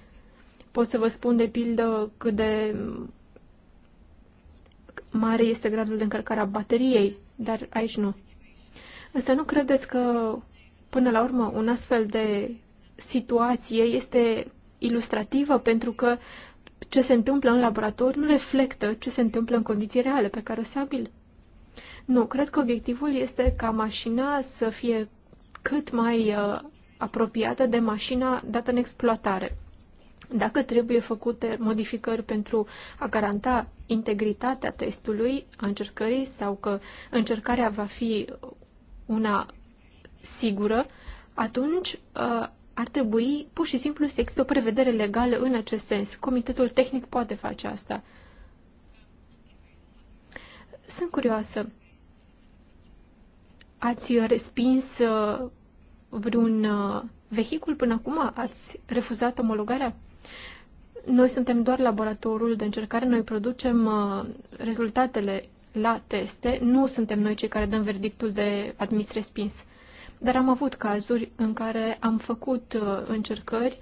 S2: Pot să vă spun, de pildă, cât de mare este gradul de încărcare a bateriei, dar aici nu. Însă nu credeți că, până la urmă, un astfel de situație este ilustrativă pentru că ce se întâmplă în laborator nu reflectă ce se întâmplă în condiții reale pe carosabil? Nu, cred că obiectivul este ca mașina să fie cât mai uh, apropiată de mașina dată în exploatare. Dacă trebuie făcute modificări pentru a garanta integritatea testului, a încercării sau că încercarea va fi una sigură, atunci ă, ar trebui pur și simplu să există o prevedere legală în acest sens. Comitetul tehnic poate face asta. Sunt curioasă. Ați respins ă, vreun uh, vehicul până acum? Ați refuzat omologarea? Noi suntem doar laboratorul de încercare, noi producem uh, rezultatele la teste, nu suntem noi cei care dăm verdictul de admis respins. Dar am avut cazuri în care am făcut uh, încercări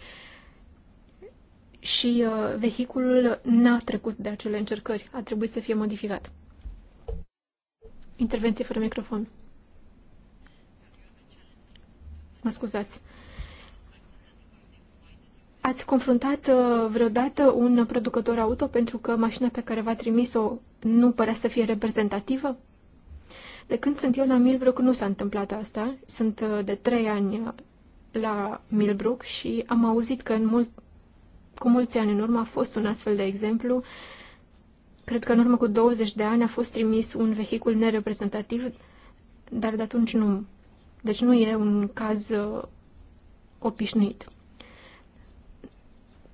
S2: și vehiculul n-a trecut de acele încercări, a trebuit să fie modificat. Intervenție fără microfon. Mă scuzați. Ați confruntat uh, vreodată un producător auto pentru că mașina pe care v-a trimis-o nu părea să fie reprezentativă? De când sunt eu la Milbrook nu s-a întâmplat asta. Sunt uh, de trei ani uh, la Milbrook și am auzit că în mult, cu mulți ani în urmă a fost un astfel de exemplu. Cred că în urmă cu 20 de ani a fost trimis un vehicul nereprezentativ, dar de atunci nu deci nu e un caz uh, obișnuit.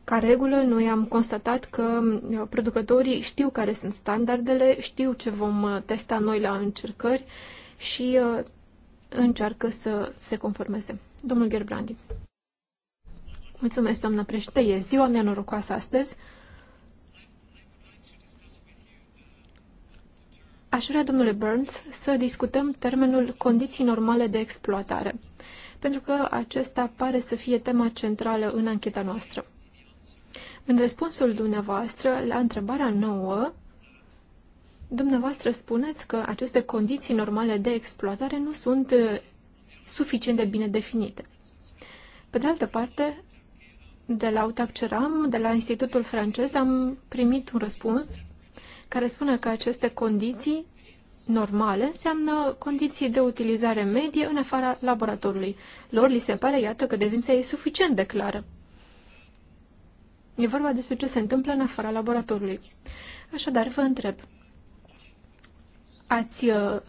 S2: Ca regulă, noi am constatat că uh, producătorii știu care sunt standardele, știu ce vom uh, testa noi la încercări și încearcă să se conformeze. Domnul Gerbrandi. Mulțumesc, doamna președinte. E ziua mea norocoasă astăzi. Aș vrea, domnule Burns, să discutăm termenul condiții normale de exploatare, pentru că acesta pare să fie tema centrală în ancheta noastră. În răspunsul dumneavoastră la întrebarea nouă, dumneavoastră spuneți că aceste condiții normale de exploatare nu sunt uh, suficient de bine definite. Pe de altă parte, de la UTAC Ceram, de la Institutul francez, am primit un răspuns care spune că aceste condiții normale înseamnă condiții de utilizare medie în afara laboratorului. Lor li se pare, iată, că devința e suficient de clară. E vorba despre ce se întâmplă în afara laboratorului. Așadar, vă întreb, ați uh,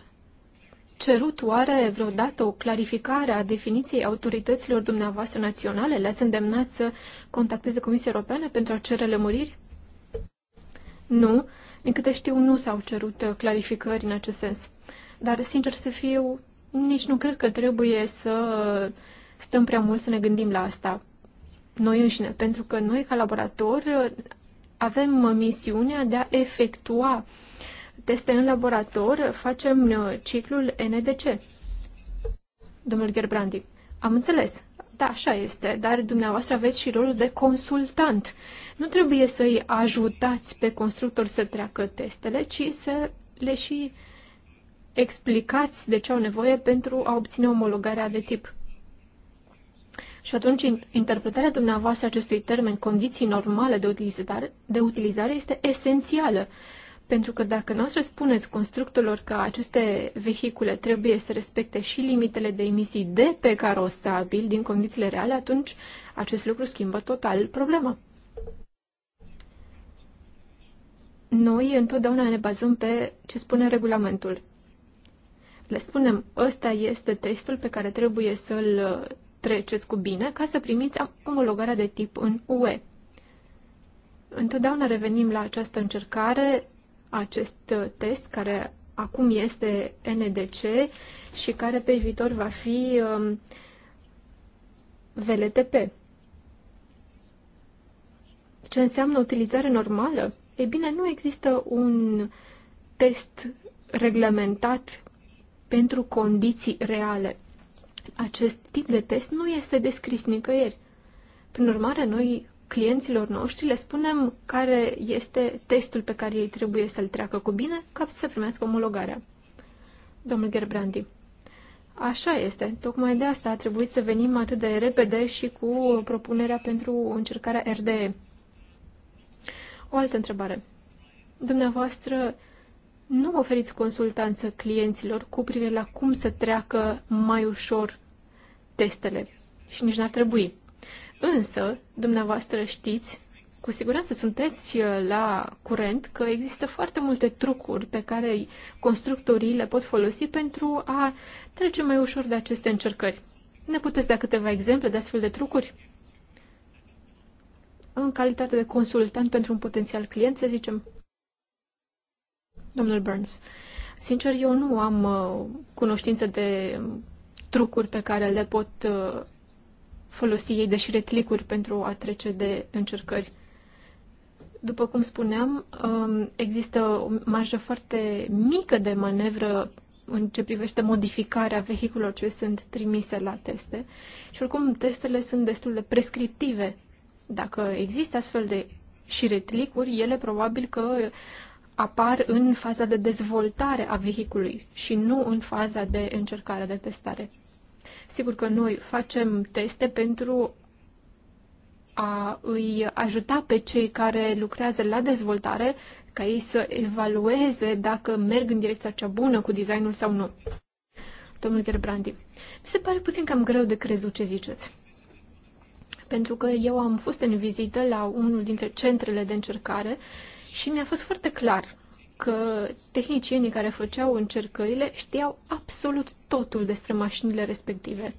S2: cerut oare vreodată o clarificare a definiției autorităților dumneavoastră naționale? Le-ați îndemnat să contacteze Comisia Europeană pentru a cere lămuriri? Nu. Din câte știu, nu s-au cerut uh, clarificări în acest sens. Dar, sincer să fiu, nici nu cred că trebuie să stăm prea mult să ne gândim la asta noi înșine, pentru că noi, ca laborator, uh, avem misiunea de a efectua teste în laborator, facem uh, ciclul NDC. Domnul Gerbrandi, am înțeles. Da, așa este, dar dumneavoastră aveți și rolul de consultant nu trebuie să-i ajutați pe constructori să treacă testele, ci să le și explicați de ce au nevoie pentru a obține omologarea de tip. Și atunci, interpretarea dumneavoastră acestui termen, condiții normale de utilizare, de utilizare este esențială. Pentru că dacă nu să spuneți constructorilor că aceste vehicule trebuie să respecte și limitele de emisii de pe carosabil din condițiile reale, atunci acest lucru schimbă total problema. noi întotdeauna ne bazăm pe ce spune regulamentul. Le spunem, ăsta este testul pe care trebuie să-l uh, treceți cu bine ca să primiți omologarea de tip în UE. Întotdeauna revenim la această încercare, acest uh, test care acum este NDC și care pe viitor va fi um, VLTP. Ce înseamnă utilizare normală? E bine, nu există un test reglementat pentru condiții reale. Acest tip de test nu este descris nicăieri. Prin urmare, noi clienților noștri le spunem care este testul pe care ei trebuie să-l treacă cu bine ca să primească omologarea. Domnul Gerbrandi. Așa este. Tocmai de asta a trebuit să venim atât de repede și cu propunerea pentru încercarea RDE. O altă întrebare. Dumneavoastră nu oferiți consultanță clienților cu privire la cum să treacă mai ușor testele și nici n-ar trebui. Însă, dumneavoastră știți, cu siguranță sunteți uh, la curent că există foarte multe trucuri pe care constructorii le pot folosi pentru a trece mai ușor de aceste încercări. Ne puteți da câteva exemple de astfel de trucuri? în calitate de consultant pentru un potențial client, să zicem? Domnul Burns, sincer, eu nu am uh, cunoștință de trucuri pe care le pot uh, folosi ei, deși retlicuri pentru a trece de încercări. După cum spuneam, um, există o marjă foarte mică de manevră în ce privește modificarea vehiculelor ce sunt trimise la teste și oricum testele sunt destul de prescriptive dacă există astfel de șiretlicuri, ele probabil că apar în faza de dezvoltare a vehicului și nu în faza de încercare de testare. Sigur că noi facem teste pentru a îi ajuta pe cei care lucrează la dezvoltare ca ei să evalueze dacă merg în direcția cea bună cu designul sau nu. Domnul Gerbrandi, mi se pare puțin cam greu de crezut ce ziceți pentru că eu am fost în vizită la unul dintre centrele de încercare și mi-a fost foarte clar că tehnicienii care făceau încercările știau absolut totul despre mașinile respective.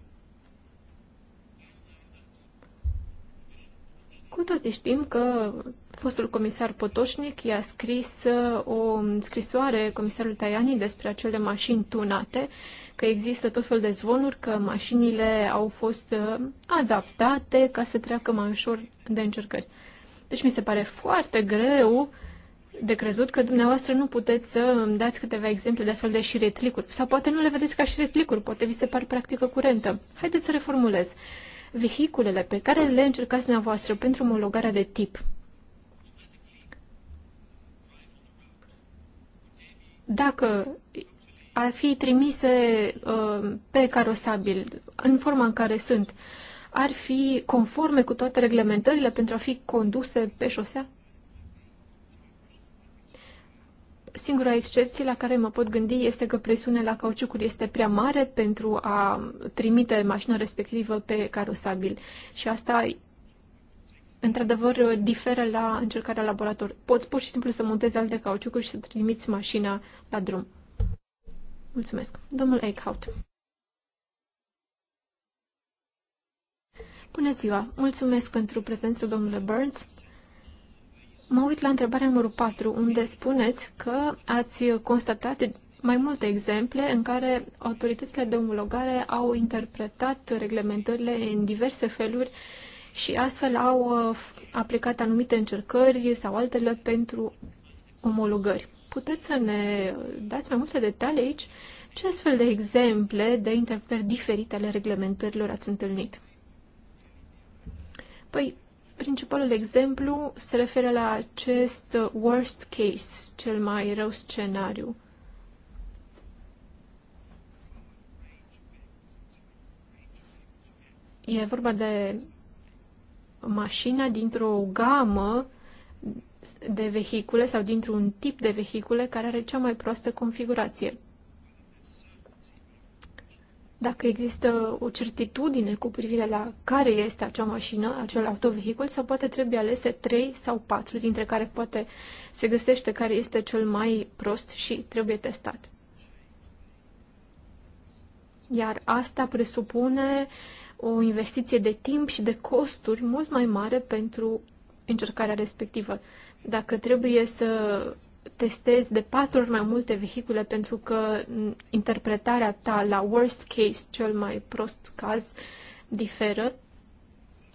S2: Cu toții știm că fostul comisar Potoșnic i-a scris uh, o scrisoare comisarului Tajani despre acele mașini tunate că există tot fel de zvonuri că mașinile au fost uh, adaptate ca să treacă mai ușor de încercări. Deci mi se pare foarte greu de crezut că dumneavoastră nu puteți să îmi dați câteva exemple de astfel de șiretlicuri. Sau poate nu le vedeți ca șiretlicuri, poate vi se par practică curentă. Haideți să reformulez. Vehiculele pe care le încercați dumneavoastră pentru omologarea de tip, dacă ar fi trimise uh, pe carosabil, în forma în care sunt, ar fi conforme cu toate reglementările pentru a fi conduse pe șosea? Singura excepție la care mă pot gândi este că presiunea la cauciucuri este prea mare pentru a trimite mașina respectivă pe carosabil. Și asta, într-adevăr, diferă la încercarea laborator. Poți pur și simplu să montezi alte cauciucuri și să trimiți mașina la drum. Mulțumesc. Domnul Eichhout. Bună ziua! Mulțumesc pentru prezență, domnule Burns. Mă uit la întrebarea numărul 4, unde spuneți că ați constatat mai multe exemple în care autoritățile de omologare au interpretat reglementările în diverse feluri și astfel au uh, aplicat anumite încercări sau altele pentru omologări. Puteți să ne dați mai multe detalii aici? Ce astfel de exemple de interpretări diferite ale reglementărilor ați întâlnit? Păi, principalul exemplu se referă la acest worst case, cel mai rău scenariu. E vorba de mașina dintr-o gamă de vehicule sau dintr-un tip de vehicule care are cea mai proastă configurație. Dacă există o certitudine cu privire la care este acea mașină, acel autovehicul, sau poate trebuie alese trei sau patru dintre care poate se găsește care este cel mai prost și trebuie testat. Iar asta presupune o investiție de timp și de costuri mult mai mare pentru încercarea respectivă. Dacă trebuie să testezi de patru ori mai multe vehicule pentru că interpretarea ta la worst case, cel mai prost caz, diferă,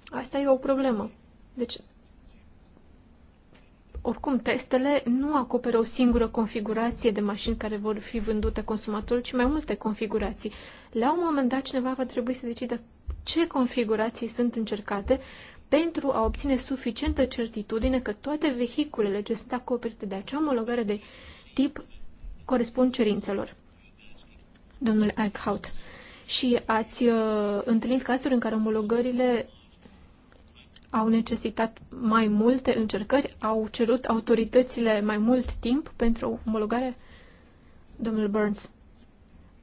S2: asta e o problemă. Deci, oricum, testele nu acoperă o singură configurație de mașini care vor fi vândute consumatorul, ci mai multe configurații. La un moment dat, cineva va trebui să decidă ce configurații sunt încercate pentru a obține suficientă certitudine că toate vehiculele ce sunt acoperite de acea omologare de tip corespund cerințelor. Domnule Eichhout, și ați uh, întâlnit cazuri în care omologările au necesitat mai multe încercări? Au cerut autoritățile mai mult timp pentru omologare? Domnul Burns.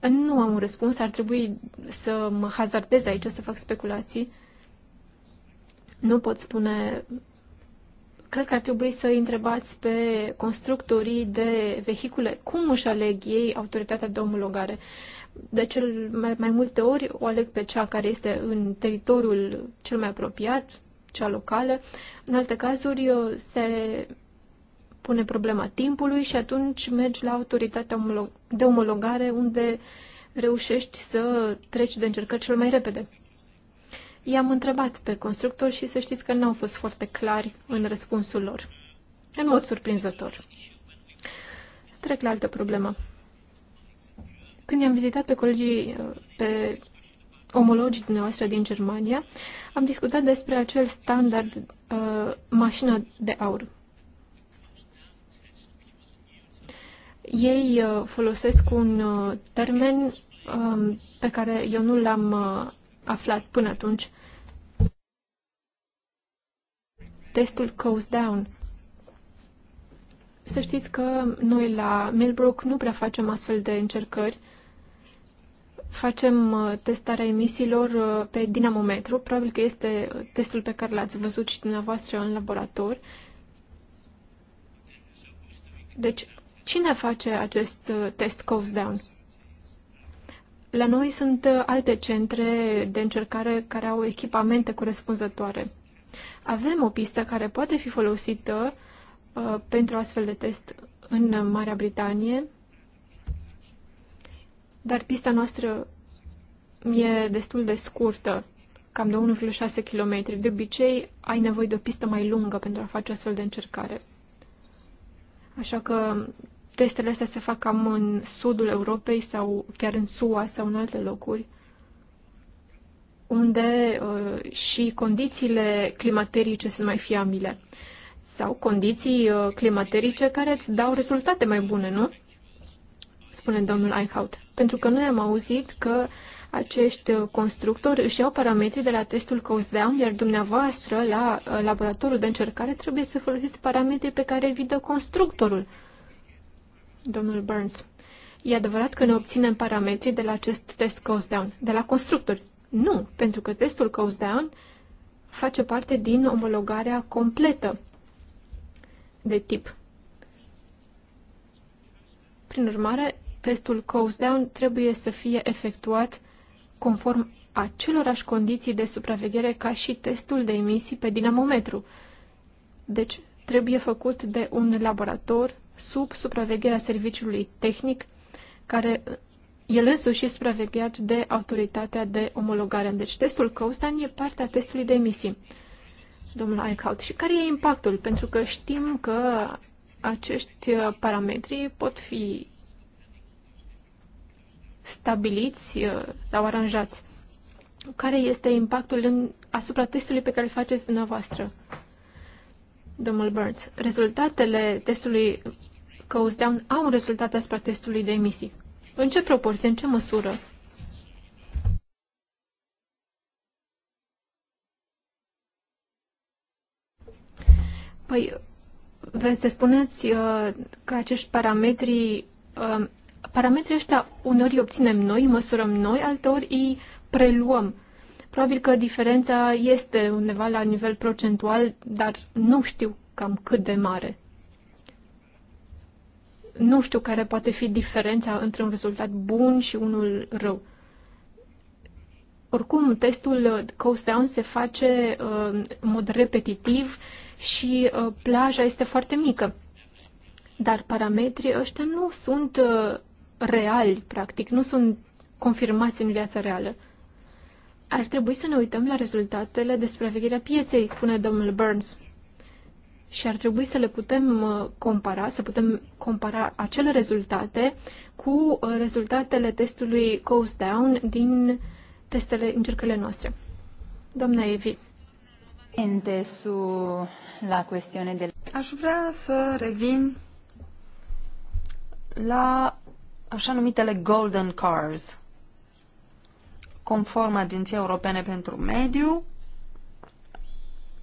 S2: Nu am un răspuns, ar trebui să mă hazardez aici, să fac speculații. Nu pot spune. Cred că ar trebui să întrebați pe constructorii de vehicule cum își aleg ei autoritatea de omologare. De cel mai, mai multe ori o aleg pe cea care este în teritoriul cel mai apropiat, cea locală. În alte cazuri se pune problema timpului și atunci mergi la autoritatea de omologare unde reușești să treci de încercări cel mai repede. I-am întrebat pe constructori și să știți că nu au fost foarte clari în răspunsul lor. În mod surprinzător. Trec la altă problemă. Când i-am vizitat pe colegii, pe omologii dumneavoastră din Germania, am discutat despre acel standard uh, mașină de aur. Ei uh, folosesc un uh, termen uh, pe care eu nu l-am uh, aflat până atunci. Testul Coast Down. Să știți că noi la Millbrook nu prea facem astfel de încercări. Facem uh, testarea emisiilor uh, pe dinamometru, probabil că este uh, testul pe care l-ați văzut și dumneavoastră în laborator. Deci, cine face acest test Coast Down? La noi sunt uh, alte centre de încercare care au echipamente corespunzătoare. Avem o pistă care poate fi folosită uh, pentru astfel de test în Marea Britanie, dar pista noastră e destul de scurtă, cam de 1,6 km. De obicei, ai nevoie de o pistă mai lungă pentru a face astfel de încercare. Așa că testele astea se fac cam în sudul Europei sau chiar în SUA sau în alte locuri, unde uh, și condițiile climaterice sunt mai fiabile sau condiții uh, climaterice care îți dau rezultate mai bune, nu? Spune domnul Eichhout. Pentru că noi am auzit că acești uh, constructori își iau parametrii de la testul cost iar dumneavoastră la uh, laboratorul de încercare trebuie să folosiți parametrii pe care vi dă constructorul. Uh, domnul Burns. E adevărat că ne obținem parametrii de la acest test cost down, de la constructori. Nu, pentru că testul cost down face parte din omologarea completă de tip. Prin urmare, testul cost down trebuie să fie efectuat conform acelorași condiții de supraveghere ca și testul de emisii pe dinamometru. Deci, trebuie făcut de un laborator sub supravegherea serviciului tehnic, care eh, el însuși e supravegheat de autoritatea de omologare. Deci testul Coastan e partea testului de emisii, domnul Eichhout. Și care e impactul? Pentru că știm că acești eh, parametri pot fi stabiliți eh, sau aranjați. Care este impactul în, asupra testului pe care îl faceți dumneavoastră, domnul Burns? Rezultatele testului coast down au un rezultat asupra testului de emisii. În ce proporție, în ce măsură? Păi, vreți să spuneți uh, că acești parametri, uh, parametrii ăștia uneori îi obținem noi, îi măsurăm noi, alteori îi preluăm. Probabil că diferența este undeva la nivel procentual, dar nu știu cam cât de mare. Nu știu care poate fi diferența între un rezultat bun și unul rău. Oricum, testul Coast Down se face uh, în mod repetitiv și uh, plaja este foarte mică. Dar parametrii ăștia nu sunt uh, reali, practic, nu sunt confirmați în viața reală. Ar trebui să ne uităm la rezultatele de supraveghere a pieței, spune domnul Burns și ar trebui să le putem uh, compara, să putem compara acele rezultate cu uh, rezultatele testului Coast Down din testele, încercările noastre.
S1: Doamna Evi. Su la chestiune de... Aș vrea să revin la așa numitele golden cars. Conform Agenției Europene pentru Mediu,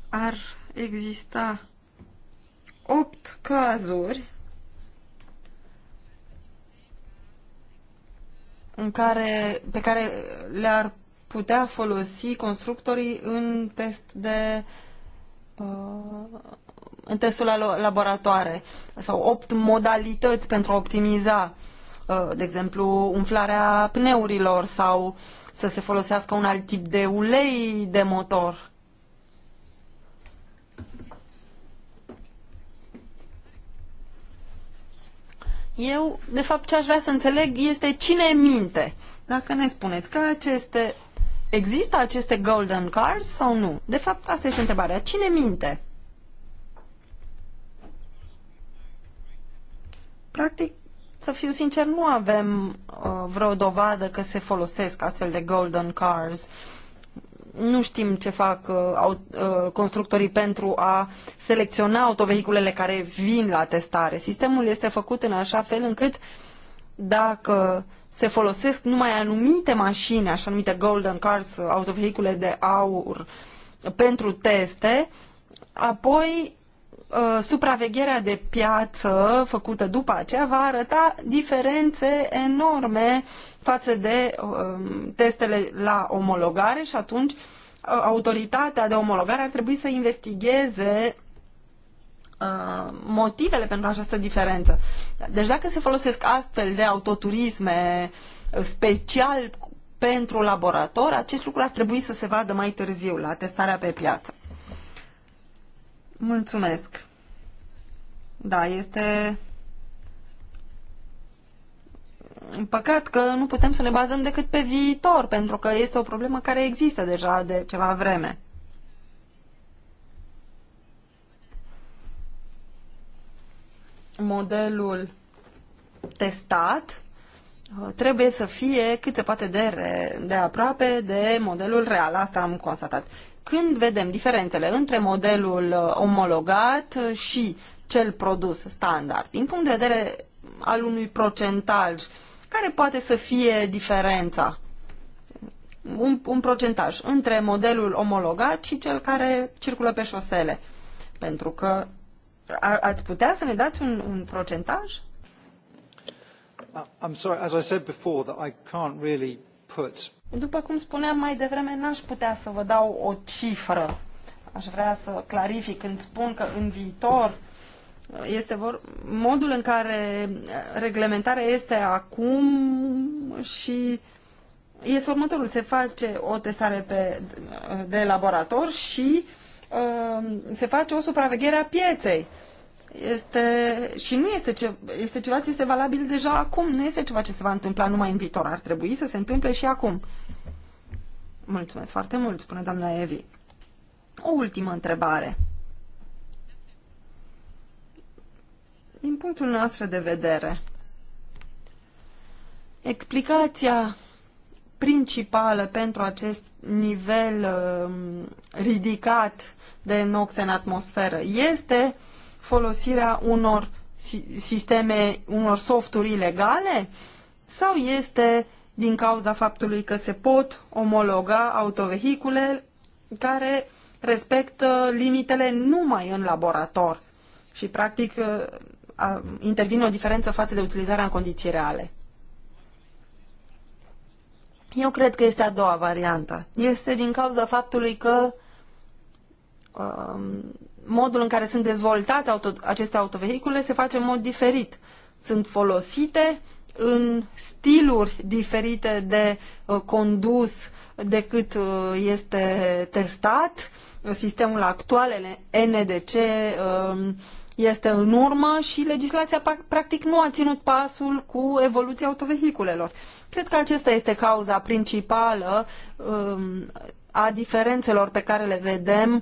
S1: ar exista 8 cazuri în care, pe care le-ar putea folosi constructorii în test de uh, în testul la laboratoare sau opt modalități pentru a optimiza uh, de exemplu umflarea pneurilor sau să se folosească un alt tip de ulei de motor Eu, de fapt, ce aș vrea să înțeleg este cine minte. Dacă ne spuneți că aceste... Există aceste golden cars sau nu? De fapt, asta este întrebarea. Cine minte? Practic, să fiu sincer, nu avem uh, vreo dovadă că se folosesc astfel de golden cars. Uh, nu știm ce fac uh, uh, constructorii pentru a selecționa autovehiculele care vin la testare. Sistemul este făcut în așa fel încât dacă se folosesc numai anumite mașini, așa numite golden cars, uh, autovehicule de aur, pentru teste, apoi Uh, supravegherea de piață făcută după aceea va arăta diferențe enorme față de uh, testele la omologare și atunci uh, autoritatea de omologare ar trebui să investigheze motivele pentru această diferență. Deci dacă se folosesc astfel de autoturisme special pentru laborator, acest lucru ar trebui să se vadă mai târziu la testarea pe piață. Mulțumesc. Da, este păcat că nu putem să ne bazăm decât pe viitor, pentru că este o problemă care există deja de ceva vreme. Modelul testat uh, trebuie să fie cât se poate de, re, de aproape de modelul real. Asta am constatat. Când vedem diferențele între modelul uh, omologat și cel produs standard, din punct de vedere al unui procentaj, care poate să fie diferența? Un, un procentaj între modelul omologat și cel care circulă pe șosele. Pentru că a, ați putea să ne dați un, un procentaj? Uh, I'm sorry, as I said before, that I can't really put după cum spuneam mai devreme, n-aș putea să vă dau o cifră. Aș vrea să clarific când spun că în viitor uh, este vor... modul în care uh, reglementarea este acum și este următorul. Se face o testare pe, uh, de laborator și uh, se face o supraveghere a pieței. Uh, este și nu este, ce, este ceva ce este valabil deja acum, nu este ceva ce se va întâmpla numai în viitor, ar trebui să se întâmple și acum. Mulțumesc foarte mult, spune doamna Evi. O ultimă întrebare. Din punctul nostru de vedere, explicația principală pentru acest nivel uh, ridicat de nox în atmosferă este uh, folosirea unor sisteme, unor softuri ilegale? Sau este din cauza faptului că se pot omologa autovehicule care respectă limitele numai în laborator și practic uh, intervine o diferență față de utilizarea în condiții reale. Eu cred că este a doua variantă. Este din cauza faptului că um, modul în care sunt dezvoltate auto, aceste autovehicule se face în mod diferit. Sunt folosite în stiluri diferite de uh, condus decât uh, este testat. Sistemul actual, NDC, uh, um, este în urmă și legislația practic nu a ținut pasul cu evoluția autovehiculelor. Cred că acesta este cauza principală um, a diferențelor pe care le vedem uh,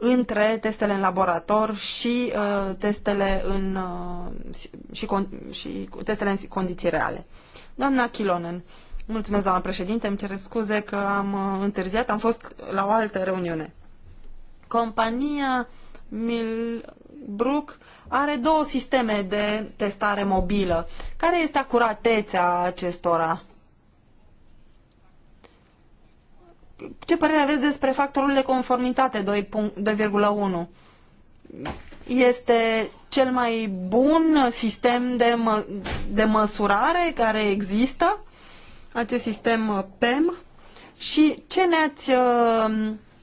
S1: între testele în laborator și uh, testele în uh, și, con- și testele în condiții reale. Doamna Chilonen, mulțumesc doamna președinte, îmi cer scuze că am uh, întârziat, am fost la o altă reuniune. Compania Milbrook are două sisteme de testare mobilă. Care este acuratețea acestora? ce părere aveți despre factorul de conformitate 2.1? Este cel mai bun sistem de, mă, de măsurare care există, acest sistem PEM, și ce ne-ați uh,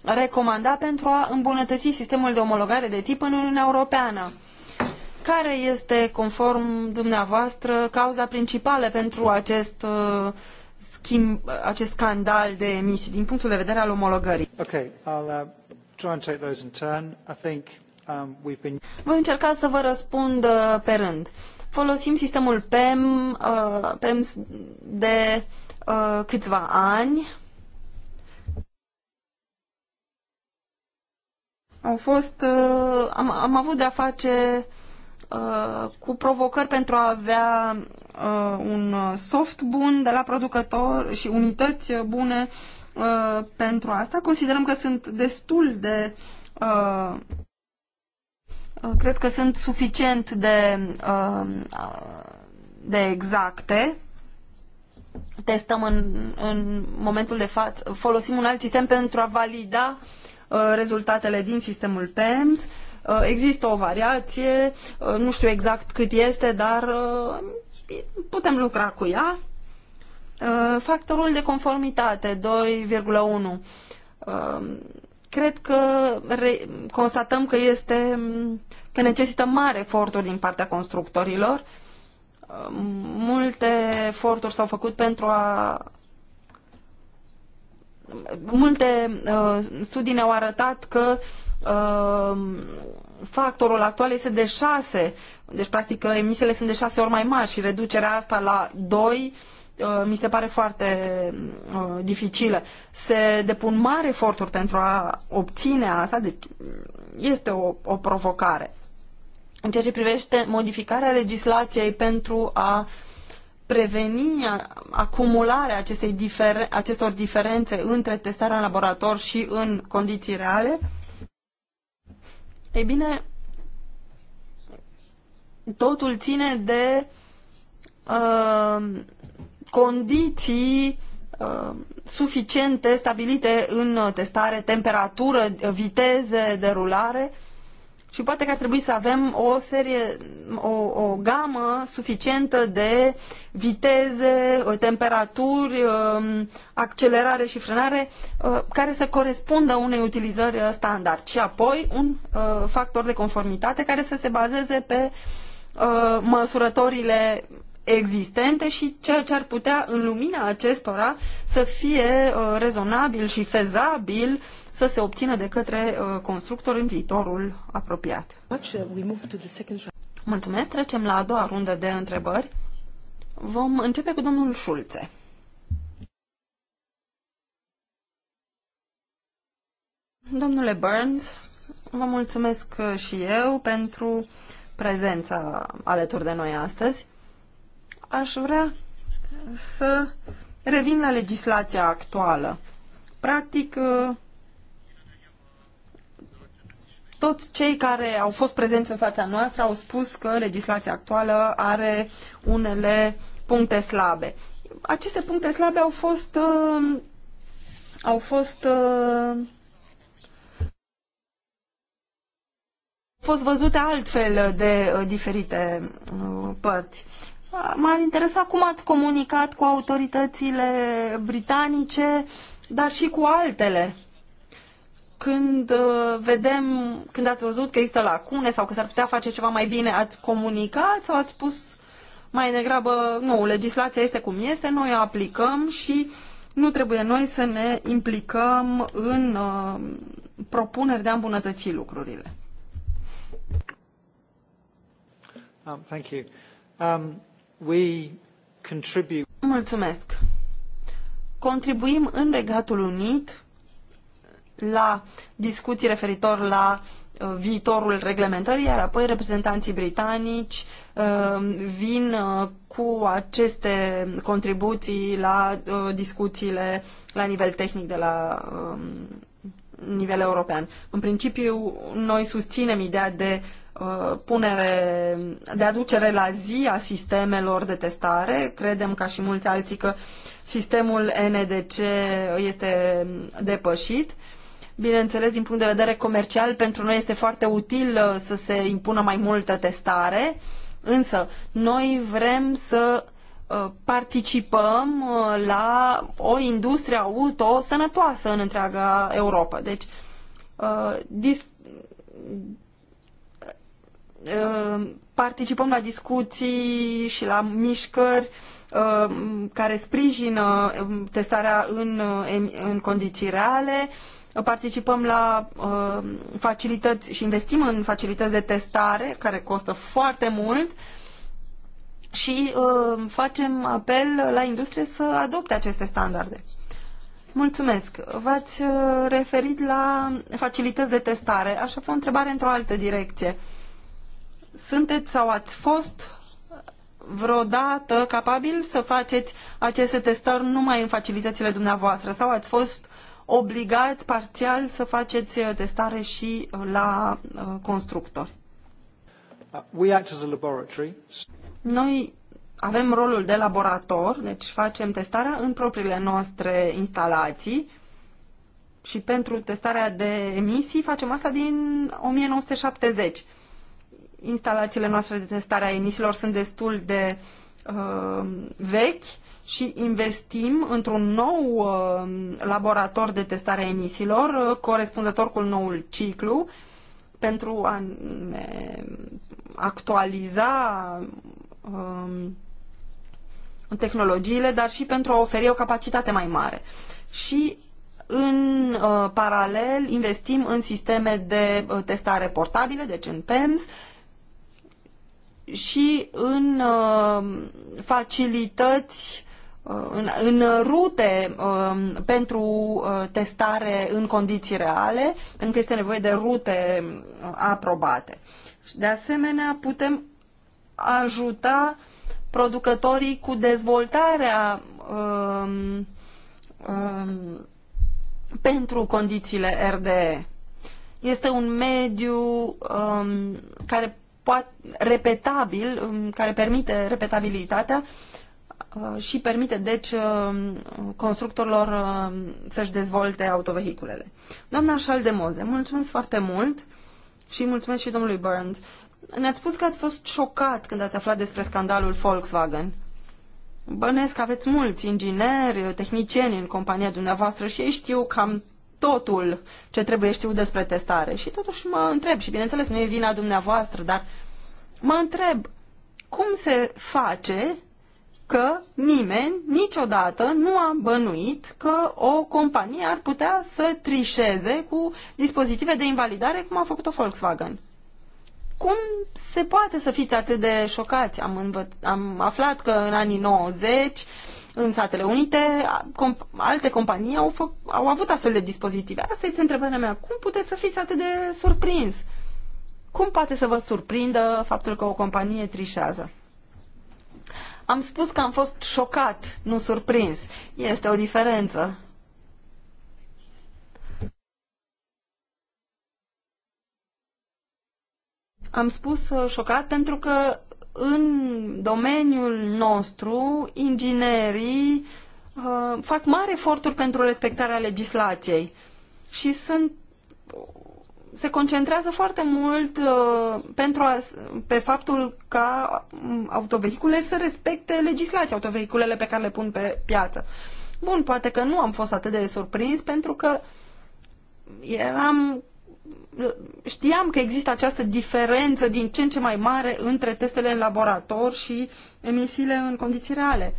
S1: recomanda pentru a îmbunătăți sistemul de omologare de tip în Uniunea Europeană? Care este, conform dumneavoastră, cauza principală pentru acest uh, schimb, acest scandal de emisii din punctul de vedere al omologării? Okay, I'll, uh, try and take those in turn. I think, um, we've been... Voi încerca să vă răspund uh, pe rând. Folosim sistemul PEM, uh, de uh, câțiva ani. Au fost, uh, am, am avut de-a face Uh, cu provocări pentru a avea uh, un soft bun de la producător și unități bune uh, pentru asta. Considerăm că sunt destul de cred că sunt suficient de de exacte testăm în, în momentul de față, folosim un alt sistem pentru a valida rezultatele din sistemul PEMS Uh, există o variație, uh, nu știu exact cât este, dar uh, putem lucra cu ea. Factorul de conformitate 2,1. Cred că constatăm că este că necesită mare eforturi din partea constructorilor. Multe eforturi s-au făcut pentru a multe studii ne-au arătat că Ehm, factorul actual este de 6, deci practic emisiile sunt de 6 ori mai mari și reducerea asta la 2 eh, mi se pare foarte uh, dificilă. Se depun mari eforturi pentru a obține asta, deci mm, este o, o provocare. În ceea ce privește modificarea legislației pentru a preveni acumularea acestei difer- acestor diferențe între testarea în laborator și în condiții reale, uh, ei bine, totul ține de uh, condiții uh, suficiente stabilite în testare, temperatură, viteze de rulare uh, și poate că ar trebui să avem o serie, o, o gamă suficientă de viteze, temperaturi, um, accelerare și frenare uh, care să corespundă unei utilizări uh, standard. Și apoi un uh, factor de conformitate care să se bazeze pe măsurătorile existente și ceea ce ar putea în lumina acestora să fie rezonabil și fezabil să se obțină de către uh, constructor în viitorul apropiat. Mulțumesc, trecem la a doua rundă de întrebări. Vom începe cu domnul Șulțe. Domnule Burns, vă mulțumesc uh, și eu pentru prezența alături de noi astăzi. Aș vrea să revin la legislația actuală. Practic, uh, toți cei care au fost prezenți în fața noastră au spus că legislația actuală are unele puncte slabe. Aceste puncte slabe au fost uh, au fost uh, fost văzute altfel de uh, diferite uh, părți. M-ar interesa cum ați comunicat cu autoritățile britanice, dar și cu altele când uh, vedem, când ați văzut că există lacune sau că s-ar putea face ceva mai bine, ați comunicat sau ați spus mai degrabă, nu, legislația este cum este, noi o aplicăm și nu trebuie noi să ne implicăm în uh, propuneri de a îmbunătăți lucrurile. Um, thank you. Um, we contribute... Mulțumesc. Contribuim în Regatul Unit la discuții referitor la uh, viitorul reglementării, iar apoi reprezentanții britanici uh, vin uh, cu aceste contribuții la discuțiile la nivel tehnic de la um, nivel european. În principiu, noi susținem ideea de punere, de aducere la zi a sistemelor de testare. Credem, ca și mulți alții, că sistemul NDC este depășit Bineînțeles, din punct de vedere comercial, pentru noi este foarte util uh, să se impună mai multă testare, însă noi vrem să uh, participăm uh, la o industrie auto sănătoasă în întreaga Europa. Deci, participăm la discuții și la mișcări care sprijină um, testarea în, în, în condiții reale, participăm la uh, facilități și investim în facilități de testare, care costă foarte mult, și uh, facem apel la industrie să adopte aceste standarde. Mulțumesc. V-ați uh, referit la facilități de testare. Aș avea o întrebare într-o altă direcție. Sunteți sau ați fost vreodată capabil să faceți aceste testări numai în facilitățile dumneavoastră sau ați fost obligați parțial să faceți uh, testare și uh, la uh, constructori. We act as a laboratory. Noi avem rolul de laborator, deci facem testarea în propriile noastre instalații și pentru testarea de emisii facem asta din 1970. Instalațiile noastre de testare a emisiilor sunt destul de uh, vechi și investim într-un nou uh, laborator de testare a emisiilor, uh, corespunzător cu noul ciclu, pentru a ne actualiza uh, tehnologiile, dar și pentru a oferi o capacitate mai mare. Și în uh, paralel investim în sisteme de uh, testare portabile, deci în PEMS, și în uh, facilități în, în rute um, pentru uh, testare în condiții reale, pentru că este nevoie de rute uh, aprobate. De asemenea, putem ajuta producătorii cu dezvoltarea um, um, pentru condițiile RDE. Este un mediu um, care poate, repetabil, um, care permite repetabilitatea Uh, și permite, deci, uh, constructorilor uh, să-și dezvolte autovehiculele. Doamna Moze, mulțumesc foarte mult și mulțumesc și domnului Burns. Ne-ați spus că ați fost șocat când ați aflat despre scandalul Volkswagen. Bănesc că aveți mulți ingineri, tehnicieni în compania dumneavoastră și ei știu cam totul ce trebuie știut despre testare. Și totuși mă întreb, și bineînțeles nu e vina dumneavoastră, dar mă întreb cum se face că nimeni niciodată nu a bănuit că o companie ar putea să trișeze cu dispozitive de invalidare cum a făcut-o Volkswagen. Cum se poate să fiți atât de șocați? Am, am aflat că în anii 90 în Statele Unite, comp- alte companii au, fă- au avut astfel de dispozitive. Asta este întrebarea mea. Cum puteți să fiți atât de surprins? Cum poate să vă surprindă faptul că o companie trișează? Am spus că am fost șocat, nu surprins. Este o diferență. Am spus uh, șocat pentru că în domeniul nostru, inginerii uh, fac mari eforturi pentru respectarea legislației și sunt se concentrează foarte mult uh, pentru a, pe faptul ca um, autovehicule să respecte legislația, autovehiculele pe care le pun pe piață. Bun, poate că nu am fost atât de surprins pentru că eram știam că există această diferență din ce în ce mai mare între testele în laborator și emisiile în condiții reale.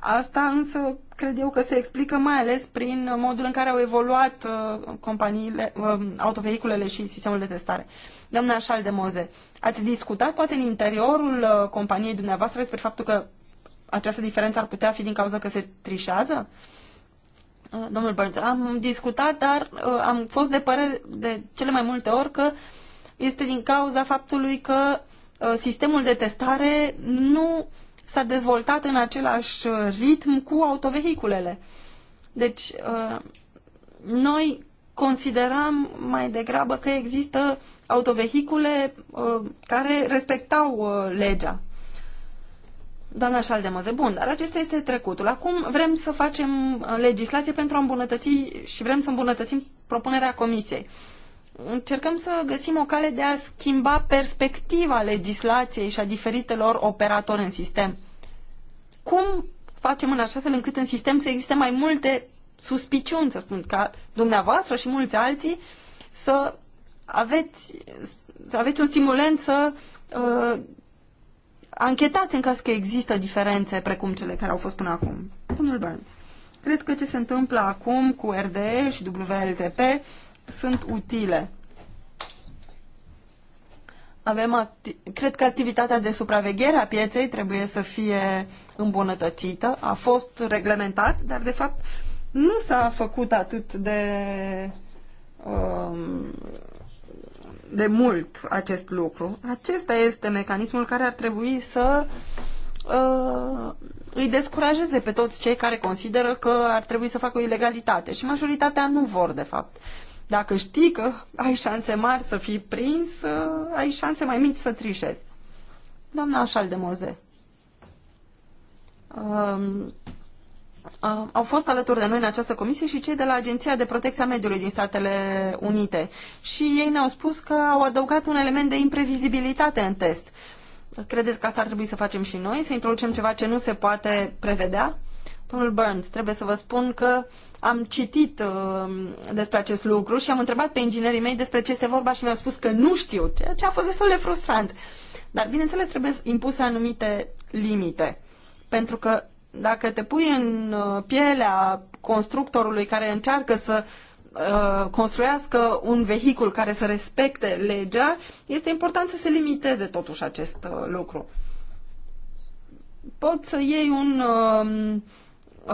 S1: Asta însă cred eu că se explică mai ales prin modul în care au evoluat uh, companiile, uh, autovehiculele și sistemul de testare. Doamna Moze, ați discutat poate în interiorul uh, companiei dumneavoastră despre faptul că această diferență ar putea fi din cauza că se trișează? Uh, domnul Burns, am discutat, dar uh, am fost de părere de cele mai multe ori că este din cauza faptului că uh, sistemul de testare nu uh, s-a dezvoltat în același uh, ritm cu autovehiculele. Deci, uh, noi considerăm mai degrabă că există autovehicule uh, care respectau legea. Doamna Șaldemăze, bun, dar acesta este trecutul. Acum vrem să facem legislație pentru a îmbunătăți și vrem să îmbunătățim propunerea Comisiei încercăm să găsim o cale de a schimba perspectiva legislației și a diferitelor operatori în sistem. Cum facem în așa fel încât în sistem să existe mai multe suspiciuni, să spun, ca dumneavoastră și mulți alții, să aveți, să aveți un stimulent să uh, anchetați în caz că există diferențe precum cele care au fost până acum. Domnul Burns, cred că ce se întâmplă acum cu RDE și WLTP sunt utile. Avem cred că activitatea de supraveghere a pieței trebuie să fie îmbunătățită. A fost reglementat, dar de fapt nu s-a făcut atât de, um, de mult acest lucru. Acesta este mecanismul care ar trebui să uh, îi descurajeze pe toți cei care consideră că ar trebui să facă o ilegalitate. Și majoritatea nu vor, de fapt. Uh, dacă știi că ai șanse mari să fii prins, ă, ai șanse mai mici să trișezi. Doamna Așal de Moze. Um, au fost alături de noi în această comisie și cei de la Agenția de Protecție a Mediului din Statele Unite. Și ei ne-au spus că au adăugat un element de imprevizibilitate în test. Credeți că asta ar trebui să facem și noi? Să introducem ceva ce nu se poate prevedea? Domnul Burns, trebuie să vă spun că am citit uh, despre acest lucru și am întrebat pe inginerii mei despre ce este vorba și mi-au spus că nu știu, ceea ce a fost destul de frustrant. Dar, bineînțeles, trebuie impuse anumite limite. Pentru că dacă te pui în uh, pielea constructorului care încearcă să uh, construiască un vehicul care să respecte legea, este important să se limiteze totuși acest uh, lucru. Pot să iei un uh,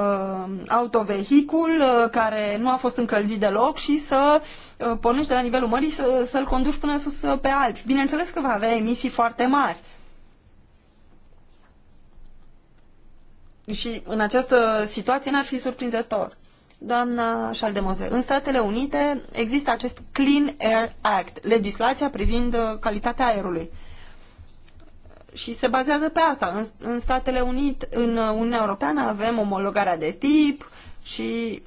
S1: uh, autovehicul uh, care nu a fost încălzit deloc și să uh, pornești de la nivelul mării să, să-l conduci până sus uh, pe Alpi. Bineînțeles că va avea emisii foarte mari. Și în această situație n-ar fi surprinzător. Doamna Șaldemoze, în Statele Unite există acest Clean Air Act, legislația privind uh, calitatea aerului. Uh, și se bazează pe asta. În, în Statele Unite, în uh, Uniunea Europeană avem omologarea de tip și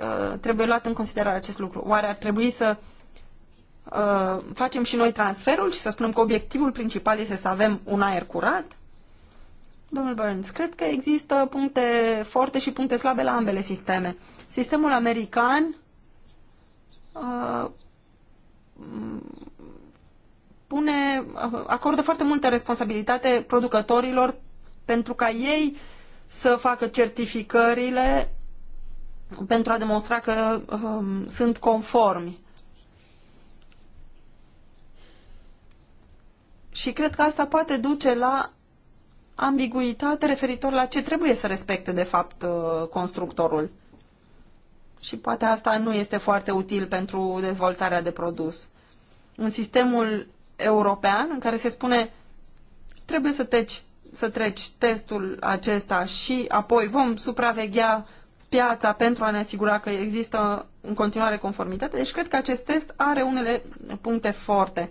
S1: uh, trebuie luat în considerare acest lucru. Oare ar trebui să uh, facem și noi transferul și să spunem că obiectivul principal este să avem un aer curat? Domnul Burns, cred că există puncte forte și puncte slabe la ambele sisteme. Sistemul american uh, pune, acordă foarte multă responsabilitate producătorilor pentru ca ei să facă certificările pentru a demonstra că um, sunt conformi. Și cred că asta poate duce la ambiguitate referitor la ce trebuie să respecte, de fapt, uh, constructorul. Și poate asta nu este foarte util pentru dezvoltarea de produs. În sistemul european în care se spune trebuie să, teci, să treci testul acesta și apoi vom supraveghea piața pentru a ne asigura că există în continuare conformitate. Deci cred că acest test are unele puncte forte.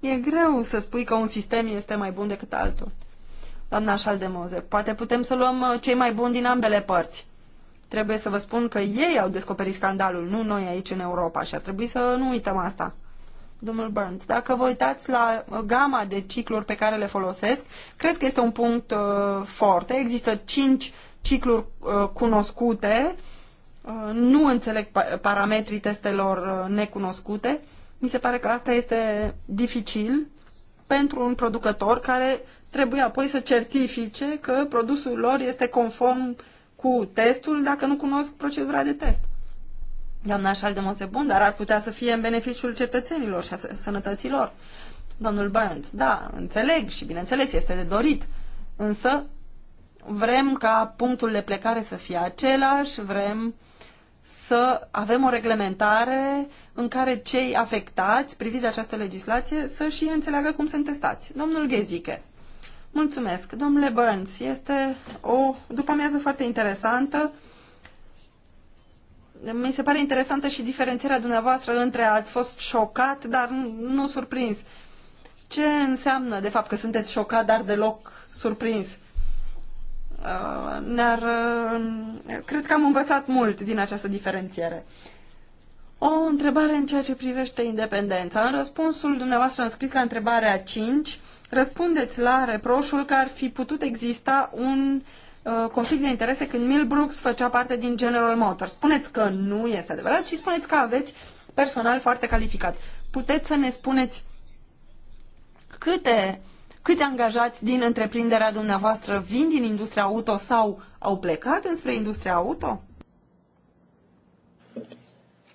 S1: E greu să spui că un sistem este mai bun decât altul. Doamna Șaldemoze, poate putem să luăm uh, cei mai buni din ambele părți. Trebuie să vă spun că ei au descoperit scandalul, nu noi aici în Europa și ar trebui să nu uităm asta domnul Burns. Dacă vă uitați la gama de cicluri pe care le folosesc, cred că este un punct uh, foarte. Există cinci cicluri uh, cunoscute, uh, nu înțeleg pa parametrii testelor uh, necunoscute. Mi se pare că asta este dificil pentru un producător care trebuie apoi să certifice că produsul lor este conform cu testul dacă nu cunosc procedura de test. Doamna de bun, dar ar putea să fie în beneficiul cetățenilor și a sănătăților. Domnul Burns, da, înțeleg și bineînțeles este de dorit, însă vrem ca punctul de plecare să fie același, vrem să avem o reglementare în care cei afectați priviți de această legislație să și înțeleagă cum sunt testați. Domnul Ghezike. Mulțumesc. Domnule Burns, este o după amiază foarte interesantă mi se pare interesantă și diferențierea dumneavoastră între ați fost șocat, dar nu surprins. Ce înseamnă, de fapt, că sunteți șocat, dar deloc surprins? Uh, ne-ar, uh, cred că am învățat mult din această diferențiere. O întrebare în ceea ce privește independența. În răspunsul dumneavoastră înscris la întrebarea 5, răspundeți la reproșul că ar fi putut exista un uh, Uh, conflict de interese când Mill Brooks făcea parte din General Motors. Spuneți că nu este adevărat și spuneți că aveți personal foarte calificat. Puteți să ne spuneți câte, câți angajați din întreprinderea dumneavoastră vin din industria auto sau au plecat înspre industria auto?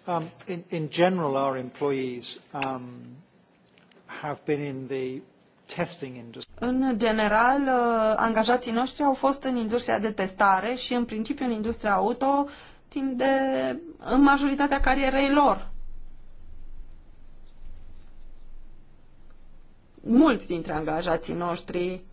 S1: Um, in, in general, our employees um, have been in the în general, uh, angajații noștri au fost în industria de testare și în principiu în industria auto timp de în majoritatea carierei lor. Mulți dintre angajații noștri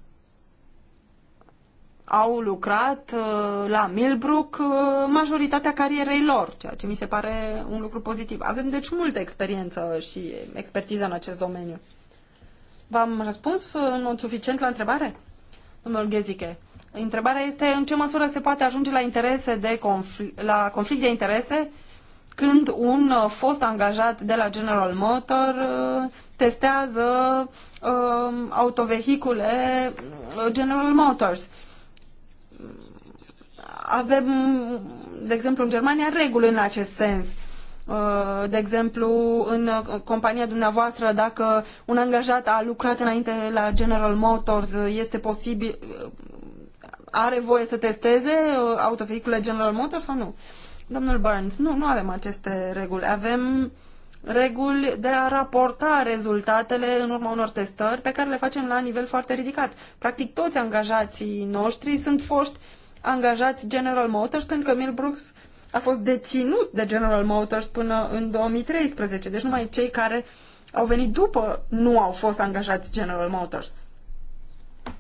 S1: au lucrat uh, la Milbrook uh, majoritatea carierei lor, ceea ce mi se pare un lucru pozitiv. Avem deci multă experiență și expertiză în acest domeniu. V-am răspuns uh, în mod suficient la întrebare? Domnul Ghezike, întrebarea este în ce măsură se poate ajunge la, interese de confl- la conflict de interese când un uh, fost angajat de la General Motor uh, testează um, uh, autovehicule General Motors. Avem, de exemplu, în Germania reguli în acest sens. Uh, Uh, de exemplu, în uh, compania dumneavoastră, dacă un angajat a lucrat înainte la General Motors, uh, este posibil, are voie să testeze autovehicule General Motors sau nu? Domnul Burns, nu, nu avem aceste reguli. Avem reguli de a raporta rezultatele în urma unor testări pe care le facem la nivel foarte ridicat. Practic toți angajații noștri sunt foști angajați General Motors pentru că Mil Brooks a fost deținut de General Motors până în 2013. Deci numai cei care au venit după nu au fost angajați General Motors.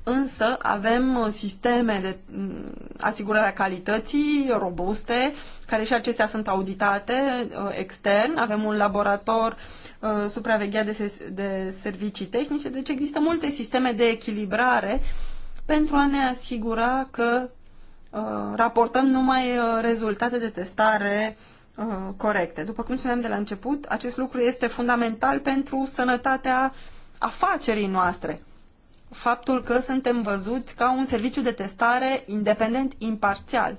S1: Însă avem uh, sisteme de mm, asigurare a calității robuste, care și acestea sunt auditate uh, extern. Avem un laborator uh, supravegheat de, de servicii tehnice, deci există multe sisteme de echilibrare pentru a ne asigura că Uh, raportăm numai uh, rezultate de testare uh, corecte. După cum spuneam de la început, acest lucru este fundamental pentru sănătatea afacerii noastre. Faptul că suntem văzuți ca un serviciu de testare independent, imparțial.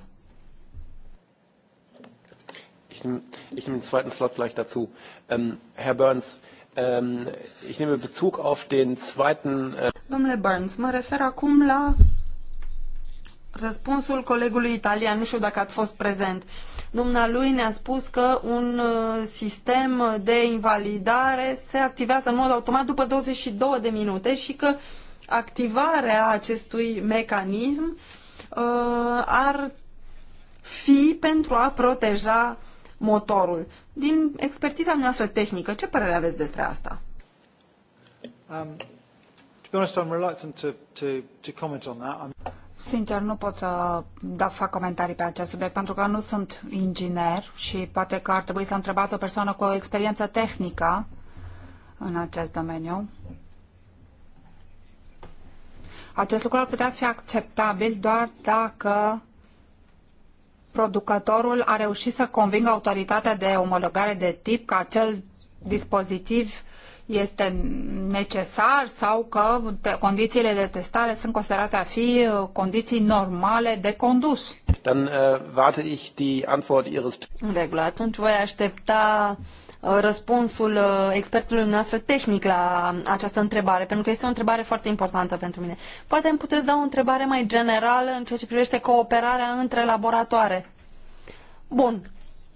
S3: Ich nehme, ich nehme den zweiten Slot gleich dazu. Ähm, Herr Burns, ähm, ich nehme Bezug auf den zweiten.
S4: Äh
S1: Domnule Burns, mă refer acum la răspunsul colegului italian, nu știu dacă ați fost prezent. Dumnealui ne-a spus că un uh, sistem de invalidare se activează în mod automat după 22 de minute și că activarea acestui mecanism uh, ar fi pentru a proteja motorul. Din expertiza noastră tehnică, ce părere aveți despre asta? Um, to
S2: be honest, I'm reluctant to, to, to comment on that. I'm...
S4: Sincer, nu pot să da, fac comentarii pe acest subiect pentru că nu sunt inginer și poate că ar trebui să întrebați o persoană cu o experiență tehnică în acest domeniu. Acest lucru ar putea fi acceptabil doar dacă producătorul a reușit să convingă autoritatea de omologare de tip că acel dispozitiv este necesar sau că condițiile de testare sunt considerate a fi uh, condiții normale de condus.
S3: Dann uh, warte ich die Antwort Ihres.
S4: În regulă, atunci voi aștepta
S1: uh, răspunsul uh, expertului noastră tehnic la această întrebare, pentru că este o întrebare foarte importantă pentru mine. Poate îmi puteți da o întrebare mai generală în ceea ce privește cooperarea între laboratoare. Bun,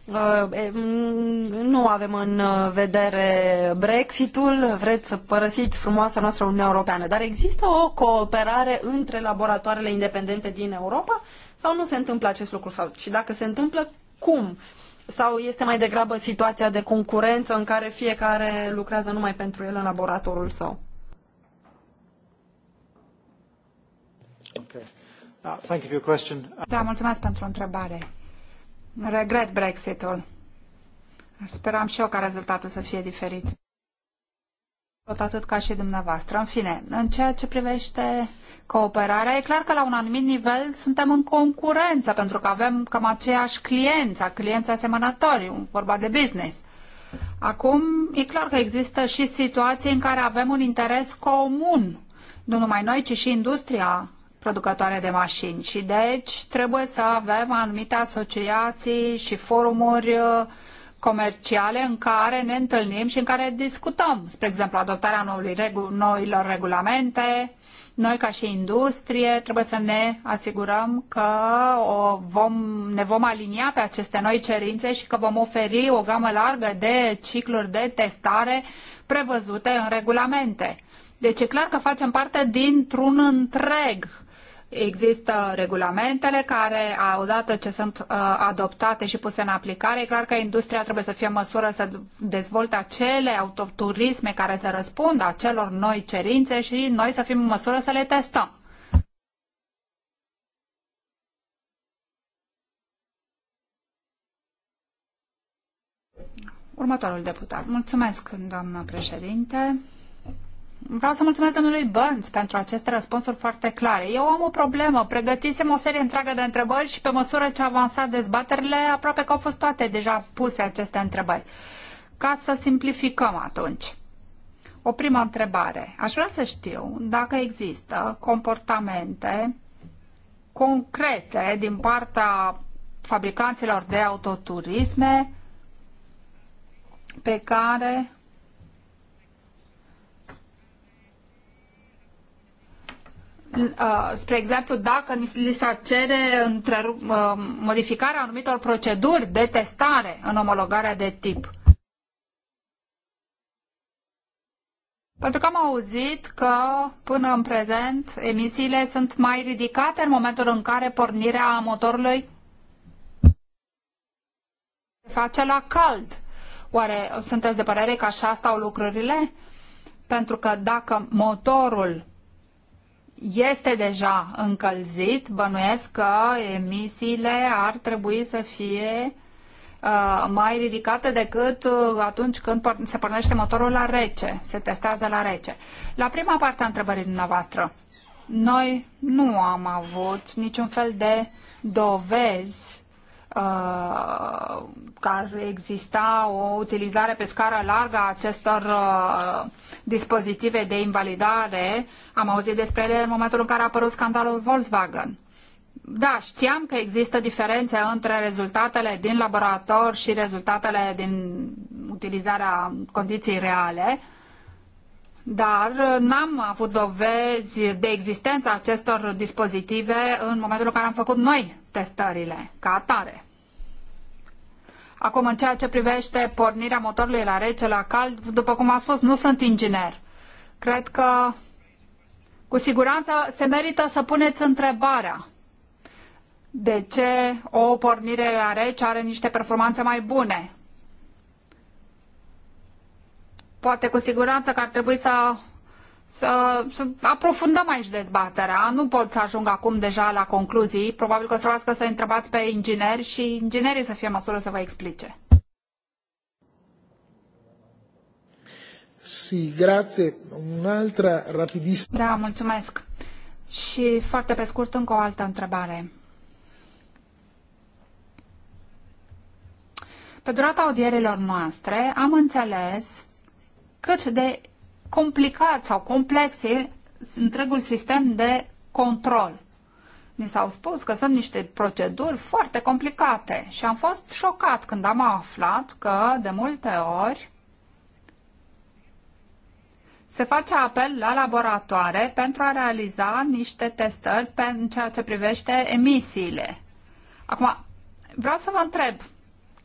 S1: Uh, mm, nu avem în uh, vedere Brexitul, vreți să părăsiți frumoasa noastră Uniunea Europeană, dar există o cooperare între laboratoarele independente din Europa sau nu se întâmplă acest lucru? Sau, și dacă se întâmplă, cum? Sau este mai degrabă situația de concurență în care fiecare lucrează numai pentru el în laboratorul său?
S3: Okay. Uh,
S4: da, mulțumesc pentru întrebare. Regret Brexitul. Speram și eu ca rezultatul să fie diferit. Tot atât ca și dumneavoastră. În fine, în ceea ce privește cooperarea, e clar că la un anumit nivel suntem în concurență, pentru că avem cam aceeași clienți, clienți asemănători, vorba de business. Acum, e clar că există și situații în care avem un interes comun, nu numai noi, ci și industria producătoare de mașini și deci trebuie să avem anumite asociații și forumuri uh, comerciale în care ne întâlnim și în care discutăm, spre exemplu, adoptarea noului regu- noilor regulamente. Noi, ca și industrie, trebuie să ne asigurăm că o vom, ne vom alinia pe aceste noi cerințe și că vom oferi o gamă largă de cicluri de testare prevăzute în regulamente. Deci e clar că facem parte dintr-un întreg Există regulamentele care, odată ce sunt uh, adoptate și puse în aplicare, e clar că industria trebuie să fie în măsură să dezvolte acele autoturisme care să răspundă acelor noi cerințe și noi să fim în măsură să le testăm. Următorul deputat. Mulțumesc, doamnă președinte. Vreau să mulțumesc domnului Burns pentru aceste răspunsuri foarte clare. Eu am o problemă. Pregătisem o serie întreagă de întrebări și pe măsură ce avansat dezbaterile, aproape că au fost toate deja puse aceste întrebări. Ca să simplificăm atunci. O primă întrebare. Aș vrea să știu dacă există comportamente concrete din partea fabricanților de autoturisme pe care Uh, spre exemplu, dacă li s-ar cere uh, modificarea anumitor proceduri de testare în omologarea de tip. Pentru că am auzit că, până în prezent, emisiile sunt mai ridicate în momentul în care pornirea motorului se face la cald. Oare sunteți de părere că așa stau lucrurile? Pentru că dacă motorul este deja încălzit, bănuiesc că emisiile ar trebui să fie uh, mai ridicate decât uh, atunci când se pornește motorul la rece, se testează la rece. La prima parte a întrebării dumneavoastră, noi nu am avut niciun fel de dovezi Uh, că ar exista o utilizare pe scară largă a acestor uh, dispozitive de invalidare. Am auzit despre ele în momentul în care a apărut scandalul Volkswagen. Da, știam că există diferențe între rezultatele din laborator și rezultatele din utilizarea condiției reale, dar uh, n-am avut dovezi de existența acestor dispozitive în momentul în care am făcut noi testările, ca atare. Acum, în ceea ce privește pornirea motorului la rece, la cald, după cum am spus, nu sunt inginer. Cred că, cu siguranță, se merită să puneți întrebarea de ce o pornire la rece are niște performanțe mai bune poate cu siguranță că ar trebui să, să, să aprofundăm aici dezbaterea. Nu pot să ajung acum deja la concluzii. Probabil că o să trebuiască să întrebați pe ingineri și inginerii să fie măsură să vă explice. Si, grație. Un'altra rapidissima. Da, mulțumesc. Și foarte pe scurt încă o altă întrebare. Pe durata audierilor noastre am înțeles cât de complicat sau complex e întregul sistem de control. Ni s-au spus că sunt niște proceduri foarte complicate și am fost șocat când am aflat că de multe ori se face apel la laboratoare pentru a realiza niște testări în ceea ce privește emisiile. Acum, vreau să vă întreb,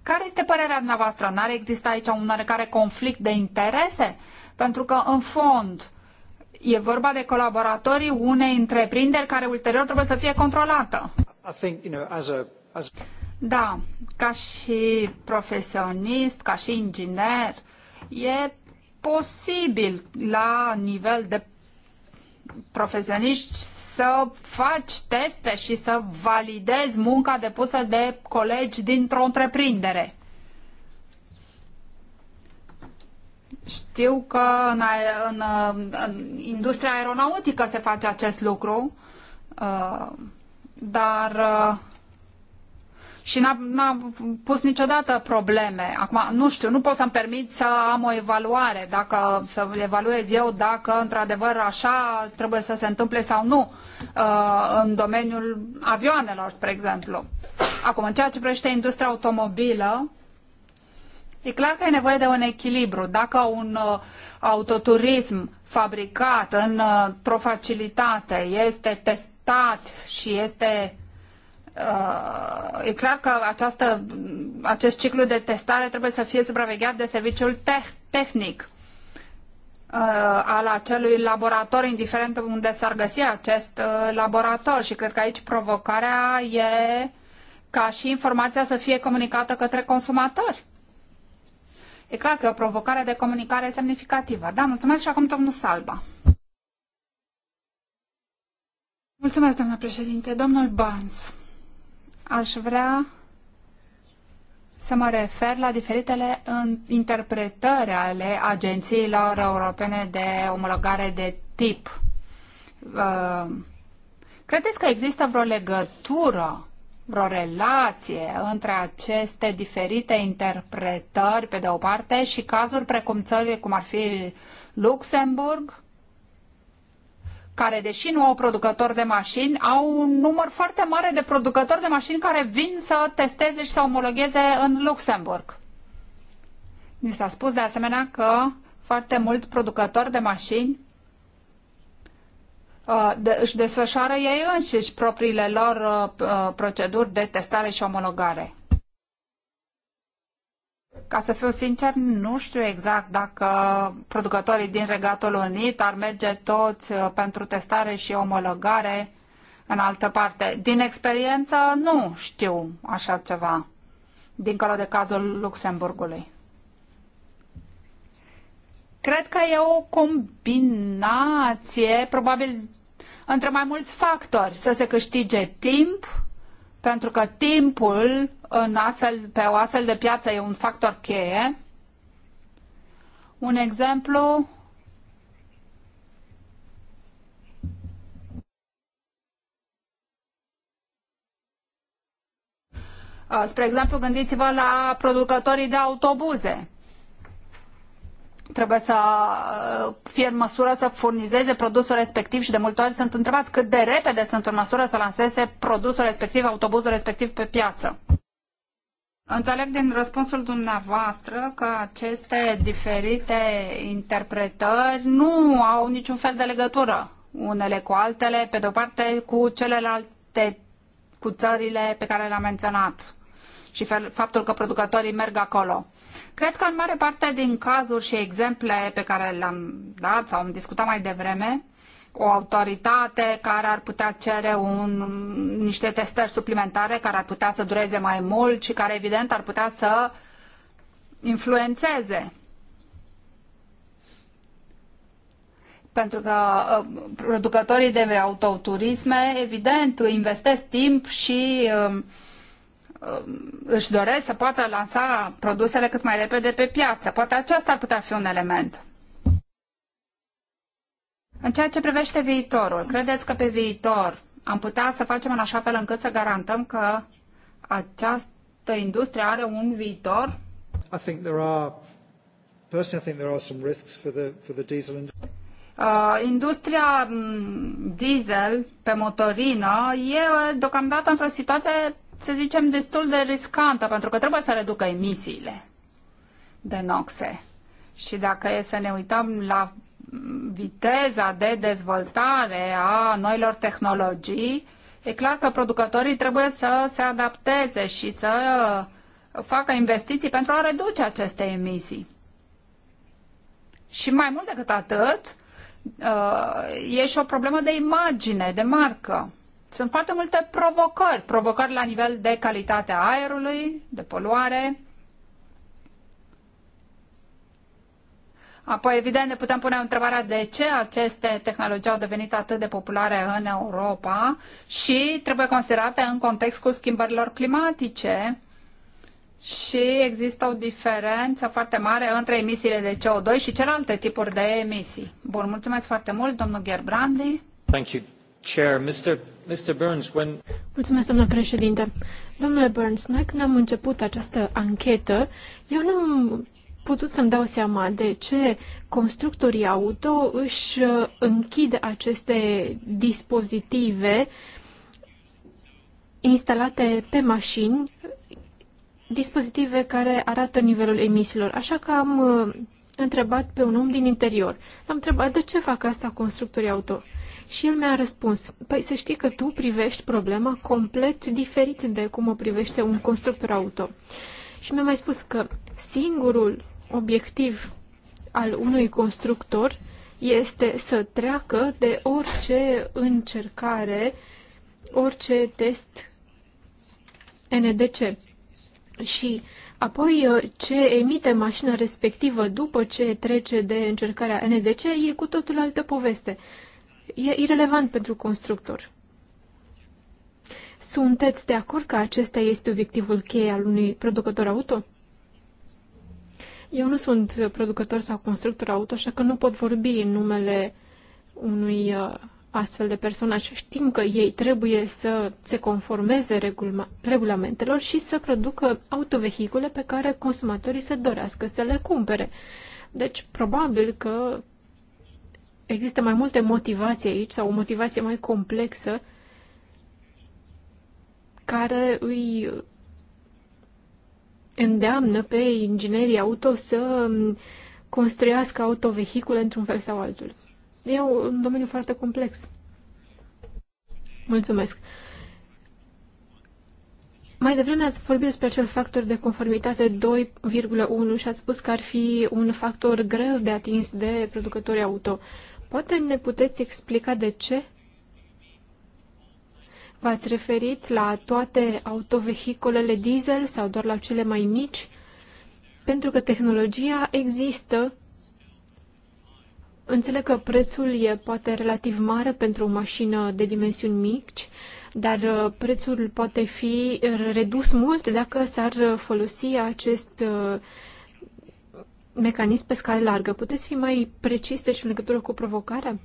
S4: care este părerea dumneavoastră? N-ar exista aici un oarecare conflict de interese? Pentru că, în fond, e vorba de colaboratorii unei întreprinderi care ulterior trebuie să fie controlată. Think, you know, as a, as... Da, ca și profesionist, ca și inginer, e posibil la nivel de profesioniști să faci teste și să validezi munca depusă de colegi dintr-o întreprindere. Știu că în, în, în industria aeronautică se face acest lucru, uh, dar uh, și n-a, pus niciodată probleme. Acum, nu știu, nu pot să-mi permit să am o evaluare, dacă, să evaluez eu dacă într-adevăr așa trebuie să se întâmple sau nu uh, în domeniul avioanelor, spre exemplu. Acum, în ceea ce privește industria automobilă, E clar că e nevoie de un echilibru. Dacă un uh, autoturism fabricat într-o uh, facilitate este testat și este Uh, e clar că această, acest ciclu de testare trebuie să fie supravegheat de serviciul tehnic uh, al acelui laborator, indiferent unde s-ar găsi acest uh, laborator. Și cred că aici provocarea e ca și informația să fie comunicată către consumatori. E clar că e o provocare de comunicare semnificativă. Da, mulțumesc și acum domnul Salba. Mulțumesc, doamna președinte. Domnul Barnes aș vrea să mă refer la diferitele interpretări ale agențiilor europene de omologare de tip. Uh, credeți că există vreo legătură, vreo relație între aceste diferite interpretări, pe de o parte, și cazuri precum țările cum ar fi Luxemburg, care, deși nu au producători de mașini, au un număr foarte mare de producători de mașini care vin să testeze și să omologheze în Luxemburg. Ni s-a spus de asemenea că foarte mulți producători de mașini uh, de, își desfășoară ei înșiși propriile lor uh, uh, proceduri de testare și omologare. Ca să fiu sincer, nu știu exact dacă producătorii din Regatul Unit ar merge toți uh, pentru testare și omologare în altă parte. Din experiență, nu știu așa ceva, dincolo de cazul Luxemburgului. Cred că e o combinație, probabil, între mai mulți factori. Să se câștige timp, pentru că timpul în astfel, pe o astfel de piață e un factor cheie. Un exemplu Spre exemplu, gândiți-vă la producătorii de autobuze trebuie să uh, fie în măsură să furnizeze produsul respectiv și de multe ori sunt întrebați cât de repede sunt în măsură să lanseze produsul respectiv, autobuzul respectiv pe piață. Înțeleg din răspunsul dumneavoastră că aceste diferite interpretări nu au niciun fel de legătură unele cu altele, pe de-o parte cu celelalte, cu țările pe care le-am menționat și faptul că producătorii merg acolo. Cred că în mare parte din cazuri și exemple pe care le-am dat sau am discutat mai devreme, o autoritate care ar putea cere un, niște testări suplimentare care ar putea să dureze mai mult și care evident ar putea să influențeze pentru că uh, producătorii de autoturisme, evident, investesc timp și um, Um, își doresc să poată lansa produsele cât mai repede pe piață. Poate aceasta ar putea fi un element. În ceea ce privește viitorul, credeți că pe viitor am putea să facem în așa fel încât să garantăm că această industrie are un viitor?
S3: I think there are personally I think there are some risks for the for the diesel industry.
S4: Uh, industria mm, diesel pe motorină e deocamdată într-o situație să zicem, destul de riscantă, pentru că trebuie să reducă emisiile de noxe. Și dacă e să ne uităm la viteza de dezvoltare a noilor tehnologii, e clar că producătorii trebuie să se adapteze și să facă investiții pentru a reduce aceste emisii. Și mai mult decât atât, uh, e și o problemă de imagine, de marcă. Sunt foarte multe provocări, provocări la nivel de calitate a aerului, de poluare. Apoi, evident, ne putem pune întrebarea de ce aceste tehnologii au devenit atât de populare în Europa și trebuie considerate în contextul schimbărilor climatice. Și există o diferență foarte mare între emisiile de CO2 și celelalte tipuri de emisii. Bun, mulțumesc foarte mult, domnul Gerbrandi.
S3: Thank you, Chair. Mr. Mr. Burns, when...
S4: Mulțumesc, doamnă președinte.
S2: Domnule Burns, noi când am început această anchetă, eu nu am putut să-mi dau seama de ce constructorii auto își uh, închid aceste dispozitive instalate pe mașini, dispozitive care arată nivelul emisiilor. Așa că am uh, întrebat pe un om din interior. L-am întrebat de ce fac asta constructorii auto. Și el mi-a răspuns, păi să știi că tu privești problema complet diferit de cum o privește un constructor auto. Și mi-a mai spus că singurul obiectiv al unui constructor este să treacă de orice încercare, orice test NDC. Și apoi uh, ce emite mașina respectivă după ce trece de încercarea NDC e cu totul altă poveste e irrelevant pentru constructor. Sunteți de acord că acesta este obiectivul cheie al unui producător auto? Eu nu sunt producător sau constructor auto, așa că nu pot vorbi în numele unui uh, astfel de personaj. Știm că ei trebuie să se conformeze regulamentelor și să producă autovehicule pe care consumatorii se dorească să le cumpere. Deci, probabil că există mai multe motivații aici sau o motivație mai complexă care îi îndeamnă pe inginerii auto să construiască autovehicule într-un fel sau altul. E un domeniu foarte complex. Mulțumesc. Mai devreme ați vorbit despre acel factor de conformitate 2,1 și ați spus că ar fi un factor greu de atins de producătorii auto. Poate ne puteți explica de ce? V-ați referit la toate autovehicolele diesel sau doar la cele mai mici? Pentru că tehnologia există. Înțeleg că prețul e poate relativ mare pentru o mașină de dimensiuni mici, dar uh, prețul poate fi uh, redus mult dacă s-ar uh, folosi acest uh, mecanism pe scară largă. Puteți fi mai precis, deci, în legătură cu provocarea?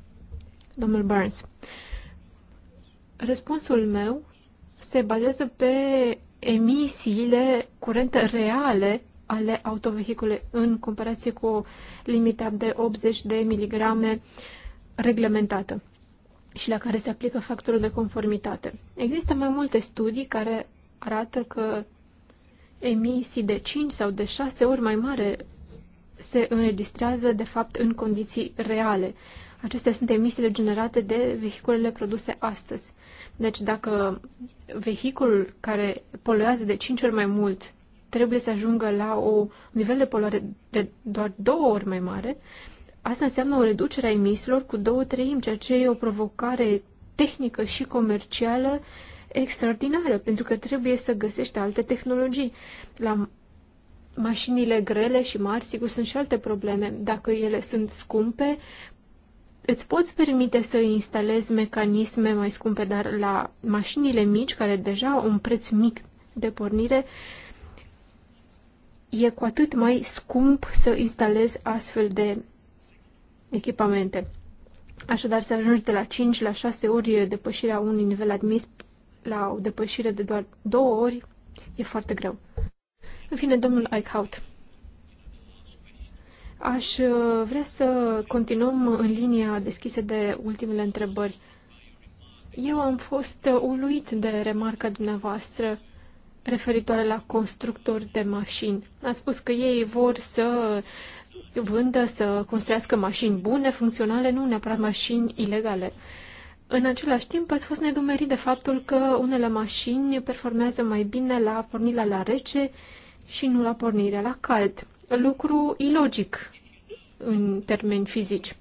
S2: Domnul Burns. Răspunsul meu se bazează pe emisiile curente reale ale autovehicule în comparație cu limita de 80 de miligrame reglementată și la care se aplică factorul de conformitate. Există mai multe studii care arată că emisii de 5 sau de 6 ori mai mare se înregistrează, de fapt, în condiții reale. Acestea sunt emisiile generate de vehiculele produse astăzi. Deci dacă vehiculul care poluează de 5 ori mai mult trebuie să ajungă la o, un nivel de poluare de doar două ori mai mare, asta înseamnă o reducere a emisiilor cu două 3 ceea ce e o provocare tehnică și comercială extraordinară, pentru că trebuie să găsești alte tehnologii. La mașinile grele și mari, sigur, sunt și alte probleme. Dacă ele sunt scumpe, îți poți permite să instalezi mecanisme mai scumpe, dar la mașinile mici, care deja au un preț mic de pornire, e cu atât mai scump să instalezi astfel de echipamente. Așadar, să ajungi de la 5 la 6 ori depășirea unui nivel admis la o depășire de doar 2 ori e foarte greu. În fine, domnul Eichhout. Aș uh, vrea să continuăm în linia deschisă de ultimele întrebări. Eu am fost uluit de remarca dumneavoastră referitoare la constructori de mașini. A spus că ei vor să vândă, să construiască mașini bune, funcționale, nu neapărat mașini ilegale. În același timp, ați fost nedumerit de faptul că unele mașini performează mai bine la pornirea la rece și nu la pornirea la cald. Lucru ilogic în termeni fizici.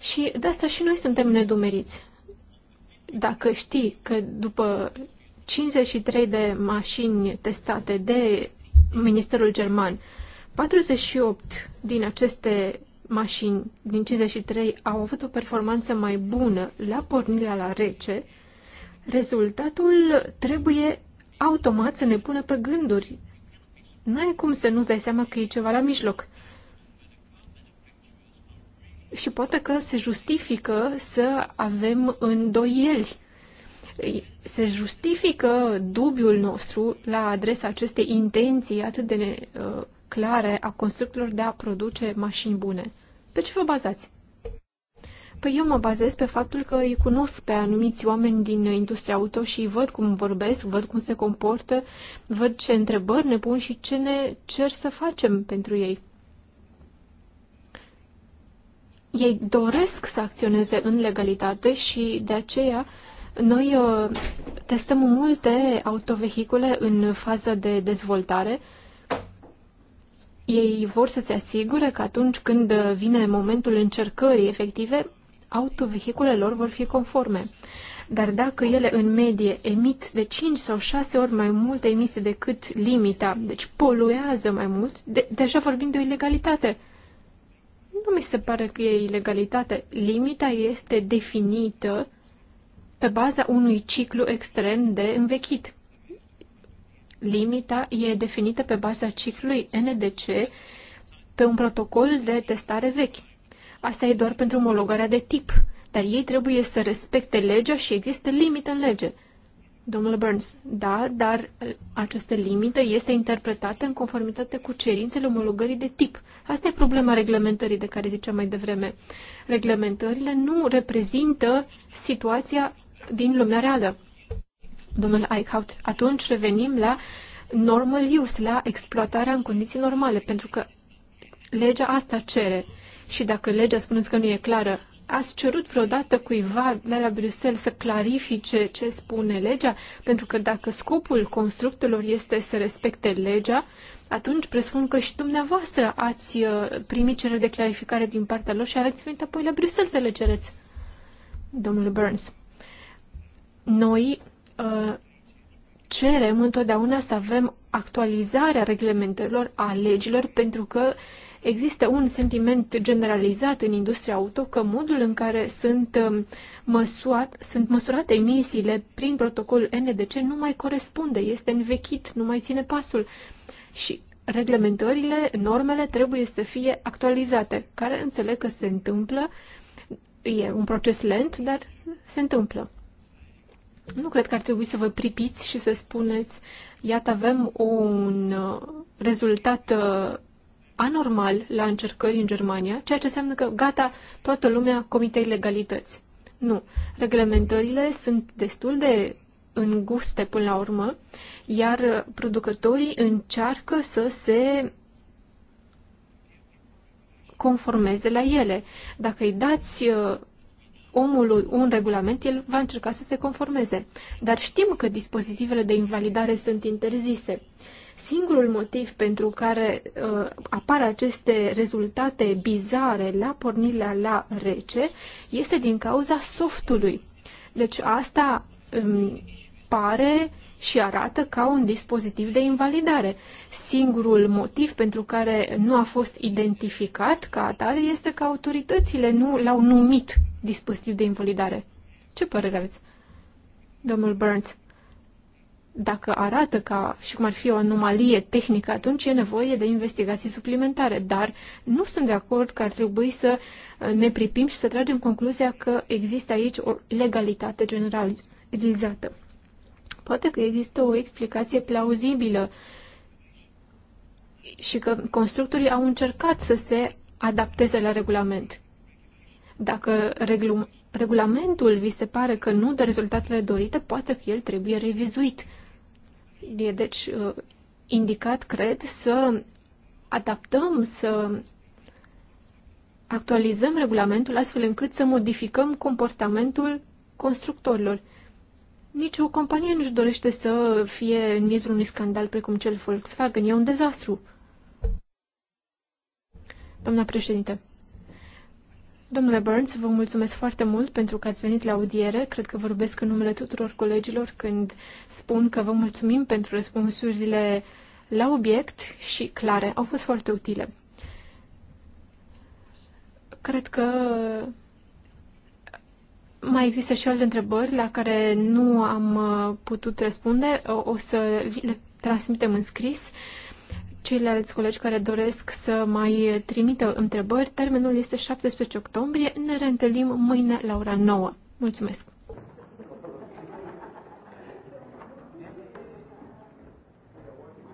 S2: Și de asta și noi suntem nedumeriți. Dacă știi că după 53 de mașini testate de Ministerul German, 48 din aceste mașini din 53 au avut o performanță mai bună la pornirea la rece, rezultatul trebuie automat să ne pună pe gânduri. N-ai cum să nu-ți dai seama că e ceva la mijloc. Și poate că se justifică să avem îndoieli. Se justifică dubiul nostru la adresa acestei intenții atât de uh, clare a constructorilor de a produce mașini bune. Pe ce vă bazați? Păi eu mă bazez pe faptul că îi cunosc pe anumiți oameni din industria auto și văd cum vorbesc, văd cum se comportă, văd ce întrebări ne pun și ce ne cer să facem pentru ei. Ei doresc să acționeze în legalitate și de aceea noi uh, testăm multe autovehicule în fază de dezvoltare. Ei vor să se asigure că atunci când vine momentul încercării efective, autovehiculelor vor fi conforme. Dar dacă ele în medie emit de 5 sau 6 ori mai multe emisii decât limita, deci poluează mai mult, de- deja vorbim de o ilegalitate. Nu mi se pare că e ilegalitate. Limita este definită pe baza unui ciclu extrem de învechit. Limita e definită pe baza ciclului NDC pe un protocol de testare vechi. Asta e doar pentru omologarea de tip, dar ei trebuie să respecte legea și există limite în lege. Domnule Burns, da, dar această limită este interpretată în conformitate cu cerințele omologării de tip. Asta e problema reglementării de care ziceam mai devreme. Reglementările nu reprezintă situația din lumea reală. Domnul Eichhout, atunci revenim la normal use, la exploatarea în condiții normale, pentru că legea asta cere. Și dacă legea spuneți că nu e clară, ați cerut vreodată cuiva de la Bruxelles să clarifice ce spune legea? Pentru că dacă scopul constructelor este să respecte legea, atunci presupun că și dumneavoastră ați uh, primit cerere de clarificare din partea lor și aveți venit apoi la Bruxelles să le cereți. Domnule Burns, noi uh, cerem întotdeauna să avem actualizarea reglementelor, a legilor, pentru că uh, Există un sentiment generalizat în industria auto că modul în care sunt, um, măsuat, sunt măsurate emisiile prin protocol NDC nu mai corespunde, este învechit, nu mai ține pasul. Și reglementările, normele trebuie să fie actualizate, care înțeleg că se întâmplă, e un proces lent, dar se întâmplă. Nu cred că ar trebui să vă pripiți și să spuneți, iată, avem un uh, rezultat uh, anormal la încercări în Germania, ceea ce înseamnă că, gata, toată lumea comite ilegalități. Nu. Reglementările sunt destul de înguste până la urmă, iar producătorii încearcă să se conformeze la ele. Dacă îi dați uh, omului un regulament, el va încerca să se conformeze. Dar știm că dispozitivele de invalidare sunt interzise. Singurul motiv pentru care uh, apar aceste rezultate bizare la pornirea la rece este din cauza softului. Deci asta um, pare și arată ca un dispozitiv de invalidare. Singurul motiv pentru care nu a fost identificat ca atare este că autoritățile nu l-au numit dispozitiv de invalidare. Ce părere aveți, domnul Burns? dacă arată ca și cum ar fi o anomalie tehnică, atunci e nevoie de investigații suplimentare. Dar nu sunt de acord că ar trebui să uh, ne pripim și să tragem concluzia că există aici o legalitate generalizată. Poate că există o explicație plauzibilă și că constructorii au încercat să se adapteze la regulament. Dacă regulamentul vi se pare că nu dă rezultatele dorite, poate că el trebuie revizuit. E deci uh, indicat, cred, să adaptăm, să actualizăm regulamentul astfel încât să modificăm comportamentul constructorilor. Nici o companie nu-și dorește să fie în mizul unui scandal precum cel Volkswagen. E un dezastru. Doamna președinte, Domnule Burns, vă mulțumesc foarte mult pentru că ați venit la audiere. Cred că vorbesc în numele tuturor colegilor când spun că vă mulțumim pentru răspunsurile la obiect și clare. Au fost foarte utile. Cred că mai există și alte întrebări la care nu am putut răspunde. O, o să le transmitem în scris ceilalți colegi care doresc să mai trimită întrebări, termenul este 17 octombrie. Ne reîntâlnim mâine la ora 9. Mulțumesc!